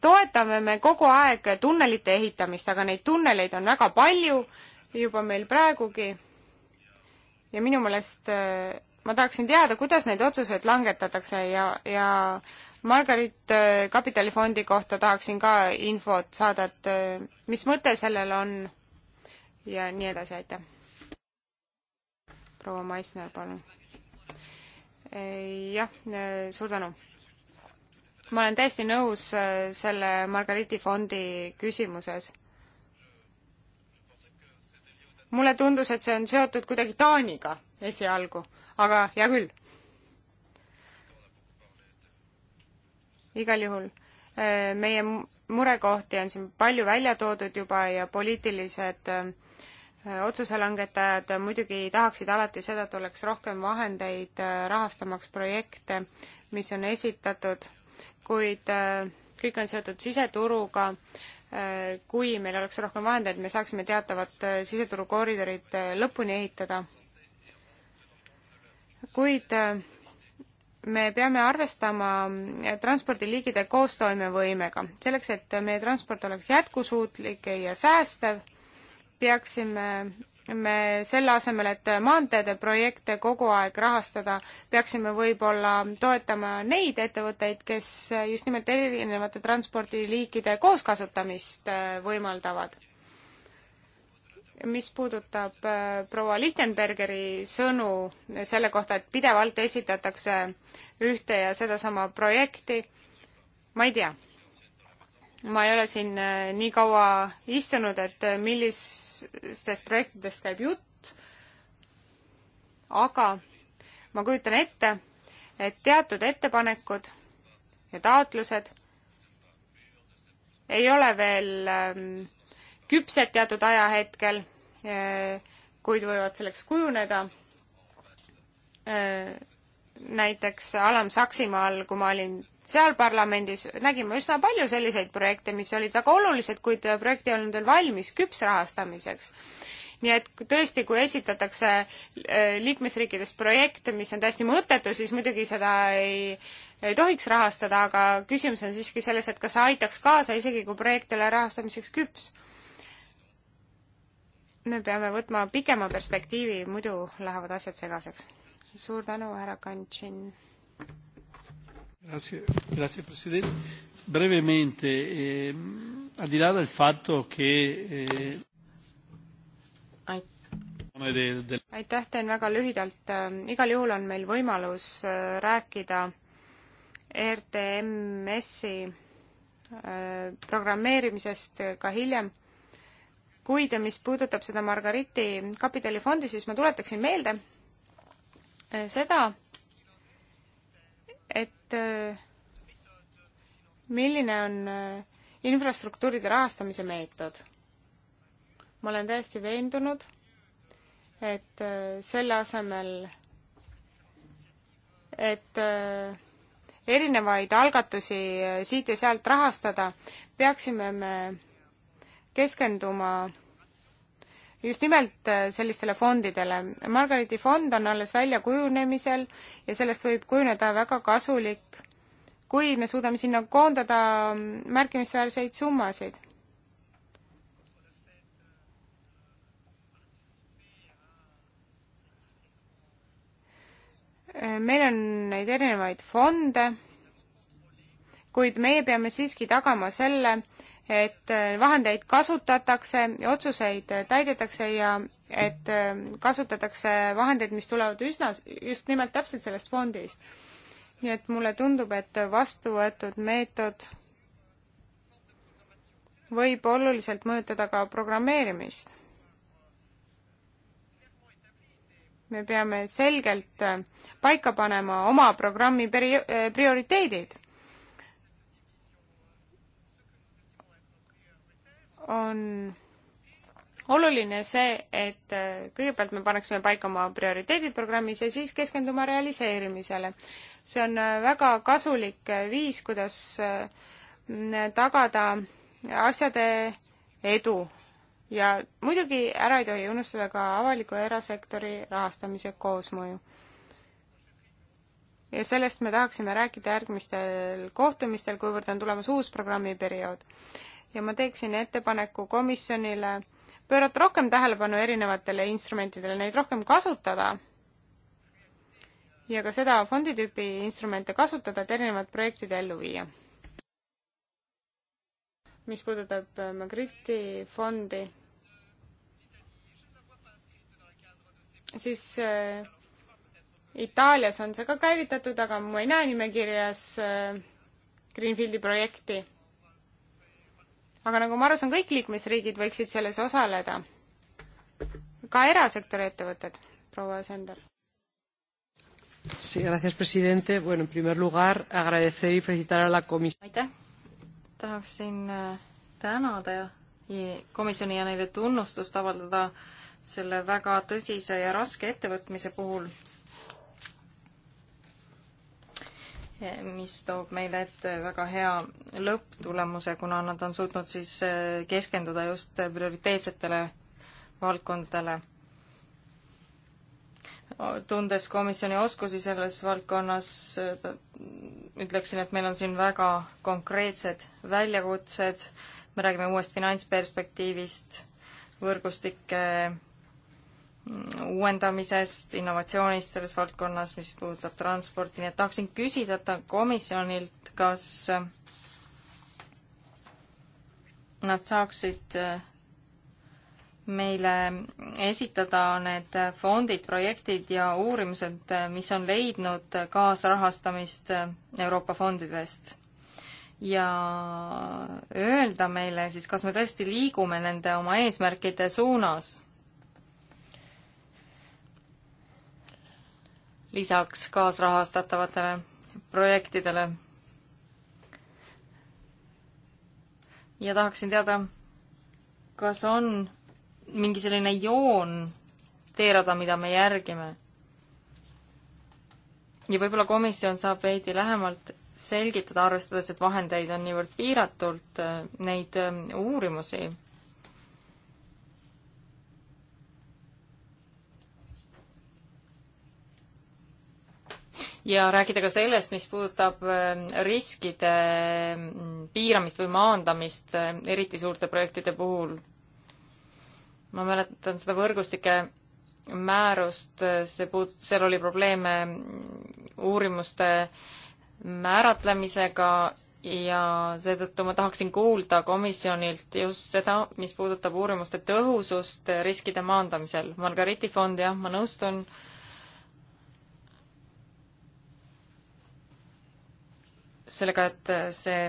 toetame me kogu aeg tunnelite ehitamist, aga neid tunneleid on väga palju juba meil praegugi ja minu meelest äh, ma tahaksin teada, kuidas neid otsuseid langetatakse ja, ja Margarit äh, kapitalifondi kohta tahaksin ka infot saada, et äh, mis mõte sellel on ja nii edasi, aitäh. proua Maisner, palun. jah, suur tänu. ma olen täiesti nõus selle Margariti fondi küsimuses mulle tundus, et see on seotud kuidagi Taaniga esialgu, aga hea küll. igal juhul äh, meie murekohti on siin palju välja toodud juba ja poliitilised äh, otsuse langetajad muidugi tahaksid alati seda, et oleks rohkem vahendeid äh, rahastamaks projekte, mis on esitatud, kuid kõik on seotud siseturuga, Äh, kui meil oleks rohkem vahendeid, me saaksime teatavat äh, siseturukoridorid äh, lõpuni ehitada. kuid me peame arvestama transpordiliigide koostoimevõimega. selleks, et meie transport oleks jätkusuutlik ja säästev, peaksime me selle asemel, et maanteede projekte kogu aeg rahastada, peaksime võib-olla toetama neid ettevõtteid, kes just nimelt erinevate transpordiliikide kooskasutamist äh, võimaldavad. mis puudutab äh, proua Lichtenbergeri sõnu selle kohta, et pidevalt esitatakse ühte ja sedasama projekti, ma ei tea ma ei ole siin äh, nii kaua istunud, et äh, millistest projektidest käib jutt, aga ma kujutan ette, et teatud ettepanekud ja taotlused ei ole veel ähm, küpsed teatud ajahetkel, äh, kuid võivad selleks kujuneda. näiteks Alam Saksimaal, kui ma olin seal parlamendis nägime üsna palju selliseid projekte, mis olid väga olulised, kuid projekt ei olnud veel valmis küps rahastamiseks nii et tõesti, kui esitatakse äh, liikmesriikides projekte, mis on täiesti mõttetu, siis muidugi seda ei, ei tohiks rahastada, aga küsimus on siiski selles, et kas see aitaks kaasa, isegi kui projekt ei ole rahastamiseks küps. me peame võtma pikema perspektiivi, muidu lähevad asjad segaseks. suur tänu, härra Kantšin. Grazie, grazie Presidente. Brevemente, eh, al di là del fatto che eh, aitäh, teen väga lühidalt. Ähm, igal juhul on meil võimalus äh, rääkida RTMS-i äh, programmeerimisest ka hiljem. kuid mis puudutab seda Margariti kapitalifondi, siis ma tuletaksin meelde äh, seda, et äh, milline on äh, infrastruktuuride rahastamise meetod. ma olen täiesti veendunud, et äh, selle asemel, et erinevaid algatusi siit ja sealt rahastada, peaksime me keskenduma just nimelt äh, sellistele fondidele. Margariti fond on alles välja kujunemisel ja sellest võib kujuneda väga kasulik, kui me suudame sinna koondada märkimisväärseid summasid. Äh, meil on neid erinevaid fonde, kuid meie peame siiski tagama selle, et äh, vahendeid kasutatakse, otsuseid äh, täidetakse ja et äh, kasutatakse vahendeid, mis tulevad üsna, just nimelt täpselt sellest fondist. nii et mulle tundub, et vastu võetud meetod võib oluliselt mõjutada ka programmeerimist. me peame selgelt paika panema oma programmi peri-, prioriteedid on oluline see, et äh, kõigepealt me paneksime paika oma prioriteedid programmis ja siis keskenduma realiseerimisele. see on äh, väga kasulik äh, viis, kuidas tagada asjade edu ja muidugi ära ei tohi unustada ka avaliku ja erasektori rahastamise koosmõju. ja sellest me tahaksime rääkida järgmistel kohtumistel, kuivõrd on tulemas uus programmiperiood ja ma teeksin ettepaneku komisjonile pöörata rohkem tähelepanu erinevatele instrumentidele, neid rohkem kasutada ja ka seda fonditüüpi instrumente kasutada, et erinevad projektid ellu viia. mis puudutab äh, Magritti fondi, siis äh, Itaalias on see ka käivitatud, aga ma ei näe nimekirjas äh, Greenfieldi projekti aga nagu ma aru saan, kõik liikmesriigid võiksid selles osaleda. ka erasektori ettevõtted, proua Sender. Sí, gracias, presidente. Bueno, en primer lugar, agradecer y felicitar a la comisión. Aitäh. Tahaksin äh, tänada komisjoni ja neile tunnustust avaldada selle väga tõsise ja raske ettevõtmise puhul mis toob meile ette väga hea lõpptulemuse, kuna nad on suutnud siis äh, keskenduda just prioriteetsetele valdkondadele. tundes komisjoni oskusi selles valdkonnas, äh, ütleksin, et meil on siin väga konkreetsed väljakutsed, me räägime uuest finantsperspektiivist, võrgustike uuendamisest, innovatsioonist selles valdkonnas, mis puudutab transporti, nii et tahaksin küsida komisjonilt, kas nad saaksid äh, meile esitada need fondid, projektid ja uurimused, äh, mis on leidnud kaasrahastamist äh, Euroopa fondidest. ja öelda meile siis, kas me tõesti liigume nende oma eesmärkide suunas lisaks kaasrahastatavatele projektidele. ja tahaksin teada, kas on mingi selline joon teerada, mida me järgime? ja võib-olla komisjon saab veidi lähemalt selgitada, arvestades, et vahendeid on niivõrd piiratult, äh, neid ähm, uurimusi ja rääkida ka sellest, mis puudutab äh, riskide mm, piiramist või maandamist, äh, eriti suurte projektide puhul. ma mäletan seda võrgustike määrust, äh, see puud-, seal oli probleeme mm, uurimuste määratlemisega ja seetõttu ma tahaksin kuulda komisjonilt just seda, mis puudutab uurimuste tõhusust riskide maandamisel. Margariti fond, jah, ma nõustun äh, sellega, et see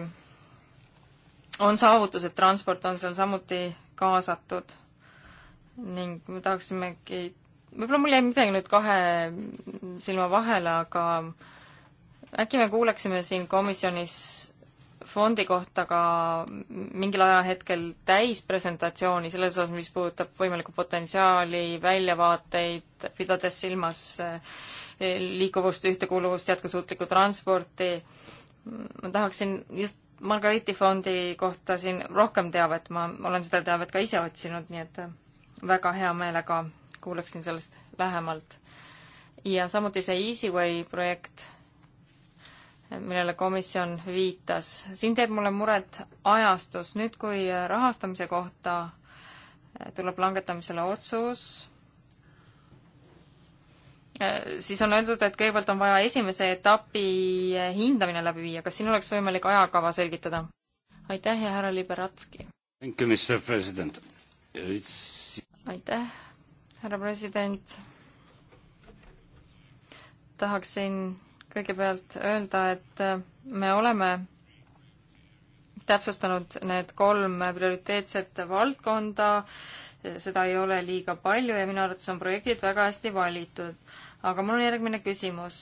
on saavutus, et transport on seal samuti kaasatud ning me tahaksimegi, võib-olla mul jäi midagi nüüd kahe silma vahele, aga äkki me kuuleksime siin komisjonis fondi kohta ka mingil ajahetkel täispresentatsiooni selles osas, mis puudutab võimalikku potentsiaali, väljavaateid, pidades silmas eh, liikuvust, ühtekuuluvust, jätkusuutlikku transporti ma tahaksin just Margariti fondi kohta siin rohkem teavet, ma olen seda teavet ka ise otsinud, nii et äh, väga hea meelega kuuleksin sellest lähemalt. ja samuti see Easyway projekt, äh, millele komisjon viitas, siin teeb mulle muret ajastus, nüüd kui rahastamise kohta äh, tuleb langetamisele otsus, Äh, siis on öeldud, et kõigepealt on vaja esimese etapi hindamine läbi viia. kas siin oleks võimalik ajakava selgitada? aitäh ja härra Liberatski! aitäh, härra president! tahaksin kõigepealt öelda, et me oleme täpsustanud need kolm prioriteetset valdkonda, seda ei ole liiga palju ja minu arvates on projektid väga hästi valitud. aga mul on järgmine küsimus.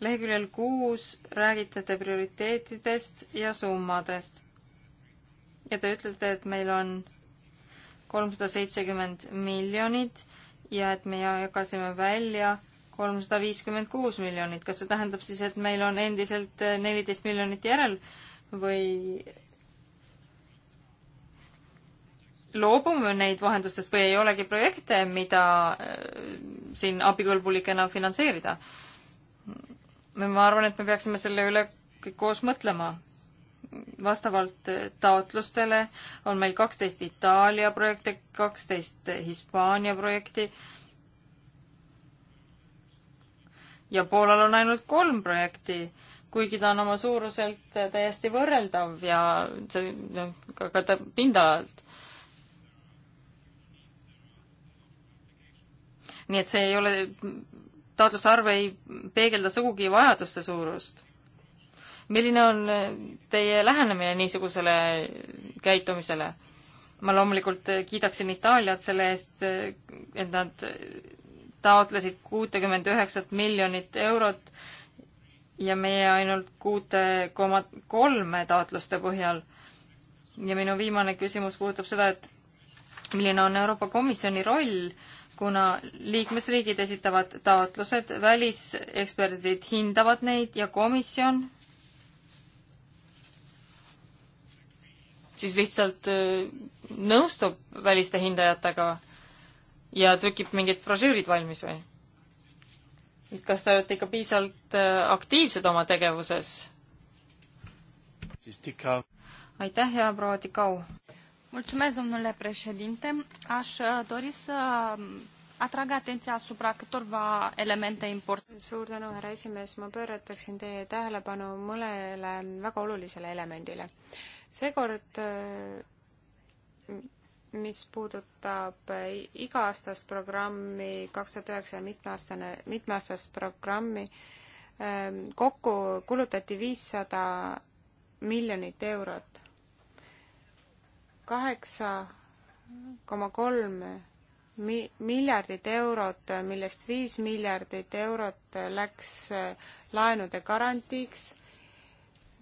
leheküljel kuus räägite te prioriteetidest ja summadest. ja te ütlete, et meil on kolmsada seitsekümmend miljonit ja et me jagasime välja kolmsada viiskümmend kuus miljonit. kas see tähendab siis, et meil on endiselt neliteist miljonit järel? või loobume neid vahendustest või ei olegi projekte, mida äh, siin abikõlbulikena finantseerida. ma arvan, et me peaksime selle üle kõik koos mõtlema. vastavalt äh, taotlustele on meil kaksteist Itaalia projekte, kaksteist Hispaania projekti. ja Poolal on ainult kolm projekti kuigi ta on oma suuruselt täiesti võrreldav ja see noh, ka, ka ta pindalalt. nii et see ei ole, taotluste arv ei peegelda sugugi vajaduste suurust. milline on teie lähenemine niisugusele käitumisele? ma loomulikult kiidaksin Itaaliat selle eest, et nad taotlesid kuutekümmend üheksat miljonit eurot ja meie ainult kuute koma kolme taotluste põhjal. ja minu viimane küsimus puudutab seda, et milline on Euroopa Komisjoni roll, kuna liikmesriigid esitavad taotlused, väliseksperdid hindavad neid ja komisjon siis lihtsalt äh, nõustub väliste hindajatega ja trükib mingid brošüürid valmis või? kas te olete ikka piisavalt äh, aktiivsed oma tegevuses? aitäh, hea proua Tikau! Mulțumesc, domnule președinte. Aș äh, dori să atrag atenția asupra câtorva elemente importante. Suur tänu, härra esimees. Ma pöörataksin teie tähelepanu mõnele väga olulisele elemendile. Seekord äh, mis puudutab iga-aastast programmi, kaks tuhat üheksa mitmeaastane, mitmeaastast programmi, ähm, kokku kulutati viissada miljonit eurot. kaheksa koma kolm mi-, miljardit eurot, millest viis miljardit eurot läks äh, laenude garantiiks,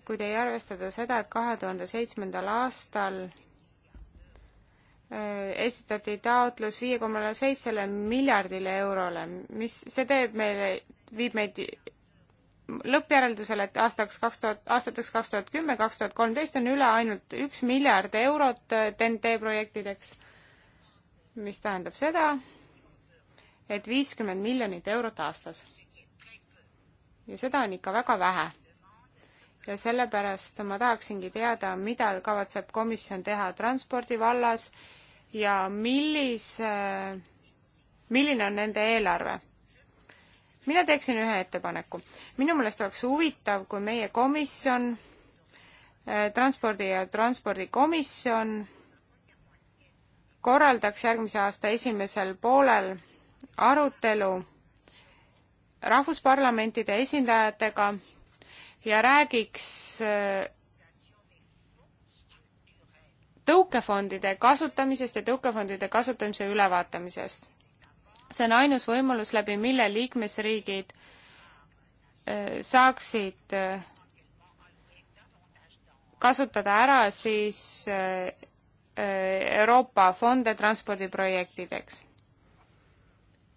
kuid ei arvestada seda, et kahe tuhande seitsmendal aastal Äh, esitati taotlus viie komale seitsele miljardile eurole, mis, see teeb meile, viib meid lõppjäreldusele, et aastaks kaks tuhat, aastateks kaks tuhat kümme, kaks tuhat kolmteist on üle ainult üks miljard eurot TNT äh, projektideks, mis tähendab seda, et viiskümmend miljonit eurot aastas. ja seda on ikka väga vähe. ja sellepärast ma tahaksingi teada, mida kavatseb komisjon teha transpordi vallas ja millise, milline on nende eelarve. mina teeksin ühe ettepaneku. minu meelest oleks huvitav, kui meie komisjon, äh, transpordi ja transpordikomisjon korraldaks järgmise aasta esimesel poolel arutelu rahvusparlamentide esindajatega ja räägiks äh, tõukefondide kasutamisest ja tõukefondide kasutamise ülevaatamisest. see on ainus võimalus, läbi mille liikmesriigid äh, saaksid äh, kasutada ära siis äh, Euroopa fonde transpordiprojektideks.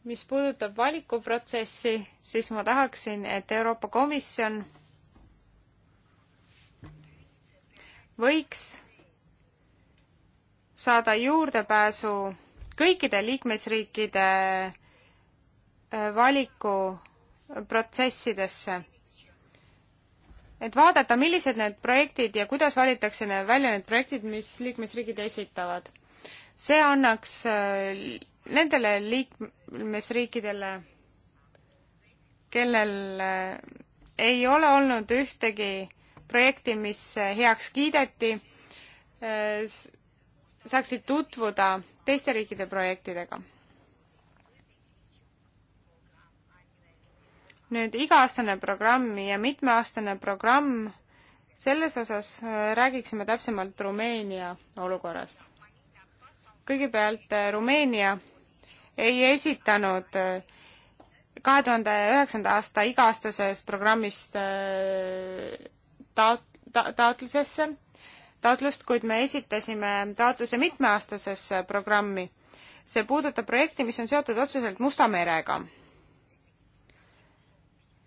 mis puudutab valikuprotsessi, siis ma tahaksin, et Euroopa Komisjon võiks saada juurdepääsu kõikide liikmesriikide äh, valikuprotsessidesse. et vaadata, millised need projektid ja kuidas valitakse need välja need projektid, mis liikmesriigid esitavad. see annaks äh, nendele liikmesriikidele, kellel äh, ei ole olnud ühtegi projekti, mis heaks kiideti, saaksid tutvuda teiste riikide projektidega. nüüd iga-aastane programm ja mitmeaastane programm, selles osas äh, räägiksime täpsemalt Rumeenia olukorrast. kõigepealt äh, Rumeenia ei esitanud äh, kahe tuhande üheksanda aasta iga-aastasest programmist taot-, ta-, taotlusesse taotlust, kuid me esitasime taotluse mitmeaastasesse äh, programmi. see puudutab projekti, mis on seotud otseselt Musta merega.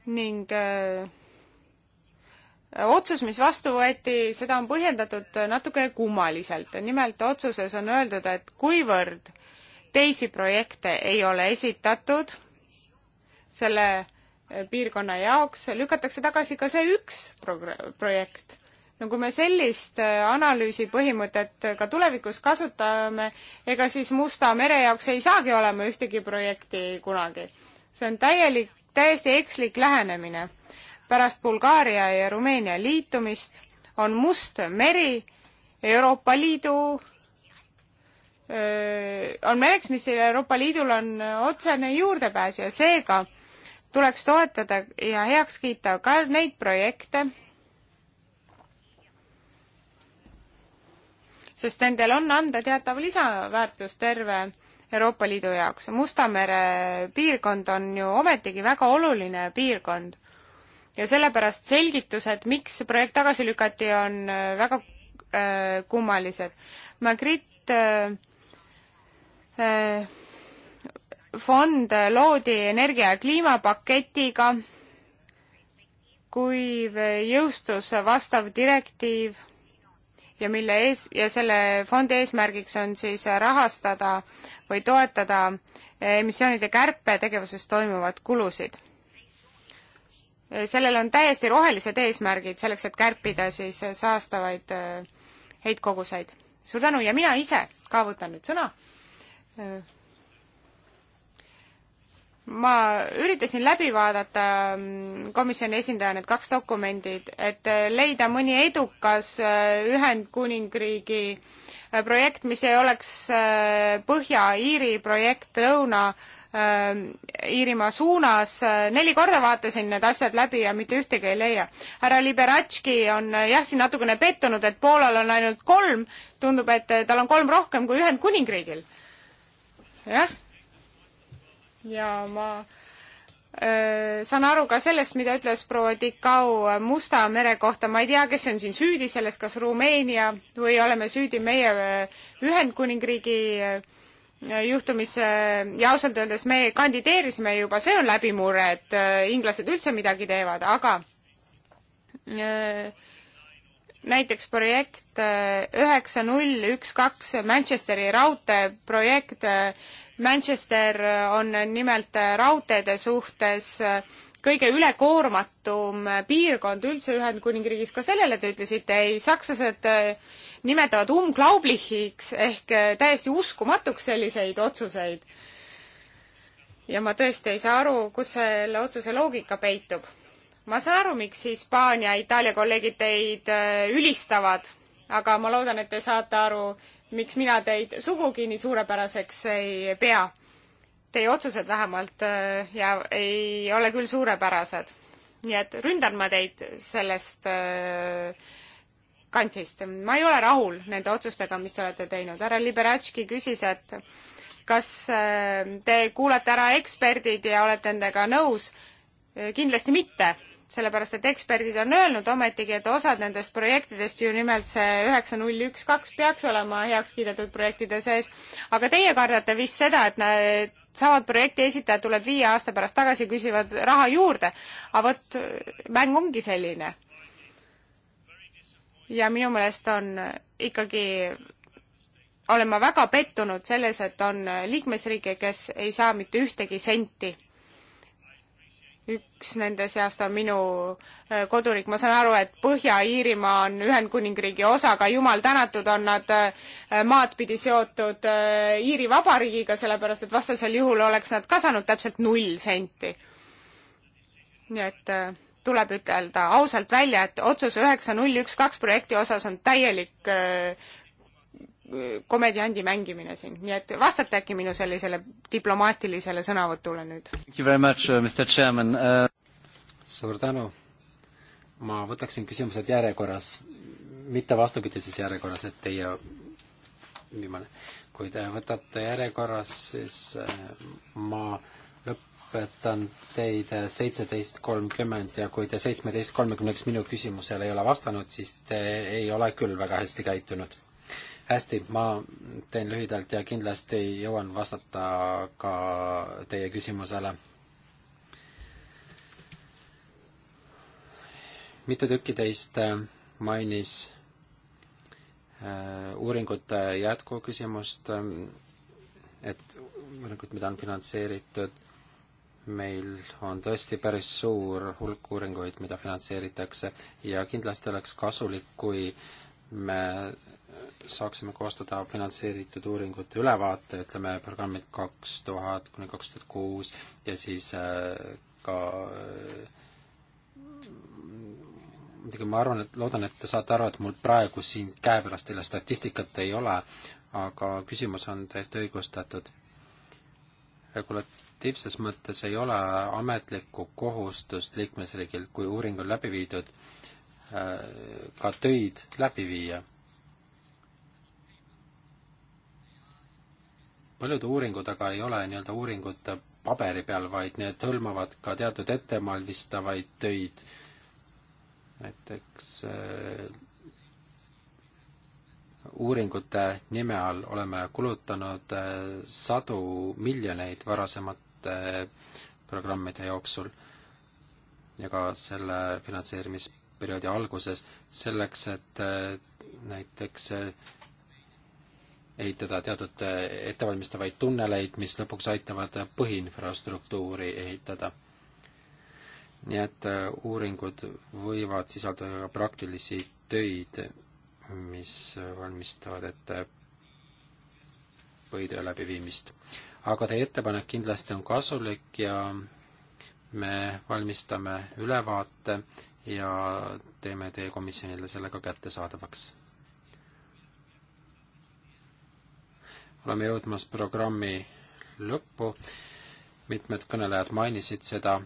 ning öö, äh, otsus, mis vastu võeti, seda on põhjendatud äh, natukene kummaliselt. nimelt otsuses on öeldud, et kuivõrd teisi projekte ei ole esitatud selle piirkonna jaoks, lükatakse tagasi ka see üks progr-, projekt no kui me sellist äh, analüüsi põhimõtet ka tulevikus kasutame, ega siis Musta mere jaoks ei saagi olema ühtegi projekti kunagi. see on täielik, täiesti ekslik lähenemine. pärast Bulgaaria ja Rumeenia liitumist on Must meri Euroopa Liidu öö, äh, on mereks, mis Euroopa Liidul on äh, otsene juurdepääs ja seega tuleks toetada ja heaks kiita ka neid projekte, sest nendel on anda teatav lisaväärtus terve Euroopa Liidu jaoks. Musta mere piirkond on ju ometigi väga oluline piirkond ja sellepärast selgitused, miks projekt tagasi lükati, on äh, väga äh, kummalised. Magritte äh, äh, fond loodi energia- ja kliimapaketiga, kui jõustus vastav direktiiv ja mille ees, ja selle fondi eesmärgiks on siis rahastada või toetada emissioonide kärpetegevuses toimuvad kulusid. sellel on täiesti rohelised eesmärgid selleks, et kärpida siis saastavaid äh, heitkoguseid. suur tänu ja mina ise ka võtan nüüd sõna äh, ma üritasin läbi vaadata mm, komisjoni esindaja need kaks dokumendid, et äh, leida mõni edukas äh, Ühendkuningriigi äh, projekt, mis ei oleks Põhja-Iiri projekt Lõuna-Iirimaa suunas. neli korda vaatasin need asjad läbi ja mitte ühtegi ei leia. härra Liberatski on jah, siin natukene pettunud, et Poolal on ainult kolm, tundub, et tal on kolm rohkem kui Ühendkuningriigil. jah ja ma öö, äh, saan aru ka sellest, mida ütles proua Tikau Musta mere kohta, ma ei tea, kes on siin süüdi selles, kas Rumeenia või oleme süüdi meie äh, Ühendkuningriigi äh, juhtumis ja ausalt öeldes me kandideerisime juba, see on läbimurre, et inglased üldse midagi teevad, aga öö, näiteks projekt äh, üheksa null üks kaks Manchesteri raudtee projekt. Äh, Manchester äh, on nimelt raudteede suhtes kõige ülekoormatum piirkond üldse Ühendkuningriigis, ka sellele te ütlesite ei, sakslased nimetavad umglaublichiks ehk täiesti uskumatuks selliseid otsuseid. ja ma tõesti ei saa aru, kus selle otsuse loogika peitub ma saan aru, miks Hispaania, Itaalia kolleegid teid äh, ülistavad, aga ma loodan, et te saate aru, miks mina teid sugugi nii suurepäraseks ei pea. Teie otsused vähemalt äh, ja ei ole küll suurepärased. nii et ründan ma teid sellest äh, kantsist. ma ei ole rahul nende otsustega, mis te olete teinud. härra Liberatski küsis, et kas te kuulate ära eksperdid ja olete nendega nõus? kindlasti mitte sellepärast et eksperdid on öelnud ometigi, et osad nendest projektidest ju nimelt see üheksa null üks kaks peaks olema heaks kiidetud projektide sees, aga teie kardate vist seda, et need samad projekti esitajad tuleb viie aasta pärast tagasi, küsivad raha juurde. aga vot, mäng ongi selline. ja minu meelest on ikkagi olen ma väga pettunud selles, et on liikmesriike, kes ei saa mitte ühtegi senti üks nende seast on minu äh, koduriik, ma saan aru, et Põhja-Iirimaa on Ühendkuningriigi osa, aga jumal tänatud, on nad äh, maadpidi seotud äh, Iiri Vabariigiga, sellepärast et vastasel juhul oleks nad ka saanud täpselt null senti. nii et tuleb ütelda ausalt välja, et otsus üheksa null üks kaks projekti osas on täielik komediandi mängimine siin, nii et vastate äkki minu sellisele diplomaatilisele sõnavõtule nüüd? Uh, uh... suur tänu. ma võtaksin küsimused järjekorras, mitte vastupidises järjekorras, et teie viimane. kui te võtate järjekorras, siis uh, ma lõpetan teid seitseteist kolmkümmend ja kui te seitsmeteist kolmekümneks minu küsimusele ei ole vastanud, siis te ei ole küll väga hästi käitunud hästi, ma teen lühidalt ja kindlasti jõuan vastata ka teie küsimusele. mitu tükki teist äh, mainis äh, uuringute jätkuküsimust, äh, et uuringud, mida on finantseeritud, meil on tõesti päris suur hulk uuringuid, mida finantseeritakse ja kindlasti oleks kasulik, kui me saaksime koostada finantseeritud uuringute ülevaate, ütleme programmid kaks tuhat kuni kaks tuhat kuus ja siis äh, ka äh, muidugi ma arvan, et loodan, et te saate aru, et mul praegu siin käepärast teile statistikat ei ole, aga küsimus on täiesti õigustatud. regulatiivses mõttes ei ole ametlikku kohustust liikmesriigil, kui uuring on läbi viidud, äh, ka töid läbi viia paljud uuringud aga ei ole nii-öelda uuringud paberi peal, vaid need hõlmavad ka teatud ettemalmistavaid töid. näiteks äh, uuringute nime all oleme kulutanud äh, sadu miljoneid varasemate äh, programmide jooksul ja ka selle finantseerimisperioodi alguses selleks, et äh, näiteks äh, ehitada teatud äh, ettevalmistavaid tunneleid, mis lõpuks aitavad põhiinfrastruktuuri ehitada. nii et äh, uuringud võivad sisaldada ka praktilisi töid, mis valmistavad ette põhitöö läbiviimist. aga teie ettepanek kindlasti on kasulik ja me valmistame ülevaate ja teeme teie komisjonile selle ka kättesaadavaks. oleme jõudmas programmi lõppu, mitmed kõnelejad mainisid seda,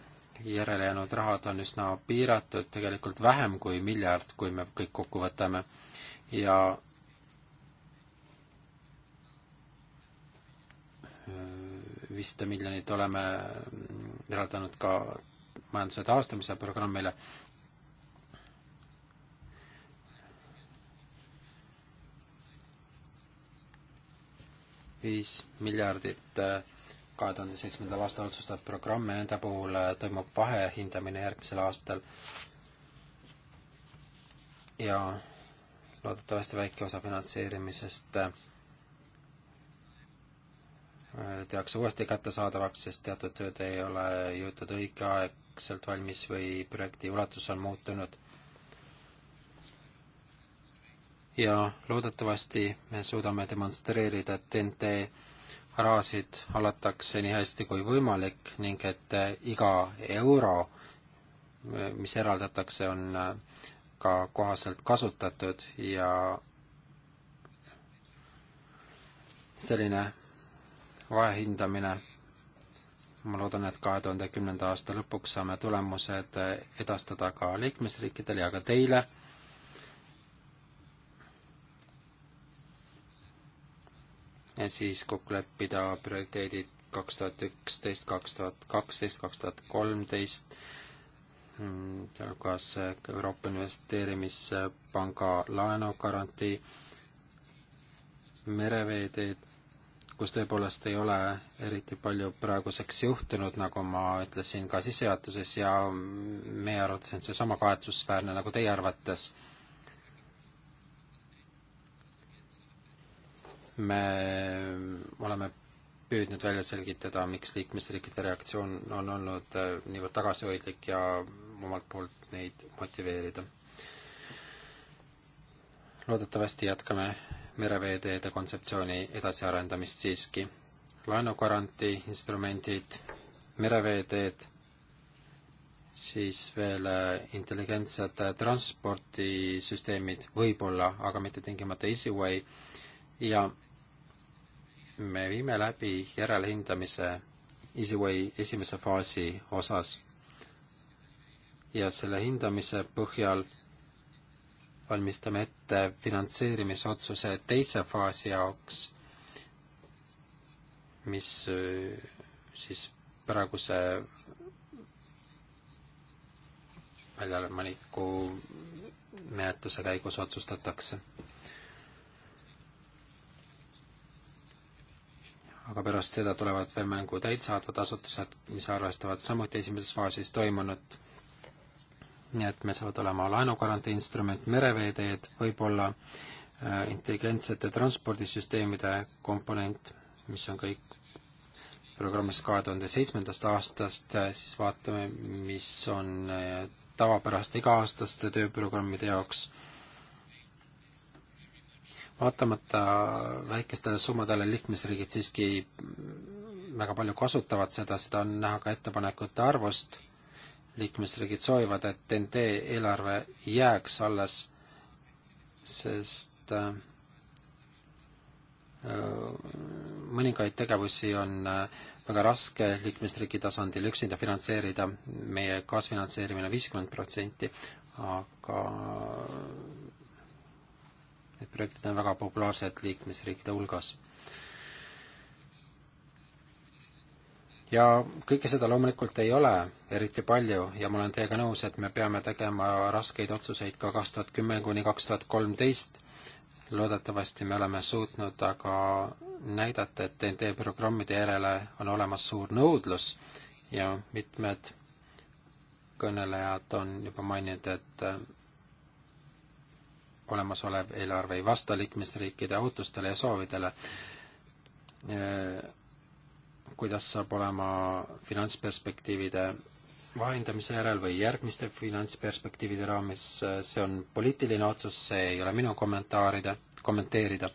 järelejäänud rahad on üsna piiratud, tegelikult vähem kui miljard, kui me kõik kokku võtame ja viissada miljonit oleme eraldanud ka majanduse taastamise programmile viis miljardit äh, kahe tuhande seitsmendal aastal otsustatud programme, nende puhul äh, toimub vahehindamine järgmisel aastal ja loodetavasti väike osa finantseerimisest äh, tehakse uuesti kättesaadavaks, sest teatud tööd ei ole jõutud õigeaegselt valmis või projekti ulatus on muutunud ja loodetavasti me suudame demonstreerida, et TNT rahasid hallatakse nii hästi kui võimalik ning et eh, iga euro, eh, mis eraldatakse, on eh, ka kohaselt kasutatud ja selline vahehindamine, ma loodan, et kahe tuhande kümnenda aasta lõpuks saame tulemused edastada ka liikmesriikidele ja ka teile siis kokku leppida prioriteedid kaks tuhat üksteist, kaks tuhat kaksteist, kaks tuhat kolmteist, mm, sealhulgas Euroopa Investeerimispanga laenugarantii, mereveeteed, kus tõepoolest ei ole eriti palju praeguseks juhtunud, nagu ma ütlesin ka sissejuhatuses ja meie arvates on seesama kahetsusväärne nagu teie arvates me oleme püüdnud välja selgitada, miks liikmesriikide reaktsioon on olnud äh, niivõrd tagasihoidlik ja omalt poolt neid motiveerida. loodetavasti jätkame mereveeteede kontseptsiooni edasiarendamist siiski. laenugarantii instrumendid, mereveeteed, siis veel äh, intelligentsed äh, transpordisüsteemid võib-olla, aga mitte tingimata Easyway ja me viime läbi järelhindamise EasyWay esimese faasi osas ja selle hindamise põhjal valmistame ette finantseerimisotsuse teise faasi jaoks, mis äh, siis praeguse väljalemaniku menetluse käigus otsustatakse aga pärast seda tulevad veel mängu täitsaatvad asutused, mis arvestavad samuti esimeses faasis toimunut. nii et meil saavad olema laenugarantii instrument, mereveeteed, võib-olla äh, intelligentsete transpordisüsteemide komponent, mis on kõik programmis kahe tuhande seitsmendast aastast, äh, siis vaatame, mis on äh, tavapäraste iga-aastaste tööprogrammide jaoks vaatamata väikestele summadele liikmesriigid siiski väga palju kasutavad seda, seda on näha ka ettepanekute arvust. liikmesriigid soovivad, et NT eelarve jääks alles, sest äh, mõningaid tegevusi on äh, väga raske liikmesriigi tasandil üksinda finantseerida meie, meie kaasfinantseerimine viiskümmend protsenti, aga Need projektid on väga populaarsed liikmesriikide hulgas. ja kõike seda loomulikult ei ole eriti palju ja ma olen teiega nõus, et me peame tegema raskeid otsuseid ka kaks tuhat kümme kuni kaks tuhat kolmteist. loodetavasti me oleme suutnud aga näidata, et TNT programmide järele on olemas suur nõudlus ja mitmed kõnelejad on juba maininud, et olemasolev eelarve ei vasta liikmesriikide ootustele ja soovidele. kuidas saab olema finantsperspektiivide vahendamise järel või järgmiste finantsperspektiivide raames, see on poliitiline otsus, see ei ole minu kommentaaride, kommenteerida.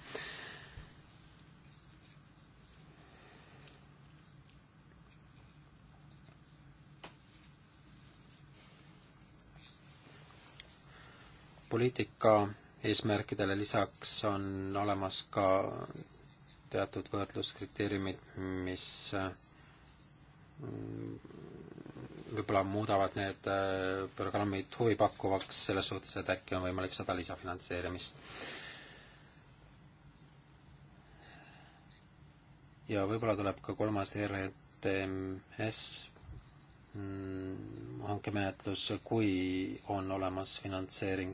poliitika eesmärkidele lisaks on olemas ka teatud võrdluskriteeriumid, mis mm, võib-olla muudavad need äh, programmid huvipakkuvaks selles suhtes, et äkki on võimalik saada lisafinantseerimist. ja võib-olla tuleb ka kolmas RTMS mm, hankemenetlus, kui on olemas finantseering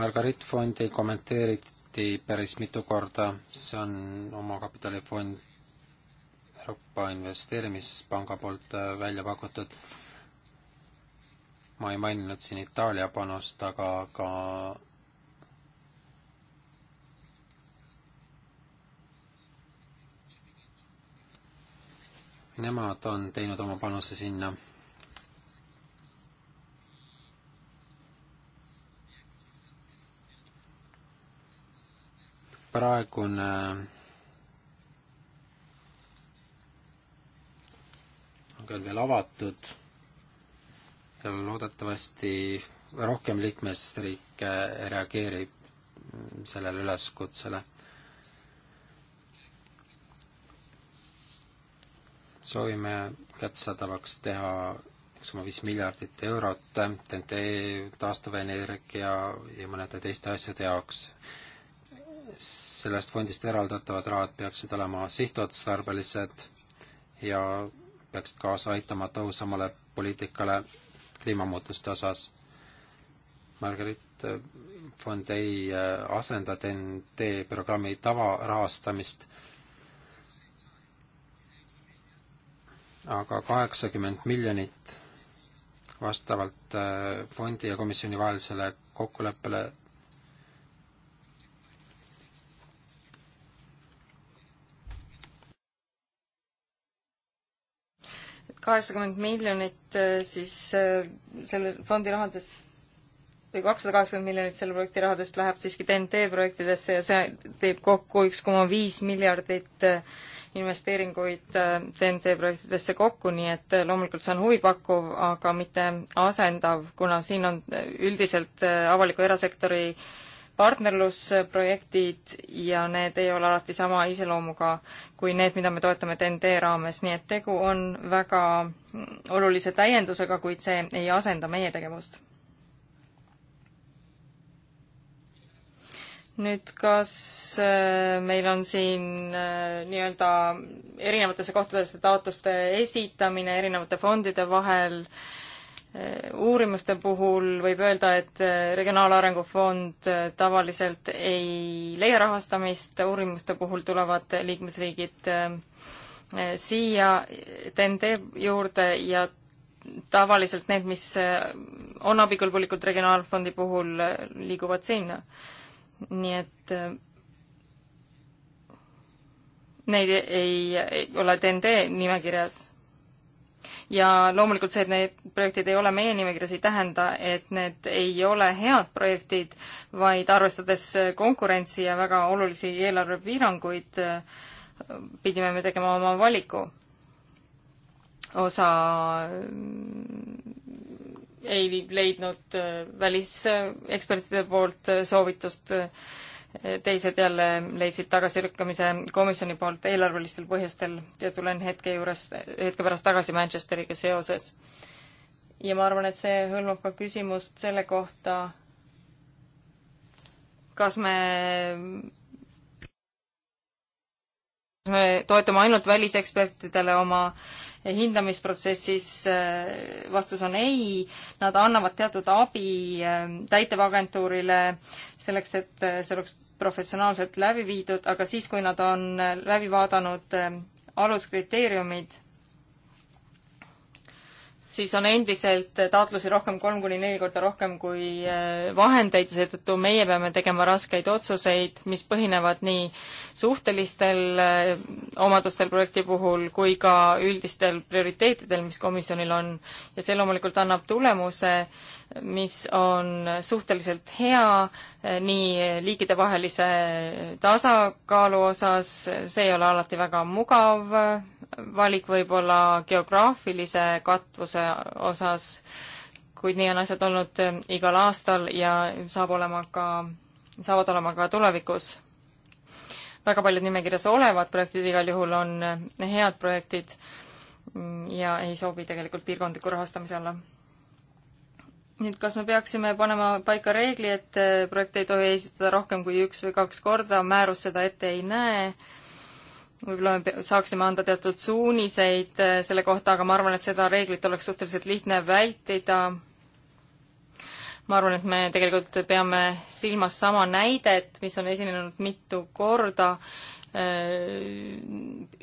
Margarit fondi kommenteeriti päris mitu korda, see on omakapitalifond Euroopa Investeerimispanga poolt äh, välja pakutud. ma ei maininud siin Itaalia panust, aga ka nemad on teinud oma panuse sinna praegune on küll veel avatud ja loodetavasti rohkem liikmesriike reageerib sellele üleskutsele. soovime kättesaadavaks teha üks koma viis miljardit eurot TNT taastuvenergia ja mõnede teiste asjade jaoks sellest fondist eraldatavad rahad peaksid olema sihtotstarbelised ja peaksid kaasa aitama tõhusamale poliitikale kliimamuutuste osas. Margaret äh, fond ei äh, asenda TNT programmi tavarahastamist, aga kaheksakümmend miljonit vastavalt äh, fondi ja komisjoni vahelisele kokkuleppele kaheksakümmend miljonit äh, siis äh, selle fondi rahadest või kakssada kaheksakümmend miljonit selle projekti rahadest läheb siiski TNT projektidesse ja see teeb kokku üks koma viis miljardit äh, investeeringuid TNT projektidesse kokku, nii et loomulikult see on huvipakkuv, aga mitte asendav, kuna siin on üldiselt avaliku erasektori partnerlusprojektid ja need ei ole alati sama iseloomuga kui need, mida me toetame TNT raames, nii et tegu on väga olulise täiendusega, kuid see ei asenda meie tegevust. nüüd kas äh, meil on siin äh, nii-öelda erinevatesse kohtadesse taotluste esitamine erinevate fondide vahel äh, Äh, uurimuste puhul võib öelda, et äh, Regionaalarengu Fond äh, tavaliselt ei leia rahastamist, uurimuste puhul tulevad liikmesriigid siia TNT juurde ja tavaliselt need, mis on abikõlbulikud Regionaalfondi puhul, liiguvad sinna. nii et neid ei, ei ole TNT nimekirjas ja loomulikult see, et need projektid ei ole meie nimekirjas, ei tähenda, et need ei ole head projektid, vaid arvestades konkurentsi ja väga olulisi eelarvepiiranguid, pidime me tegema oma valiku. osa mm, ei leidnud äh, välisekspertide poolt soovitust äh, teised jälle leidsid tagasilükkamise komisjoni poolt eelarvelistel põhjustel ja tulen hetke juures, hetke pärast tagasi Manchesteriga seoses. ja ma arvan, et see hõlmab ka küsimust selle kohta, kas me me toetume ainult välisekspertidele oma hindamisprotsessis äh, vastus on ei, nad annavad teatud abi äh, täitevagentuurile selleks, et äh, see oleks professionaalselt läbi viidud, aga siis, kui nad on läbi vaadanud aluskriteeriumid siis on endiselt taotlusi rohkem, kolm kuni neli korda rohkem kui äh, vahendeid ja seetõttu meie peame tegema raskeid otsuseid, mis põhinevad nii suhtelistel äh, omadustel projekti puhul kui ka üldistel prioriteetidel, mis komisjonil on. ja see loomulikult annab tulemuse, mis on suhteliselt hea äh, nii liikidevahelise tasakaalu osas, see ei ole alati väga mugav valik võib-olla geograafilise katvuse rahastuse äh, osas, kuid nii on asjad olnud äh, igal aastal ja saab olema ka, saavad olema ka tulevikus. väga paljud nimekirjas olevad projektid igal juhul on äh, head projektid mm, ja ei sobi tegelikult piirkondliku rahastamise alla nüüd kas me peaksime panema paika reegli, et projekte ei tohi esitada rohkem kui üks või kaks korda, määrus seda ette ei näe, võib-olla me saaksime anda teatud suuniseid äh, selle kohta, aga ma arvan, et seda reeglit oleks suhteliselt lihtne vältida. ma arvan, et me tegelikult peame silmas sama näidet, mis on esinenud mitu korda. Äh,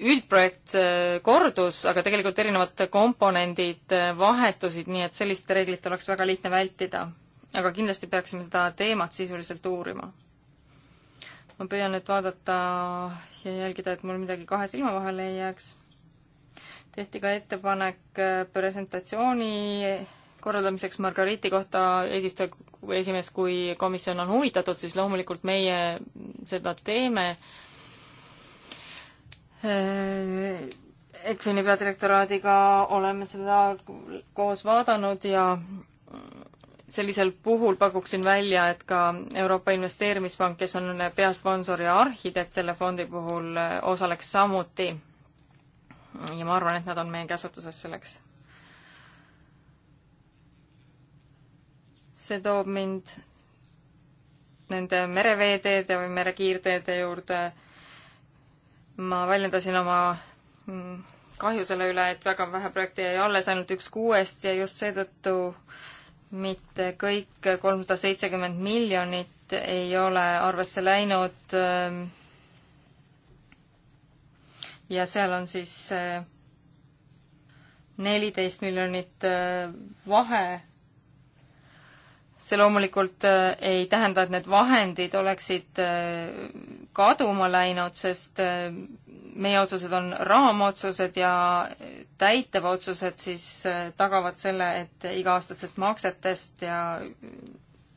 üldprojekt äh, kordus, aga tegelikult erinevad komponendid vahetusid, nii et sellist reeglit oleks väga lihtne vältida. aga kindlasti peaksime seda teemat sisuliselt uurima ma püüan nüüd vaadata ja jälgida, et mul midagi kahe silma vahele ei jääks. tehti ka ettepanek äh, presentatsiooni korraldamiseks Margariti kohta eesistuja, esimees, kui komisjon on huvitatud, siis loomulikult meie seda teeme. Äh, ECFIN-i peadirektoraadiga oleme seda koos vaadanud ja sellisel puhul pakuksin välja, et ka Euroopa Investeerimispank, kes on peasponsor ja arhitekt selle fondi puhul, osaleks samuti. ja ma arvan, et nad on meie käsutuses selleks. see toob mind nende mereveeteede või merekiirteede juurde. ma väljendasin oma mm, kahju selle üle, et väga vähe projekte jäi alles, ainult üks kuuest ja just seetõttu äh, mitte kõik kolmsada seitsekümmend miljonit ei ole arvesse läinud. Ähm, ja seal on siis äh, neliteist miljonit äh, vahe. see loomulikult äh, ei tähenda, et need vahendid oleksid kaduma läinud, sest äh, meie otsused on raamotsused ja täitevotsused siis äh, tagavad selle, et iga-aastastest maksetest ja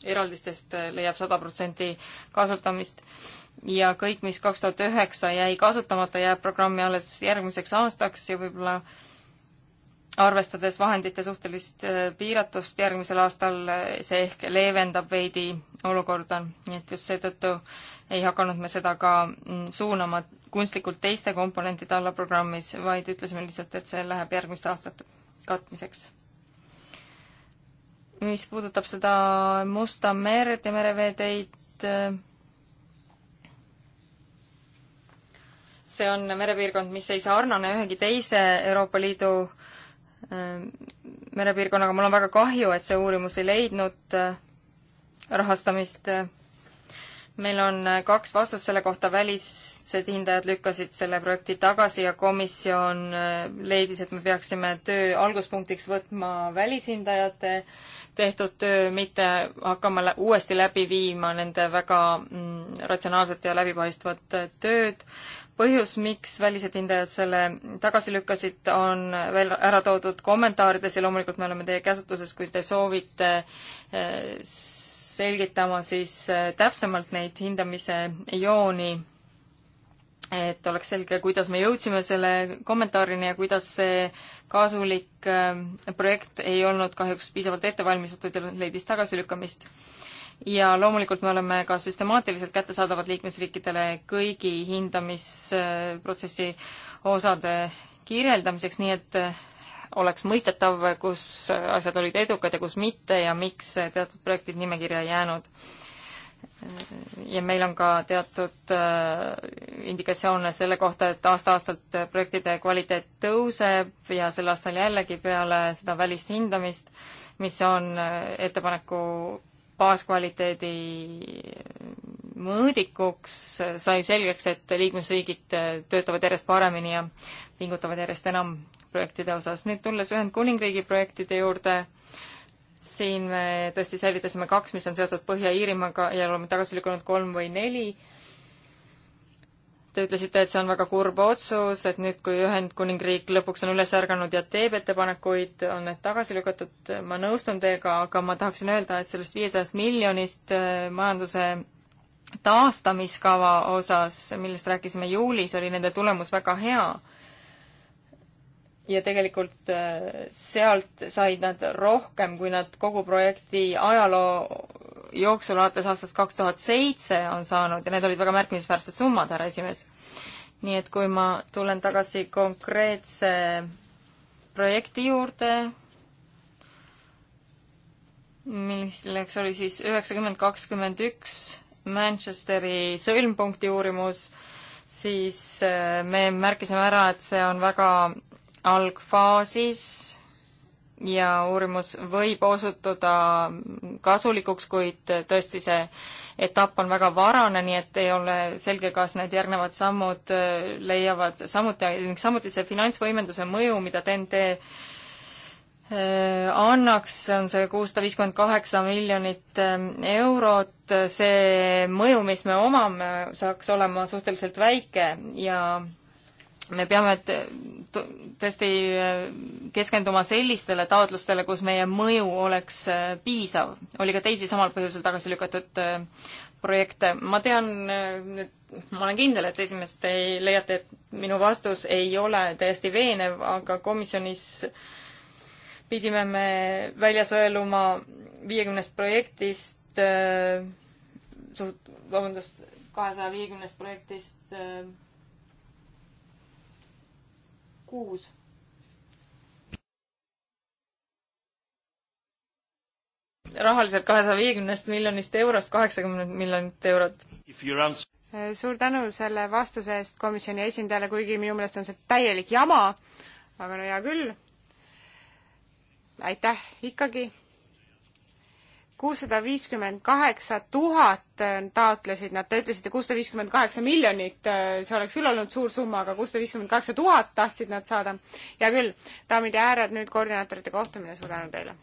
eraldistest äh, leiab sada protsenti kasutamist ja kõik, mis kaks tuhat üheksa jäi kasutamata, jääb programmi alles järgmiseks aastaks ja võib-olla äh, arvestades vahendite suhtelist äh, piiratust järgmisel aastal, see ehk leevendab veidi olukorda, nii et just seetõttu ei hakanud me seda ka mm, suunama kunstlikult teiste komponentide alla programmis, vaid ütlesime lihtsalt, et see läheb järgmiste aastate katmiseks. mis puudutab seda Musta merd ja mereveeteid, äh, see on merepiirkond, mis ei sarnane ühegi teise Euroopa Liidu äh, Äh, merepiirkonnaga, mul on väga kahju, et see uurimus ei leidnud äh, rahastamist. meil on äh, kaks vastust selle kohta, välised hindajad lükkasid selle projekti tagasi ja komisjon leidis, et me peaksime töö alguspunktiks võtma välishindajate tehtud töö, mitte hakkama uuesti läbi viima nende väga mm, ratsionaalset ja läbipaistvat tööd põhjus, miks välised hindajad selle tagasi lükkasid, on veel ära toodud kommentaarides ja loomulikult me oleme teie käsutuses, kui te soovite eh, selgitama siis eh, täpsemalt neid hindamise jooni, et oleks selge, kuidas me jõudsime selle kommentaarini ja kuidas see kasulik eh, projekt ei olnud kahjuks piisavalt ette valmistatud ja leidis tagasilükkamist ja loomulikult me oleme ka süstemaatiliselt kättesaadavad liikmesriikidele kõigi hindamisprotsessi osade kirjeldamiseks, nii et oleks mõistetav, kus asjad olid edukad ja kus mitte ja miks teatud projektid nimekirja jäänud. ja meil on ka teatud äh, indikatsioone selle kohta, et aasta-aastalt projektide kvaliteet tõuseb ja sel aastal jällegi peale seda välist hindamist, mis on äh, ettepaneku baaskvaliteedi mõõdikuks, sai selgeks, et liikmesriigid töötavad järjest paremini ja pingutavad järjest enam projektide osas. nüüd tulles Ühendkuningriigi projektide juurde, siin me tõesti säilitasime kaks, mis on seotud Põhja-Iirimaaga ja oleme tagasi lükanud kolm või neli Te ütlesite, et see on väga kurb otsus, et nüüd, kui Ühendkuningriik lõpuks on üles ärganud ja teeb ettepanekuid, on need tagasi lükatud, ma nõustun teiega, aga ma tahaksin öelda, et sellest viiesajast miljonist äh, majanduse taastamiskava osas, millest rääkisime juulis, oli nende tulemus väga hea ja tegelikult äh, sealt said nad rohkem, kui nad kogu projekti ajaloo jooksul alates aastast kaks tuhat seitse on saanud ja need olid väga märkimisväärsed summad, härra esimees. nii et kui ma tulen tagasi konkreetse projekti juurde, milleks oli siis üheksakümmend kakskümmend üks Manchesteri sõlmpunkti uurimus, siis äh, me märkisime ära, et see on väga algfaasis ja uurimus võib osutuda kasulikuks, kuid tõesti see etapp on väga varane, nii et ei ole selge, kas need järgnevad sammud äh, leiavad samuti, samuti see finantsvõimenduse mõju, mida TNT äh, annaks, on see kuussada viiskümmend kaheksa miljonit äh, eurot, see mõju, mis me omame, saaks olema suhteliselt väike ja me peame tõesti äh, keskenduma sellistele taotlustele, kus meie mõju oleks äh, piisav. oli ka teisi samal põhjusel tagasi lükatud äh, projekte. ma tean, ma olen kindel, et esimest te leiate, et minu vastus ei ole täiesti veenev, aga komisjonis pidime me välja sõeluma viiekümnest projektist äh,, vabandust, kahesaja viiekümnest projektist äh, kuus rahaliselt kahesaja viiekümnest miljonist eurost kaheksakümmend miljonit eurot. suur tänu selle vastuse eest komisjoni esindajale, kuigi minu meelest on see täielik jama, aga no hea küll. aitäh ikkagi kuussada viiskümmend kaheksa tuhat äh, taotlesid nad, te ütlesite kuussada viiskümmend kaheksa miljonit, äh, see oleks küll olnud suur summa, aga kuussada viiskümmend kaheksa tuhat tahtsid nad saada. hea küll, daamid ja härrad, nüüd koordinaatorite kohtumine, suur tänu teile!